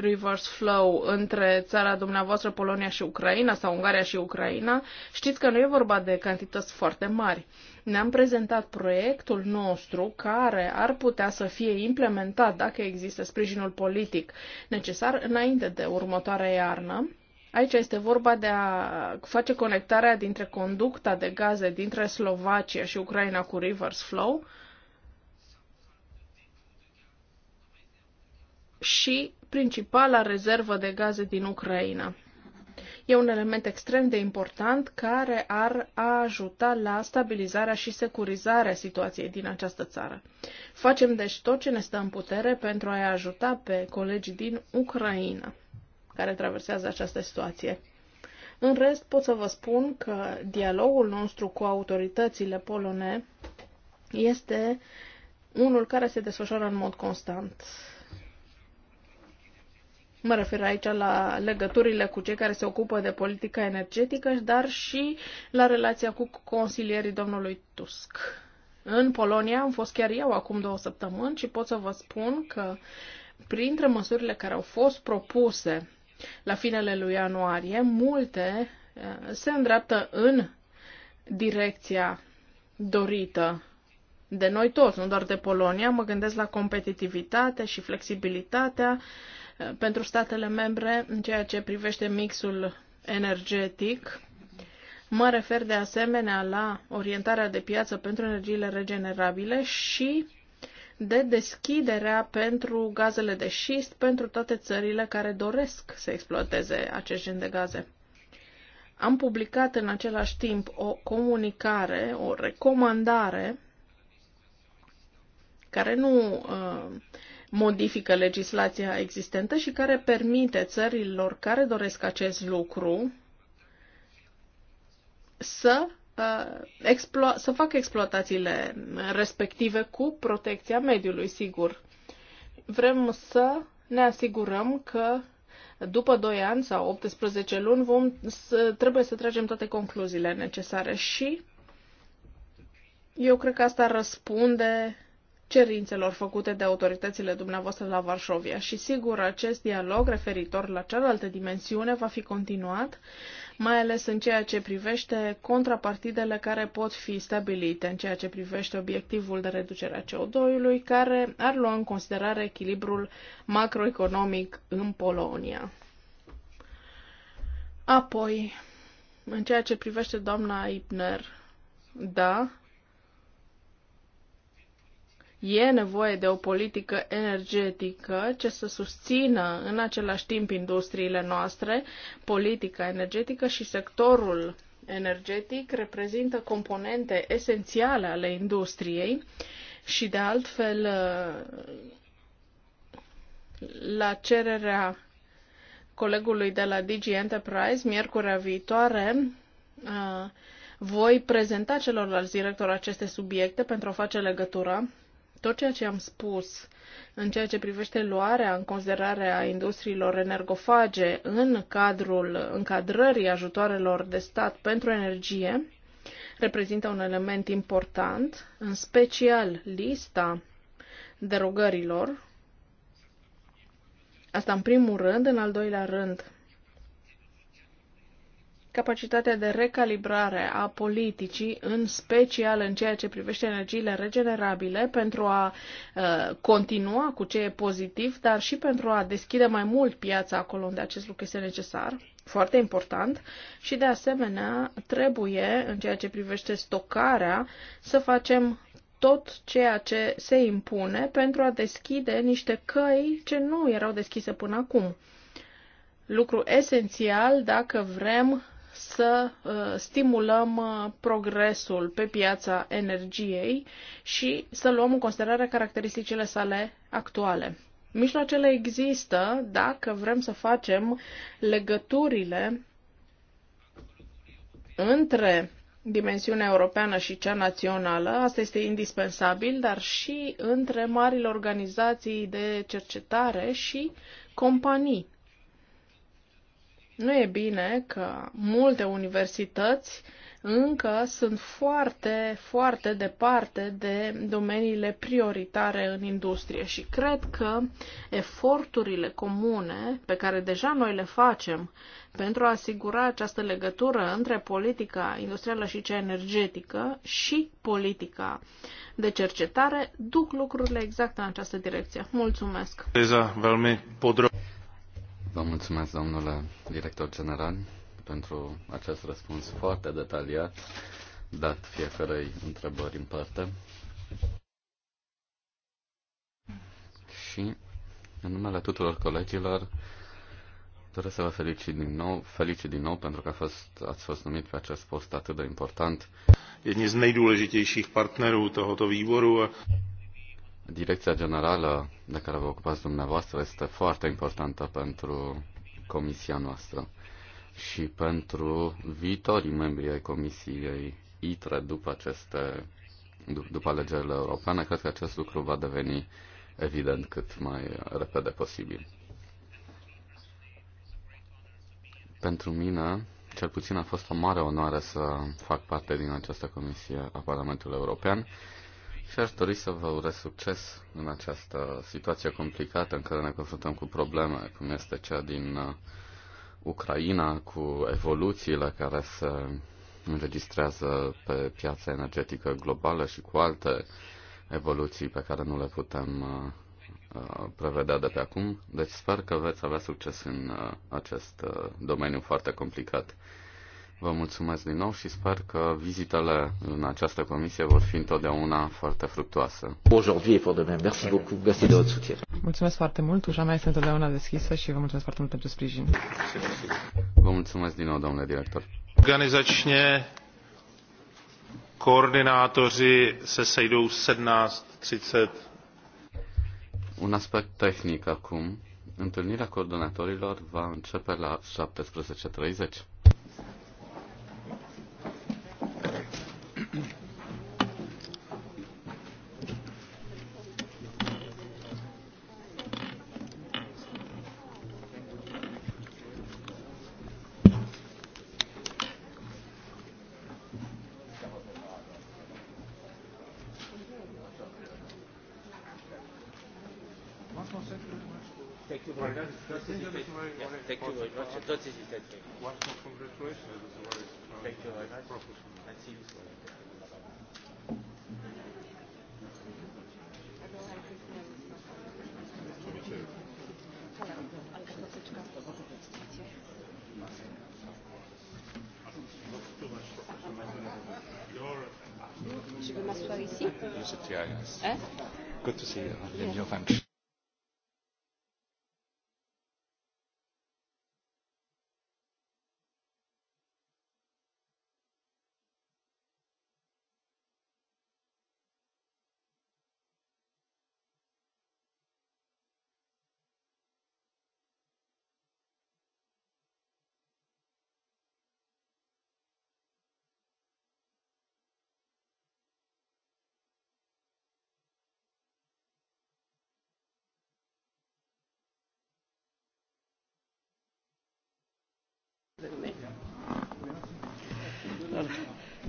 reverse flow între țara dumneavoastră, Polonia și Ucraina sau Ungaria și Ucraina, știți că nu e vorba de cantități foarte mari. Ne-am prezentat proiectul nostru care ar putea să fie implementat dacă există sprijinul politic necesar înainte de următoarea iarnă. Aici este vorba de a face conectarea dintre conducta de gaze dintre Slovacia și Ucraina cu reverse flow și principala rezervă de gaze din Ucraina. E un element extrem de important care ar ajuta la stabilizarea și securizarea situației din această țară. Facem deci tot ce ne stă în putere pentru a-i ajuta pe colegii din Ucraina care traversează această situație. În rest, pot să vă spun că dialogul nostru cu autoritățile polone este unul care se desfășoară în mod constant. Mă refer aici la legăturile cu cei care se ocupă de politica energetică, dar și la relația cu consilierii domnului Tusk. În Polonia am fost chiar eu acum două săptămâni și pot să vă spun că printre măsurile care au fost propuse la finele lui ianuarie, multe eh, se îndreaptă în direcția dorită de noi toți, nu doar de Polonia. Mă gândesc la competitivitate și flexibilitatea pentru statele membre în ceea ce privește mixul energetic. Mă refer de asemenea la orientarea de piață pentru energiile regenerabile și de deschiderea pentru gazele de șist pentru toate țările care doresc să exploateze acest gen de gaze. Am publicat în același timp o comunicare, o recomandare care nu uh, modifică legislația existentă și care permite țărilor care doresc acest lucru să, uh, explo- să facă exploatațiile respective cu protecția mediului, sigur. Vrem să ne asigurăm că după 2 ani sau 18 luni vom, să, trebuie să tragem toate concluziile necesare și eu cred că asta răspunde cerințelor făcute de autoritățile dumneavoastră la Varșovia și sigur acest dialog referitor la cealaltă dimensiune va fi continuat, mai ales în ceea ce privește contrapartidele care pot fi stabilite, în ceea ce privește obiectivul de reducere a CO2-ului, care ar lua în considerare echilibrul macroeconomic în Polonia. Apoi, în ceea ce privește doamna Ipner, da, E nevoie de o politică energetică ce să susțină în același timp industriile noastre. Politica energetică și sectorul energetic reprezintă componente esențiale ale industriei și de altfel la cererea colegului de la Digi Enterprise, miercurea viitoare, voi prezenta celorlalți directori aceste subiecte pentru a face legătura tot ceea ce am spus în ceea ce privește luarea în considerare a industriilor energofage în cadrul încadrării ajutoarelor de stat pentru energie reprezintă un element important, în special lista derogărilor. Asta în primul rând, în al doilea rând, capacitatea de recalibrare a politicii, în special în ceea ce privește energiile regenerabile, pentru a uh, continua cu ce e pozitiv, dar și pentru a deschide mai mult piața acolo unde acest lucru este necesar, foarte important, și de asemenea trebuie, în ceea ce privește stocarea, să facem tot ceea ce se impune pentru a deschide niște căi ce nu erau deschise până acum lucru esențial dacă vrem să uh, stimulăm uh, progresul pe piața energiei și să luăm în considerare caracteristicile sale actuale. Mijloacele există dacă vrem să facem legăturile între dimensiunea europeană și cea națională, asta este indispensabil, dar și între marile organizații de cercetare și companii. Nu e bine că multe universități încă sunt foarte, foarte departe de domeniile prioritare în industrie și cred că eforturile comune pe care deja noi le facem pentru a asigura această legătură între politica industrială și cea energetică și politica de cercetare duc lucrurile exact în această direcție. Mulțumesc! Vă mulțumesc, domnule director general, pentru acest răspuns foarte detaliat dat fiecarei întrebări în parte. Și, în numele tuturor colegilor, doresc să vă felicit din nou, felicit din nou pentru că a fost, ați fost numit pe acest post atât de important. Jedni z nejdůležitějších partnerů tohoto výboru. Direcția generală de care vă ocupați dumneavoastră este foarte importantă pentru comisia noastră și pentru viitorii membri ai comisiei ITRE după aceste după alegerile europene, cred că acest lucru va deveni evident cât mai repede posibil. Pentru mine, cel puțin a fost o mare onoare să fac parte din această comisie a Parlamentului European și aș dori să vă urez succes în această situație complicată în care ne confruntăm cu probleme, cum este cea din uh, Ucraina, cu evoluțiile care se înregistrează pe piața energetică globală și cu alte evoluții pe care nu le putem uh, uh, prevedea de pe acum. Deci sper că veți avea succes în acest domeniu foarte complicat. Vă mulțumesc din nou și sper că vizitele în această comisie vor fi întotdeauna foarte fructuoase. Aujourd'hui et pour demain. Merci beaucoup. Merci de votre soutien. Mulțumesc foarte mult. Ușa mea este întotdeauna deschisă și vă mulțumesc foarte mult pentru sprijin. Vă mulțumesc din nou, domnule director. Organizačně koordinátoři se sejdou 17.30. Un aspect tehnic acum. Întâlnirea coordonatorilor va începe la 17.30.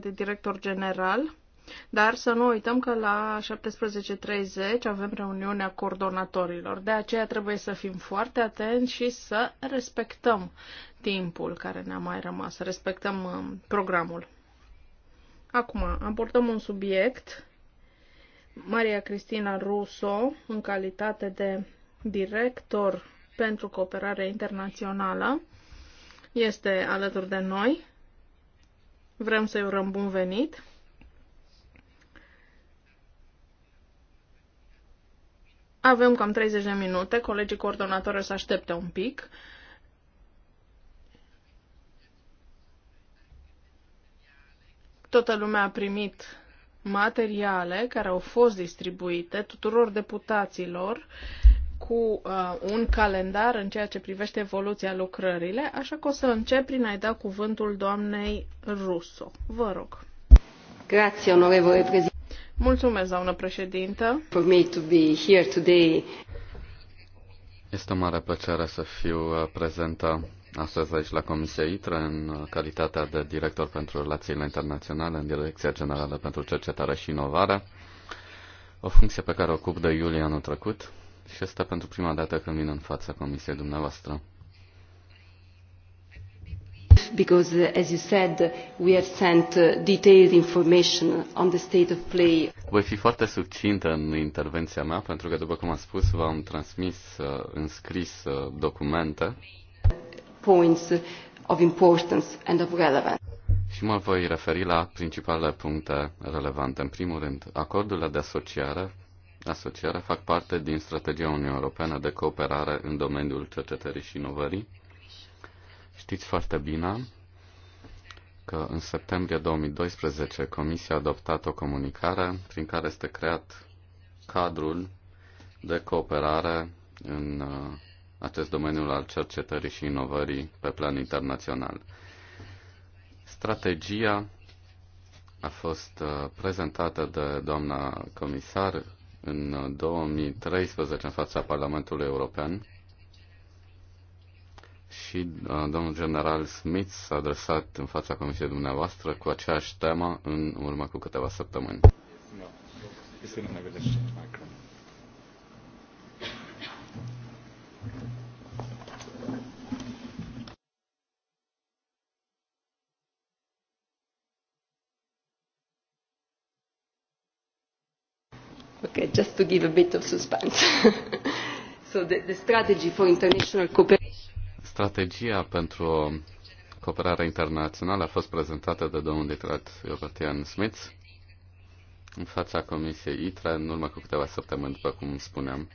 de director general, dar să nu uităm că la 17.30 avem reuniunea coordonatorilor. De aceea trebuie să fim foarte atenți și să respectăm timpul care ne-a mai rămas, să respectăm um, programul. Acum, abordăm un subiect. Maria Cristina Russo, în calitate de director pentru cooperare internațională, este alături de noi. Vrem să-i urăm bun venit. Avem cam 30 de minute, colegii coordonatori o să aștepte un pic. Toată lumea a primit materiale care au fost distribuite tuturor deputaților cu uh, un calendar în ceea ce privește evoluția lucrările, așa că o să încep prin a-i da cuvântul doamnei Russo. Vă rog. Grazie, onorevole președinte. Mulțumesc, doamnă președintă. For me to be here today. Este o mare plăcere să fiu uh, prezentă astăzi aici la Comisia ITRE în uh, calitatea de director pentru relațiile internaționale în Direcția Generală pentru Cercetare și Inovare, o funcție pe care o ocup de iulie anul trecut și asta pentru prima dată când vin în fața comisiei dumneavoastră. Because, uh, as you said, uh, we have sent uh, detailed information on the state of play. Voi fi foarte subțintă în intervenția mea, pentru că, după cum am spus, v-am transmis în scris documente. Points of importance and of relevance. Și mă voi referi la principalele puncte relevante. În primul rând, acordurile de asociare asociere fac parte din strategia Uniunii Europene de cooperare în domeniul cercetării și inovării. Știți foarte bine că în septembrie 2012 Comisia a adoptat o comunicare prin care este creat cadrul de cooperare în uh, acest domeniu al cercetării și inovării pe plan internațional. Strategia a fost uh, prezentată de doamna comisar în 2013 în fața Parlamentului European și uh, domnul general Smith s-a adresat în fața comisiei dumneavoastră cu aceeași temă în urmă cu câteva săptămâni. No. Okay, just to give a bit of suspense. so the, the strategy for international cooperation. Strategia pentru cooperarea internațională a fost prezentată de domnul Litrat European Smith în fața Comisiei ITRA în urmă cu câteva săptămâni, după cum spuneam.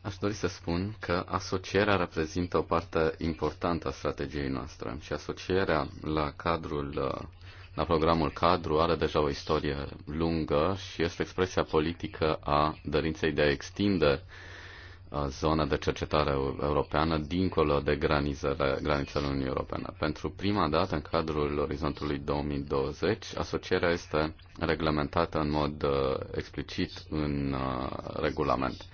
Aș dori să spun că asocierea reprezintă o parte importantă a strategiei noastre și asocierea la cadrul uh, la programul cadru are deja o istorie lungă și este expresia politică a dorinței de a extinde zona de cercetare europeană dincolo de granițele, granițele Uniunii Europene. Pentru prima dată, în cadrul orizontului 2020, asocierea este reglementată în mod explicit în regulament.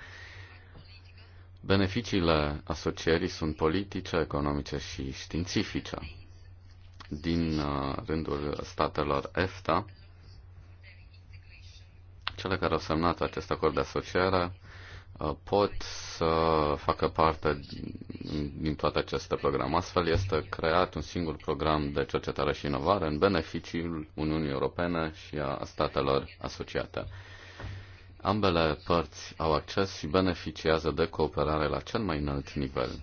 Beneficiile asocierii sunt politice, economice și științifice din uh, rândul statelor EFTA, cele care au semnat acest acord de asociere uh, pot să facă parte din toate aceste programe. Astfel este creat un singur program de cercetare și inovare în beneficiul Uniunii Europene și a statelor asociate. Ambele părți au acces și beneficiază de cooperare la cel mai înalt nivel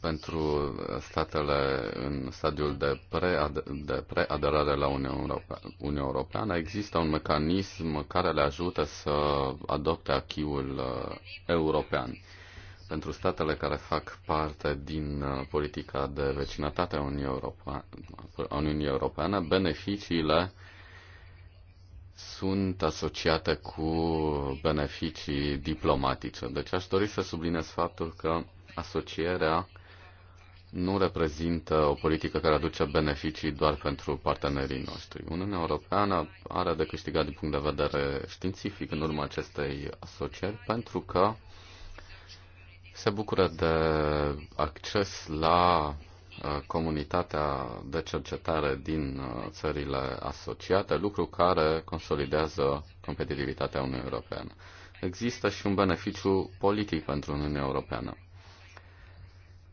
pentru statele în stadiul de, pre de preaderare la Uniunea Europeană, există un mecanism care le ajută să adopte achiul uh, european. Pentru statele care fac parte din uh, politica de vecinătate a Uniunii, Europa, Uniunii beneficiile sunt asociate cu beneficii diplomatice. Deci aș dori să subliniez faptul că asocierea nu reprezintă o politică care aduce beneficii doar pentru partenerii noștri. Uniunea Europeană are de câștigat din punct de vedere științific în urma acestei asocieri pentru că se bucură de acces la uh, comunitatea de cercetare din uh, țările asociate, lucru care consolidează competitivitatea Uniunii Europene. Există și un beneficiu politic pentru Uniunea Europeană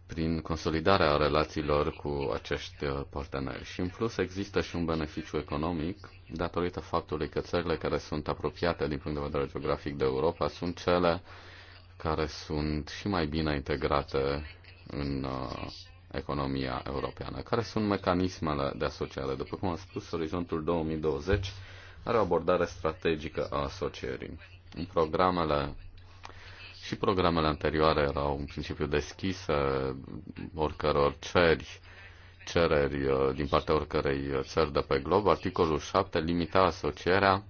prin consolidarea relațiilor cu acești uh, parteneri. Și în plus există și un beneficiu economic datorită faptului că țările care sunt apropiate din punct de vedere geografic de Europa sunt cele care sunt și mai bine integrate în uh, economia europeană. Care sunt mecanismele de asociare? După cum am spus, Orizontul 2020 are o abordare strategică a asocierii. În programele și programele anterioare erau în principiu deschise oricăror ceri, cereri uh, din partea oricărei țări de pe glob. Articolul 7 limita asocierea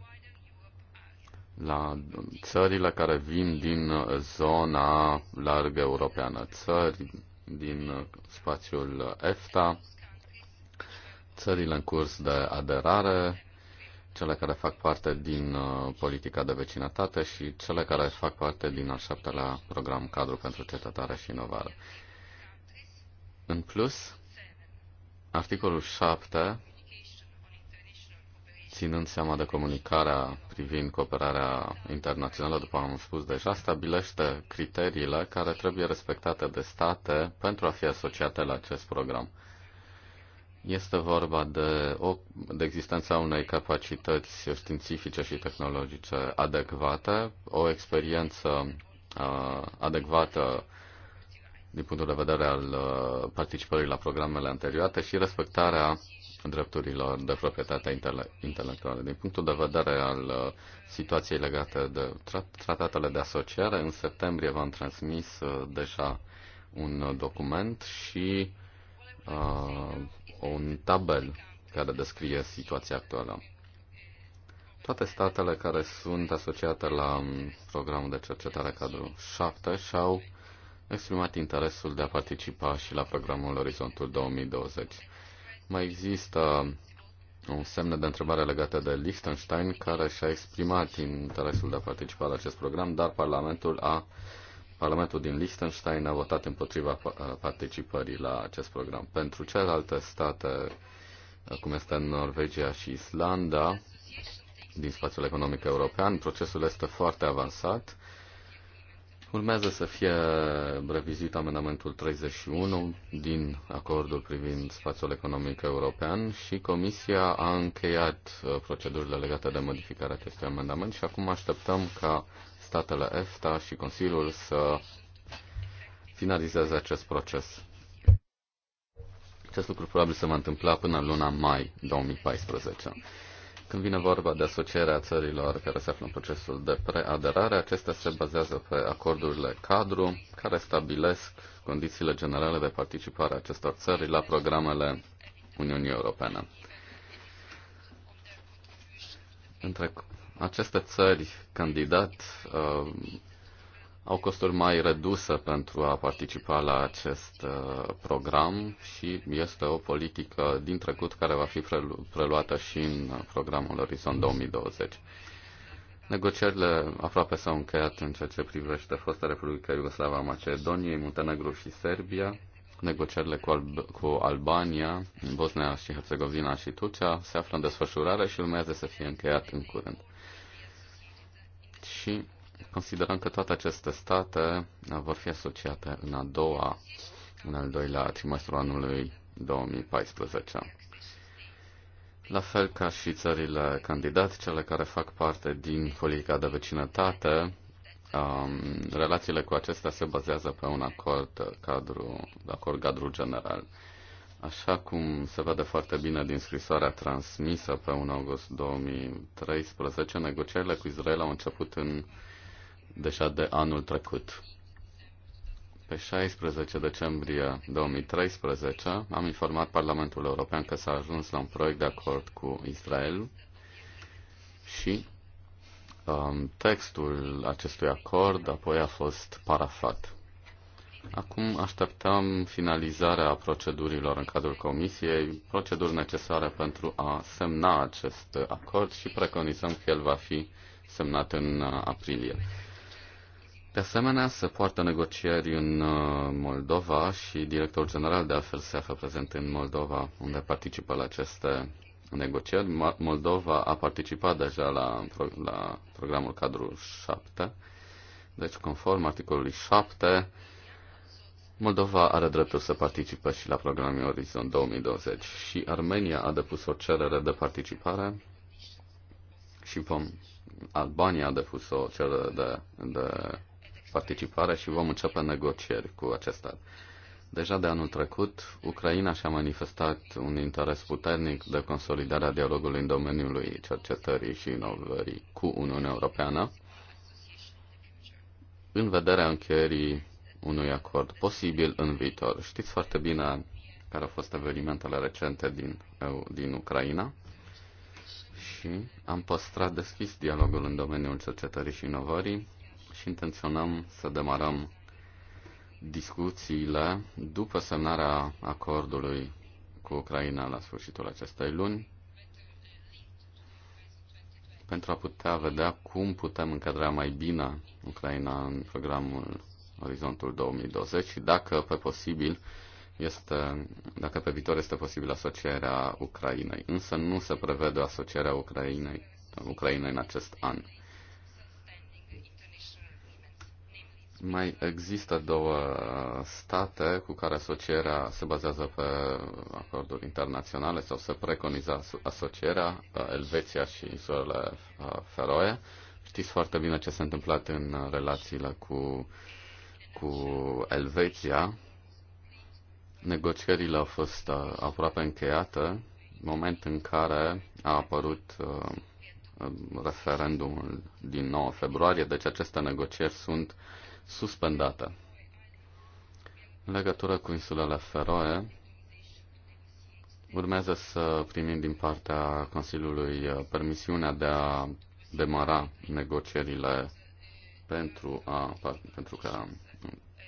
la țările care vin din zona largă europeană, țări din spațiul EFTA, țările în curs de aderare, cele care fac parte din uh, politica de vecinătate și cele care fac parte din al șaptelea program cadru pentru cercetare și inovare. În plus, articolul 7, ținând seama de comunicarea privind cooperarea internațională, după am spus deja, stabilește criteriile care trebuie respectate de state pentru a fi asociate la acest program. Este vorba de, o, de existența unei capacități științifice și tehnologice adecvate, o experiență uh, adecvată din punctul de vedere al uh, participării la programele anterioare și respectarea drepturilor de proprietate intele- intelectuală. Din punctul de vedere al uh, situației legate de tra- tratatele de asociere, în septembrie v-am transmis uh, deja un uh, document și uh, un tabel care descrie situația actuală. Toate statele care sunt asociate la programul de cercetare cadru 7 și-au exprimat interesul de a participa și la programul Orizontul 2020. Mai există un semn de întrebare legată de Liechtenstein, care și-a exprimat interesul de a participa la acest program, dar Parlamentul a Parlamentul din Liechtenstein a votat împotriva uh, participării la acest program. Pentru celelalte state, uh, cum este Norvegia și Islanda, din spațiul economic european, procesul este foarte avansat. Urmează să fie revizuit amendamentul 31 din acordul privind spațiul economic european și Comisia a încheiat uh, procedurile legate de modificarea acestui amendament și acum așteptăm ca statele EFTA și Consiliul să finalizeze acest proces. Acest lucru probabil se va întâmpla până luna mai 2014. Când vine vorba de asocierea țărilor care se află în procesul de preaderare, acestea se bazează pe acordurile cadru care stabilesc condițiile generale de participare a acestor țări la programele Uniunii Europene. Între aceste țări candidat uh, au costuri mai reduse pentru a participa la acest uh, program și este o politică din trecut care va fi prelu- preluată și în programul Orizont 2020. Negocierile aproape s-au încheiat în ceea ce privește fosta Republica Iugoslava Macedoniei, Muntenegru și Serbia. Negocierile cu, Alb- cu Albania, Bosnia și Herzegovina și Turcia se află în desfășurare și urmează să fie încheiat în curând și considerăm că toate aceste state uh, vor fi asociate în a doua, în al doilea trimestru anului 2014. La fel ca și țările candidat, cele care fac parte din politica de vecinătate, um, relațiile cu acestea se bazează pe un acord uh, cadru, acord cadru general. Așa cum se vede foarte bine din scrisoarea transmisă pe 1 august 2013, negocierile cu Israel au început în, deja de anul trecut. Pe 16 decembrie 2013 am informat Parlamentul European că s-a ajuns la un proiect de acord cu Israel și um, textul acestui acord apoi a fost parafat. Acum așteptăm finalizarea procedurilor în cadrul Comisiei, proceduri necesare pentru a semna acest acord și preconizăm că el va fi semnat în uh, aprilie. De asemenea, se poartă negocieri în uh, Moldova și directorul general de altfel se află prezent în Moldova, unde participă la aceste negocieri. Moldova a participat deja la, la programul cadrul 7, deci conform articolului 7, Moldova are dreptul să participe și la programul Horizon 2020 și Armenia a depus o cerere de participare și vom, Albania a depus o cerere de, de participare și vom începe negocieri cu acesta. Deja de anul trecut, Ucraina și-a manifestat un interes puternic de consolidarea dialogului în domeniul cercetării și inovării cu Uniunea Europeană, în vederea încheierii unui acord posibil în viitor. Știți foarte bine care au fost evenimentele recente din, din Ucraina și am păstrat deschis dialogul în domeniul cercetării și inovării și intenționăm să demarăm discuțiile după semnarea acordului cu Ucraina la sfârșitul acestei luni pentru a putea vedea cum putem încadra mai bine Ucraina în programul orizontul 2020 și dacă pe posibil este, dacă pe viitor este posibil asocierea Ucrainei. Însă nu se prevede asocierea Ucrainei, Ucrainei în acest an. Mai există două state cu care asocierea se bazează pe acorduri internaționale sau se preconiza asocierea, uh, Elveția și insulele uh, Feroe. Știți foarte bine ce s-a întâmplat în relațiile cu cu Elveția, negocierile au fost uh, aproape încheiate, moment în care a apărut uh, referendumul din 9 februarie, deci aceste negocieri sunt suspendate. În legătură cu insulele Feroe, urmează să primim din partea Consiliului uh, permisiunea de a demara negocierile pentru, a, pentru că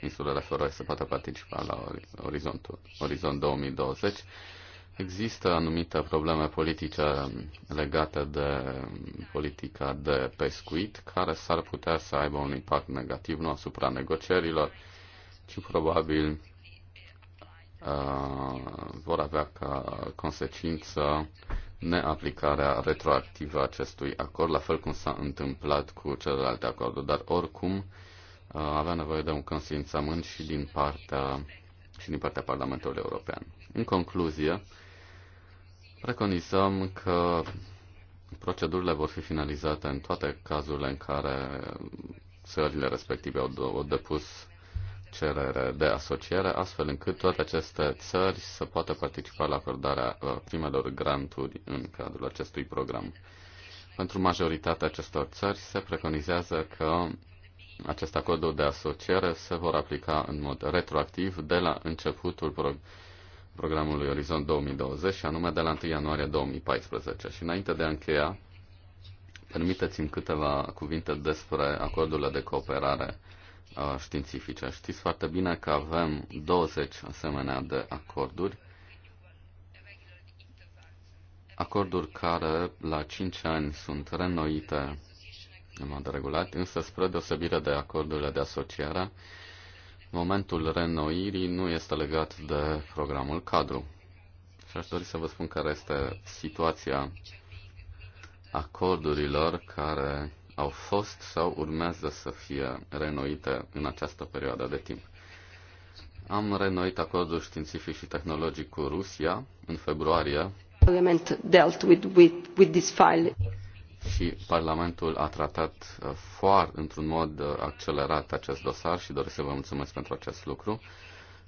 insulele Feroe să poată participa la orizontul, Orizont 2020. Există anumite probleme politice legate de politica de pescuit care s-ar putea să aibă un impact negativ nu asupra negocierilor, ci probabil uh, vor avea ca consecință neaplicarea retroactivă a acestui acord, la fel cum s-a întâmplat cu celelalte acorduri. Dar oricum, uh, Uh, avea nevoie de un consimțământ și din partea, și din partea Parlamentului European. În concluzie, preconizăm că procedurile vor fi finalizate în toate cazurile în care țările respective au, au depus cerere de asociere, astfel încât toate aceste țări să poată participa la acordarea uh, primelor granturi în cadrul acestui program. Pentru majoritatea acestor țări se preconizează că aceste acorduri de asociere se vor aplica în mod retroactiv de la începutul pro- programului Orizont 2020 și anume de la 1 ianuarie 2014. Și înainte de a încheia, permiteți-mi câteva cuvinte despre acordurile de cooperare uh, științifice. Știți foarte bine că avem 20 asemenea de acorduri, acorduri care la 5 ani sunt renoite în mod regulat, însă spre deosebire de acordurile de asociere, momentul renoirii nu este legat de programul cadru. Și aș dori să vă spun care este situația acordurilor care au fost sau urmează să fie renoite în această perioadă de timp. Am renoit acordul științific și tehnologic cu Rusia în februarie. dealt with, with, with this file și Parlamentul a tratat uh, foarte, într-un mod uh, accelerat acest dosar și doresc să vă mulțumesc pentru acest lucru.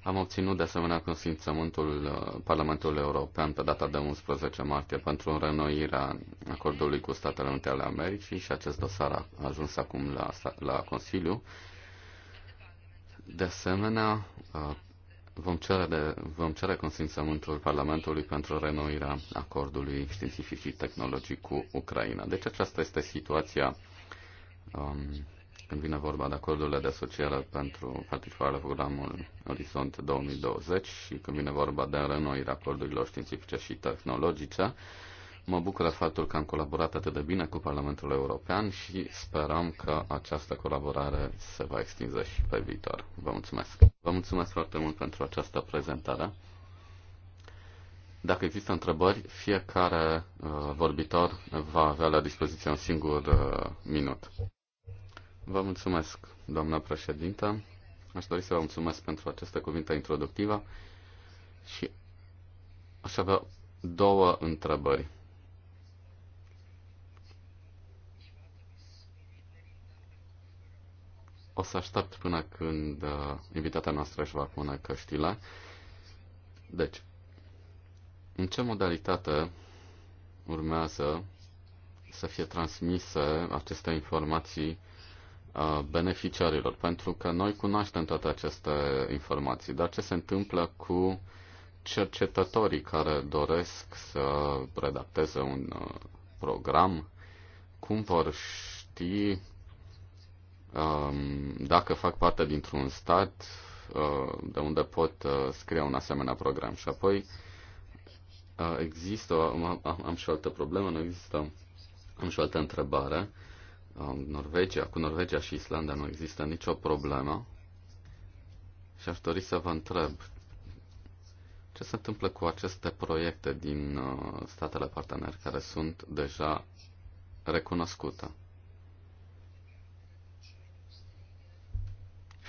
Am obținut de asemenea consimțământul uh, Parlamentului European pe data de 11 martie pentru reînnoirea acordului cu Statele Unite ale Americii și acest dosar a ajuns acum la, la Consiliu. De asemenea, vom cere, de, vom cere consimțământul Parlamentului pentru renoirea acordului științific și tehnologic cu Ucraina. Deci aceasta este situația um, când vine vorba de acordurile de asociere pentru participarea programului programul Orizont 2020 și când vine vorba de renoirea acordurilor științifice și tehnologice. Mă bucură faptul că am colaborat atât de bine cu Parlamentul European și sperăm că această colaborare se va extinde și pe viitor. Vă mulțumesc. Vă mulțumesc foarte mult pentru această prezentare. Dacă există întrebări, fiecare uh, vorbitor va avea la dispoziție un singur uh, minut. Vă mulțumesc, doamna președintă. Aș dori să vă mulțumesc pentru această cuvinte introductivă și aș avea două întrebări. o să aștept până când uh, invitata noastră își va pune căștile. Deci, în ce modalitate urmează să fie transmise aceste informații uh, beneficiarilor, pentru că noi cunoaștem toate aceste informații, dar ce se întâmplă cu cercetătorii care doresc să redacteze un uh, program, cum vor ști Um, dacă fac parte dintr-un stat uh, de unde pot uh, scrie un asemenea program. Și apoi uh, există, am, am și o altă problemă, nu există, am și o altă întrebare. Um, Norvegia, cu Norvegia și Islanda nu există nicio problemă și aș dori să vă întreb ce se întâmplă cu aceste proiecte din statele parteneri care sunt deja recunoscute.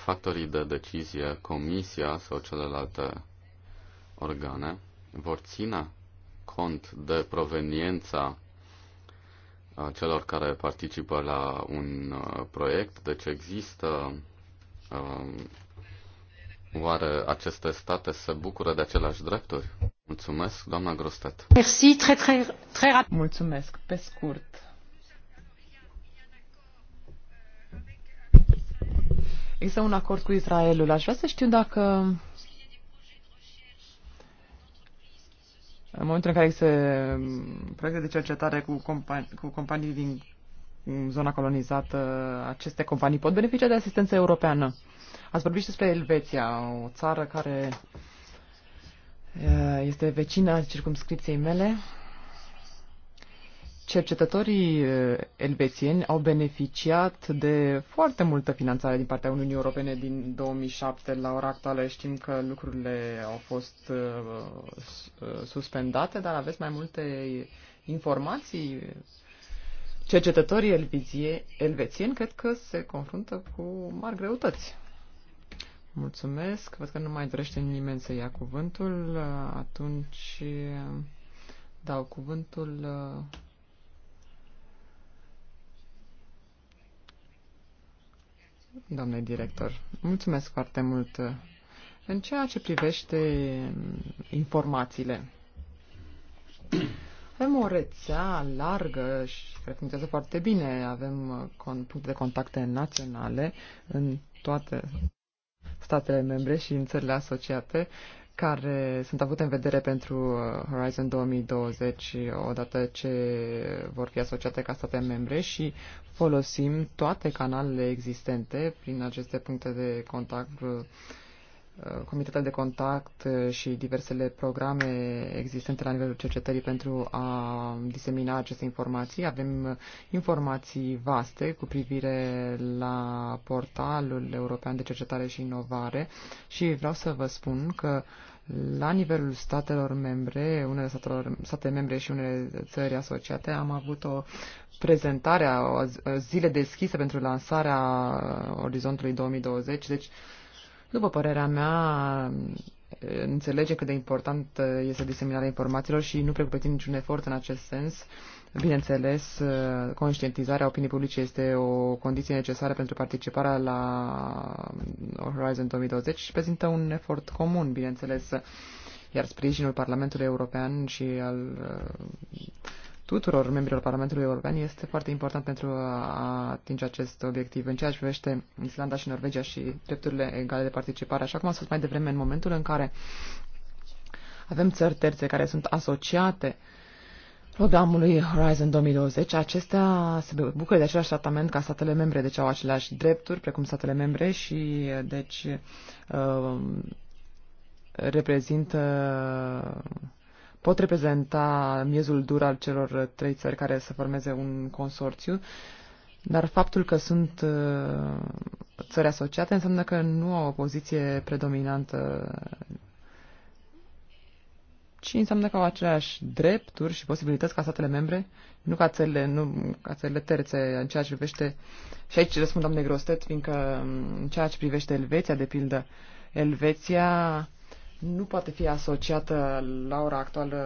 factorii de decizie, comisia sau celelalte organe, vor ține cont de proveniența celor care participă la un proiect, deci există Oare aceste state se bucură de aceleași drepturi? Mulțumesc, doamna Grostet. Mulțumesc, pe scurt. Există un acord cu Israelul. Aș vrea să știu dacă în momentul în care există um, proiecte de cercetare cu, companii, cu companii din um, zona colonizată, aceste companii pot beneficia de asistență europeană. Ați vorbit și despre Elveția, o țară care uh, este vecină a circumscripției mele cercetătorii eh, elvețieni au beneficiat de foarte multă finanțare din partea Uniunii Europene din 2007. La ora actuală știm că lucrurile au fost eh, eh, suspendate, dar aveți mai multe informații? Cercetătorii elvețieni cred că se confruntă cu mari greutăți. Mulțumesc. Văd că nu mai dorește nimeni să ia cuvântul. Atunci dau cuvântul doamne director. Mulțumesc foarte mult. În ceea ce privește informațiile, avem o rețea largă și care funcționează foarte bine. Avem uh, puncte de contacte naționale în toate statele membre și în țările asociate care sunt avute în vedere pentru uh, Horizon 2020 odată ce vor fi asociate ca state membre și folosim toate canalele existente prin aceste puncte de contact uh, Uh, comitetele de contact uh, și diversele programe existente la nivelul cercetării pentru a disemina aceste informații. Avem uh, informații vaste cu privire la portalul european de cercetare și inovare și vreau să vă spun că la nivelul statelor membre, unele statelor, state membre și unele țări asociate, am avut o prezentare o zile deschise pentru lansarea orizontului 2020, deci după părerea mea, înțelege cât de important este diseminarea informațiilor și nu precupețim niciun efort în acest sens. Bineînțeles, conștientizarea opinii publice este o condiție necesară pentru participarea la Horizon 2020 și prezintă un efort comun, bineînțeles, iar sprijinul Parlamentului European și al tuturor membrilor Parlamentului European este foarte important pentru a atinge acest obiectiv. În ceea ce privește Islanda și Norvegia și drepturile egale de participare, așa cum am spus mai devreme, în momentul în care avem țări terțe care sunt asociate programului Horizon 2020, acestea se bucură de același tratament ca statele membre, deci au aceleași drepturi precum statele membre și deci uh, reprezintă uh, pot reprezenta miezul dur al celor trei țări care să formeze un consorțiu, dar faptul că sunt uh, țări asociate înseamnă că nu au o poziție predominantă, ci înseamnă că au aceleași drepturi și posibilități ca statele membre, nu ca țările, nu ca țările terțe în ceea ce privește, și aici răspund doamne Grostet, fiindcă um, în ceea ce privește Elveția, de pildă, Elveția nu poate fi asociată la ora actuală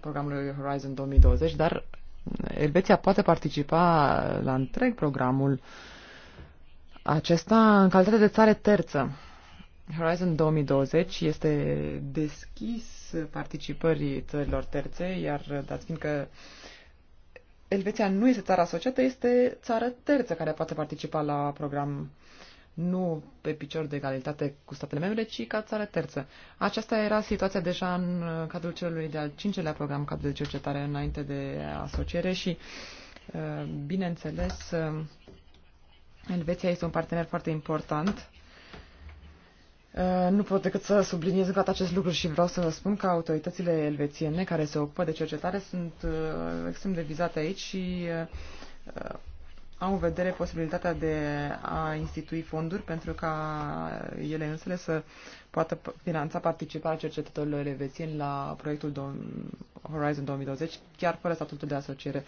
programului Horizon 2020, dar Elveția poate participa la întreg programul acesta în calitate de țară terță. Horizon 2020 este deschis participării țărilor terțe, iar dat fiindcă Elveția nu este țară asociată, este țară terță care poate participa la program nu pe picior de egalitate cu statele membre, ci ca țară terță. Aceasta era situația deja în uh, cadrul celui de-al cincelea program cap de cercetare înainte de asociere și, uh, bineînțeles, uh, Elveția este un partener foarte important. Nu pot decât să subliniez încă acest lucru și vreau să vă spun că autoritățile elvețiene care se ocupă de cercetare sunt extrem de vizate aici și au în vedere posibilitatea de a institui fonduri pentru ca ele însele să poată finanța participarea cercetătorilor elvețieni la proiectul Horizon 2020, chiar fără statutul de asociere.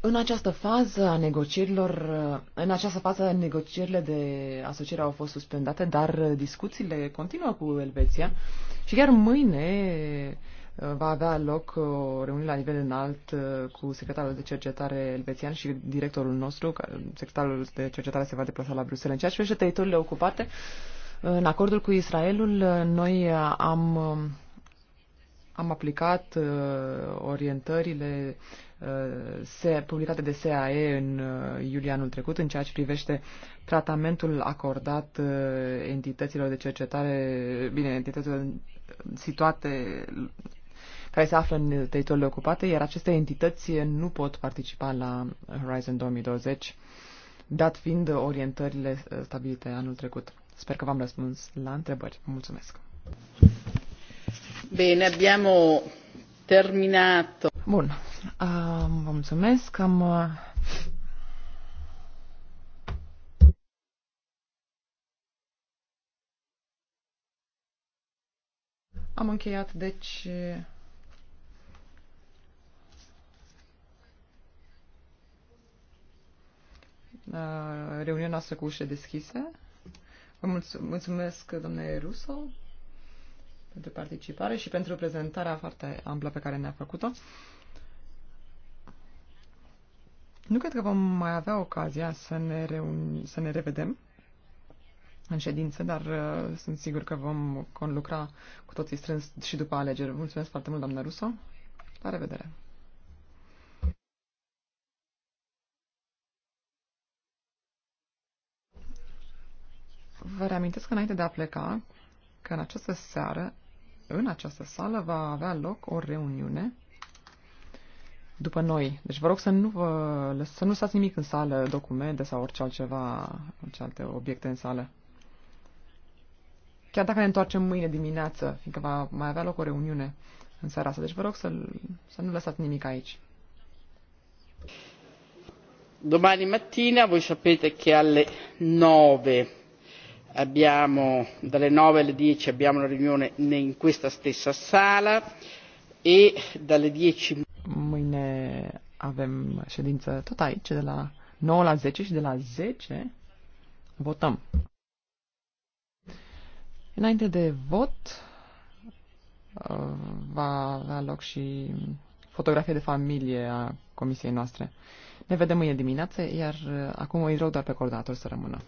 În această fază a negocierilor, în această fază negocierile de asociere au fost suspendate, dar discuțiile continuă cu Elveția și chiar mâine Uh, va avea loc uh, o reuniune la nivel înalt uh, cu secretarul de cercetare elvețian și directorul nostru. Secretarul de cercetare se va deplasa la Bruxelles. În ceea ce privește teritoriile ocupate, în acordul cu Israelul, noi am, am aplicat orientările se, publicate de SAE în iulie anul trecut în ceea ce privește tratamentul acordat entităților de cercetare, bine, entităților situate care se află în teritoriile ocupate, iar aceste entități nu pot participa la Horizon 2020, dat fiind orientările uh, stabilite anul trecut. Sper că v-am răspuns la întrebări. Mulțumesc! Bine, abbiamo terminato. Bun, vă mulțumesc. Am uh, Am încheiat, deci, Uh, reuniunea noastră cu ușe deschise. Vă mulțumesc, domnule Ruso, pentru participare și pentru prezentarea foarte amplă pe care ne-a făcut-o. Nu cred că vom mai avea ocazia să ne, reuni, să ne revedem în ședință, dar uh, sunt sigur că vom conlucra cu toții strâns și după alegeri. Mulțumesc foarte mult, doamnă Ruso. La revedere! Vă reamintesc înainte de a pleca că în această seară, în această sală, va avea loc o reuniune după noi. Deci vă rog să nu, vă, să nu lăsați nimic în sală, documente sau orice altceva, orice alte obiecte în sală. Chiar dacă ne întoarcem mâine dimineață, fiindcă va mai avea loc o reuniune în seara asta. Deci vă rog să, să nu lăsați nimic aici. Domani mattina voi sapete che alle 9 abbiamo, dalle nove alle dieci abbiamo una riunione in questa stessa sala e dalle dieci mâine avem ședință tot aici de la 9 la 10 și de la 10 votăm. Înainte de vot uh, va avea loc și fotografie de familie a comisiei noastre. Ne vedem mâine dimineață, iar uh, acum îi rog doar pe coordonator să rămână.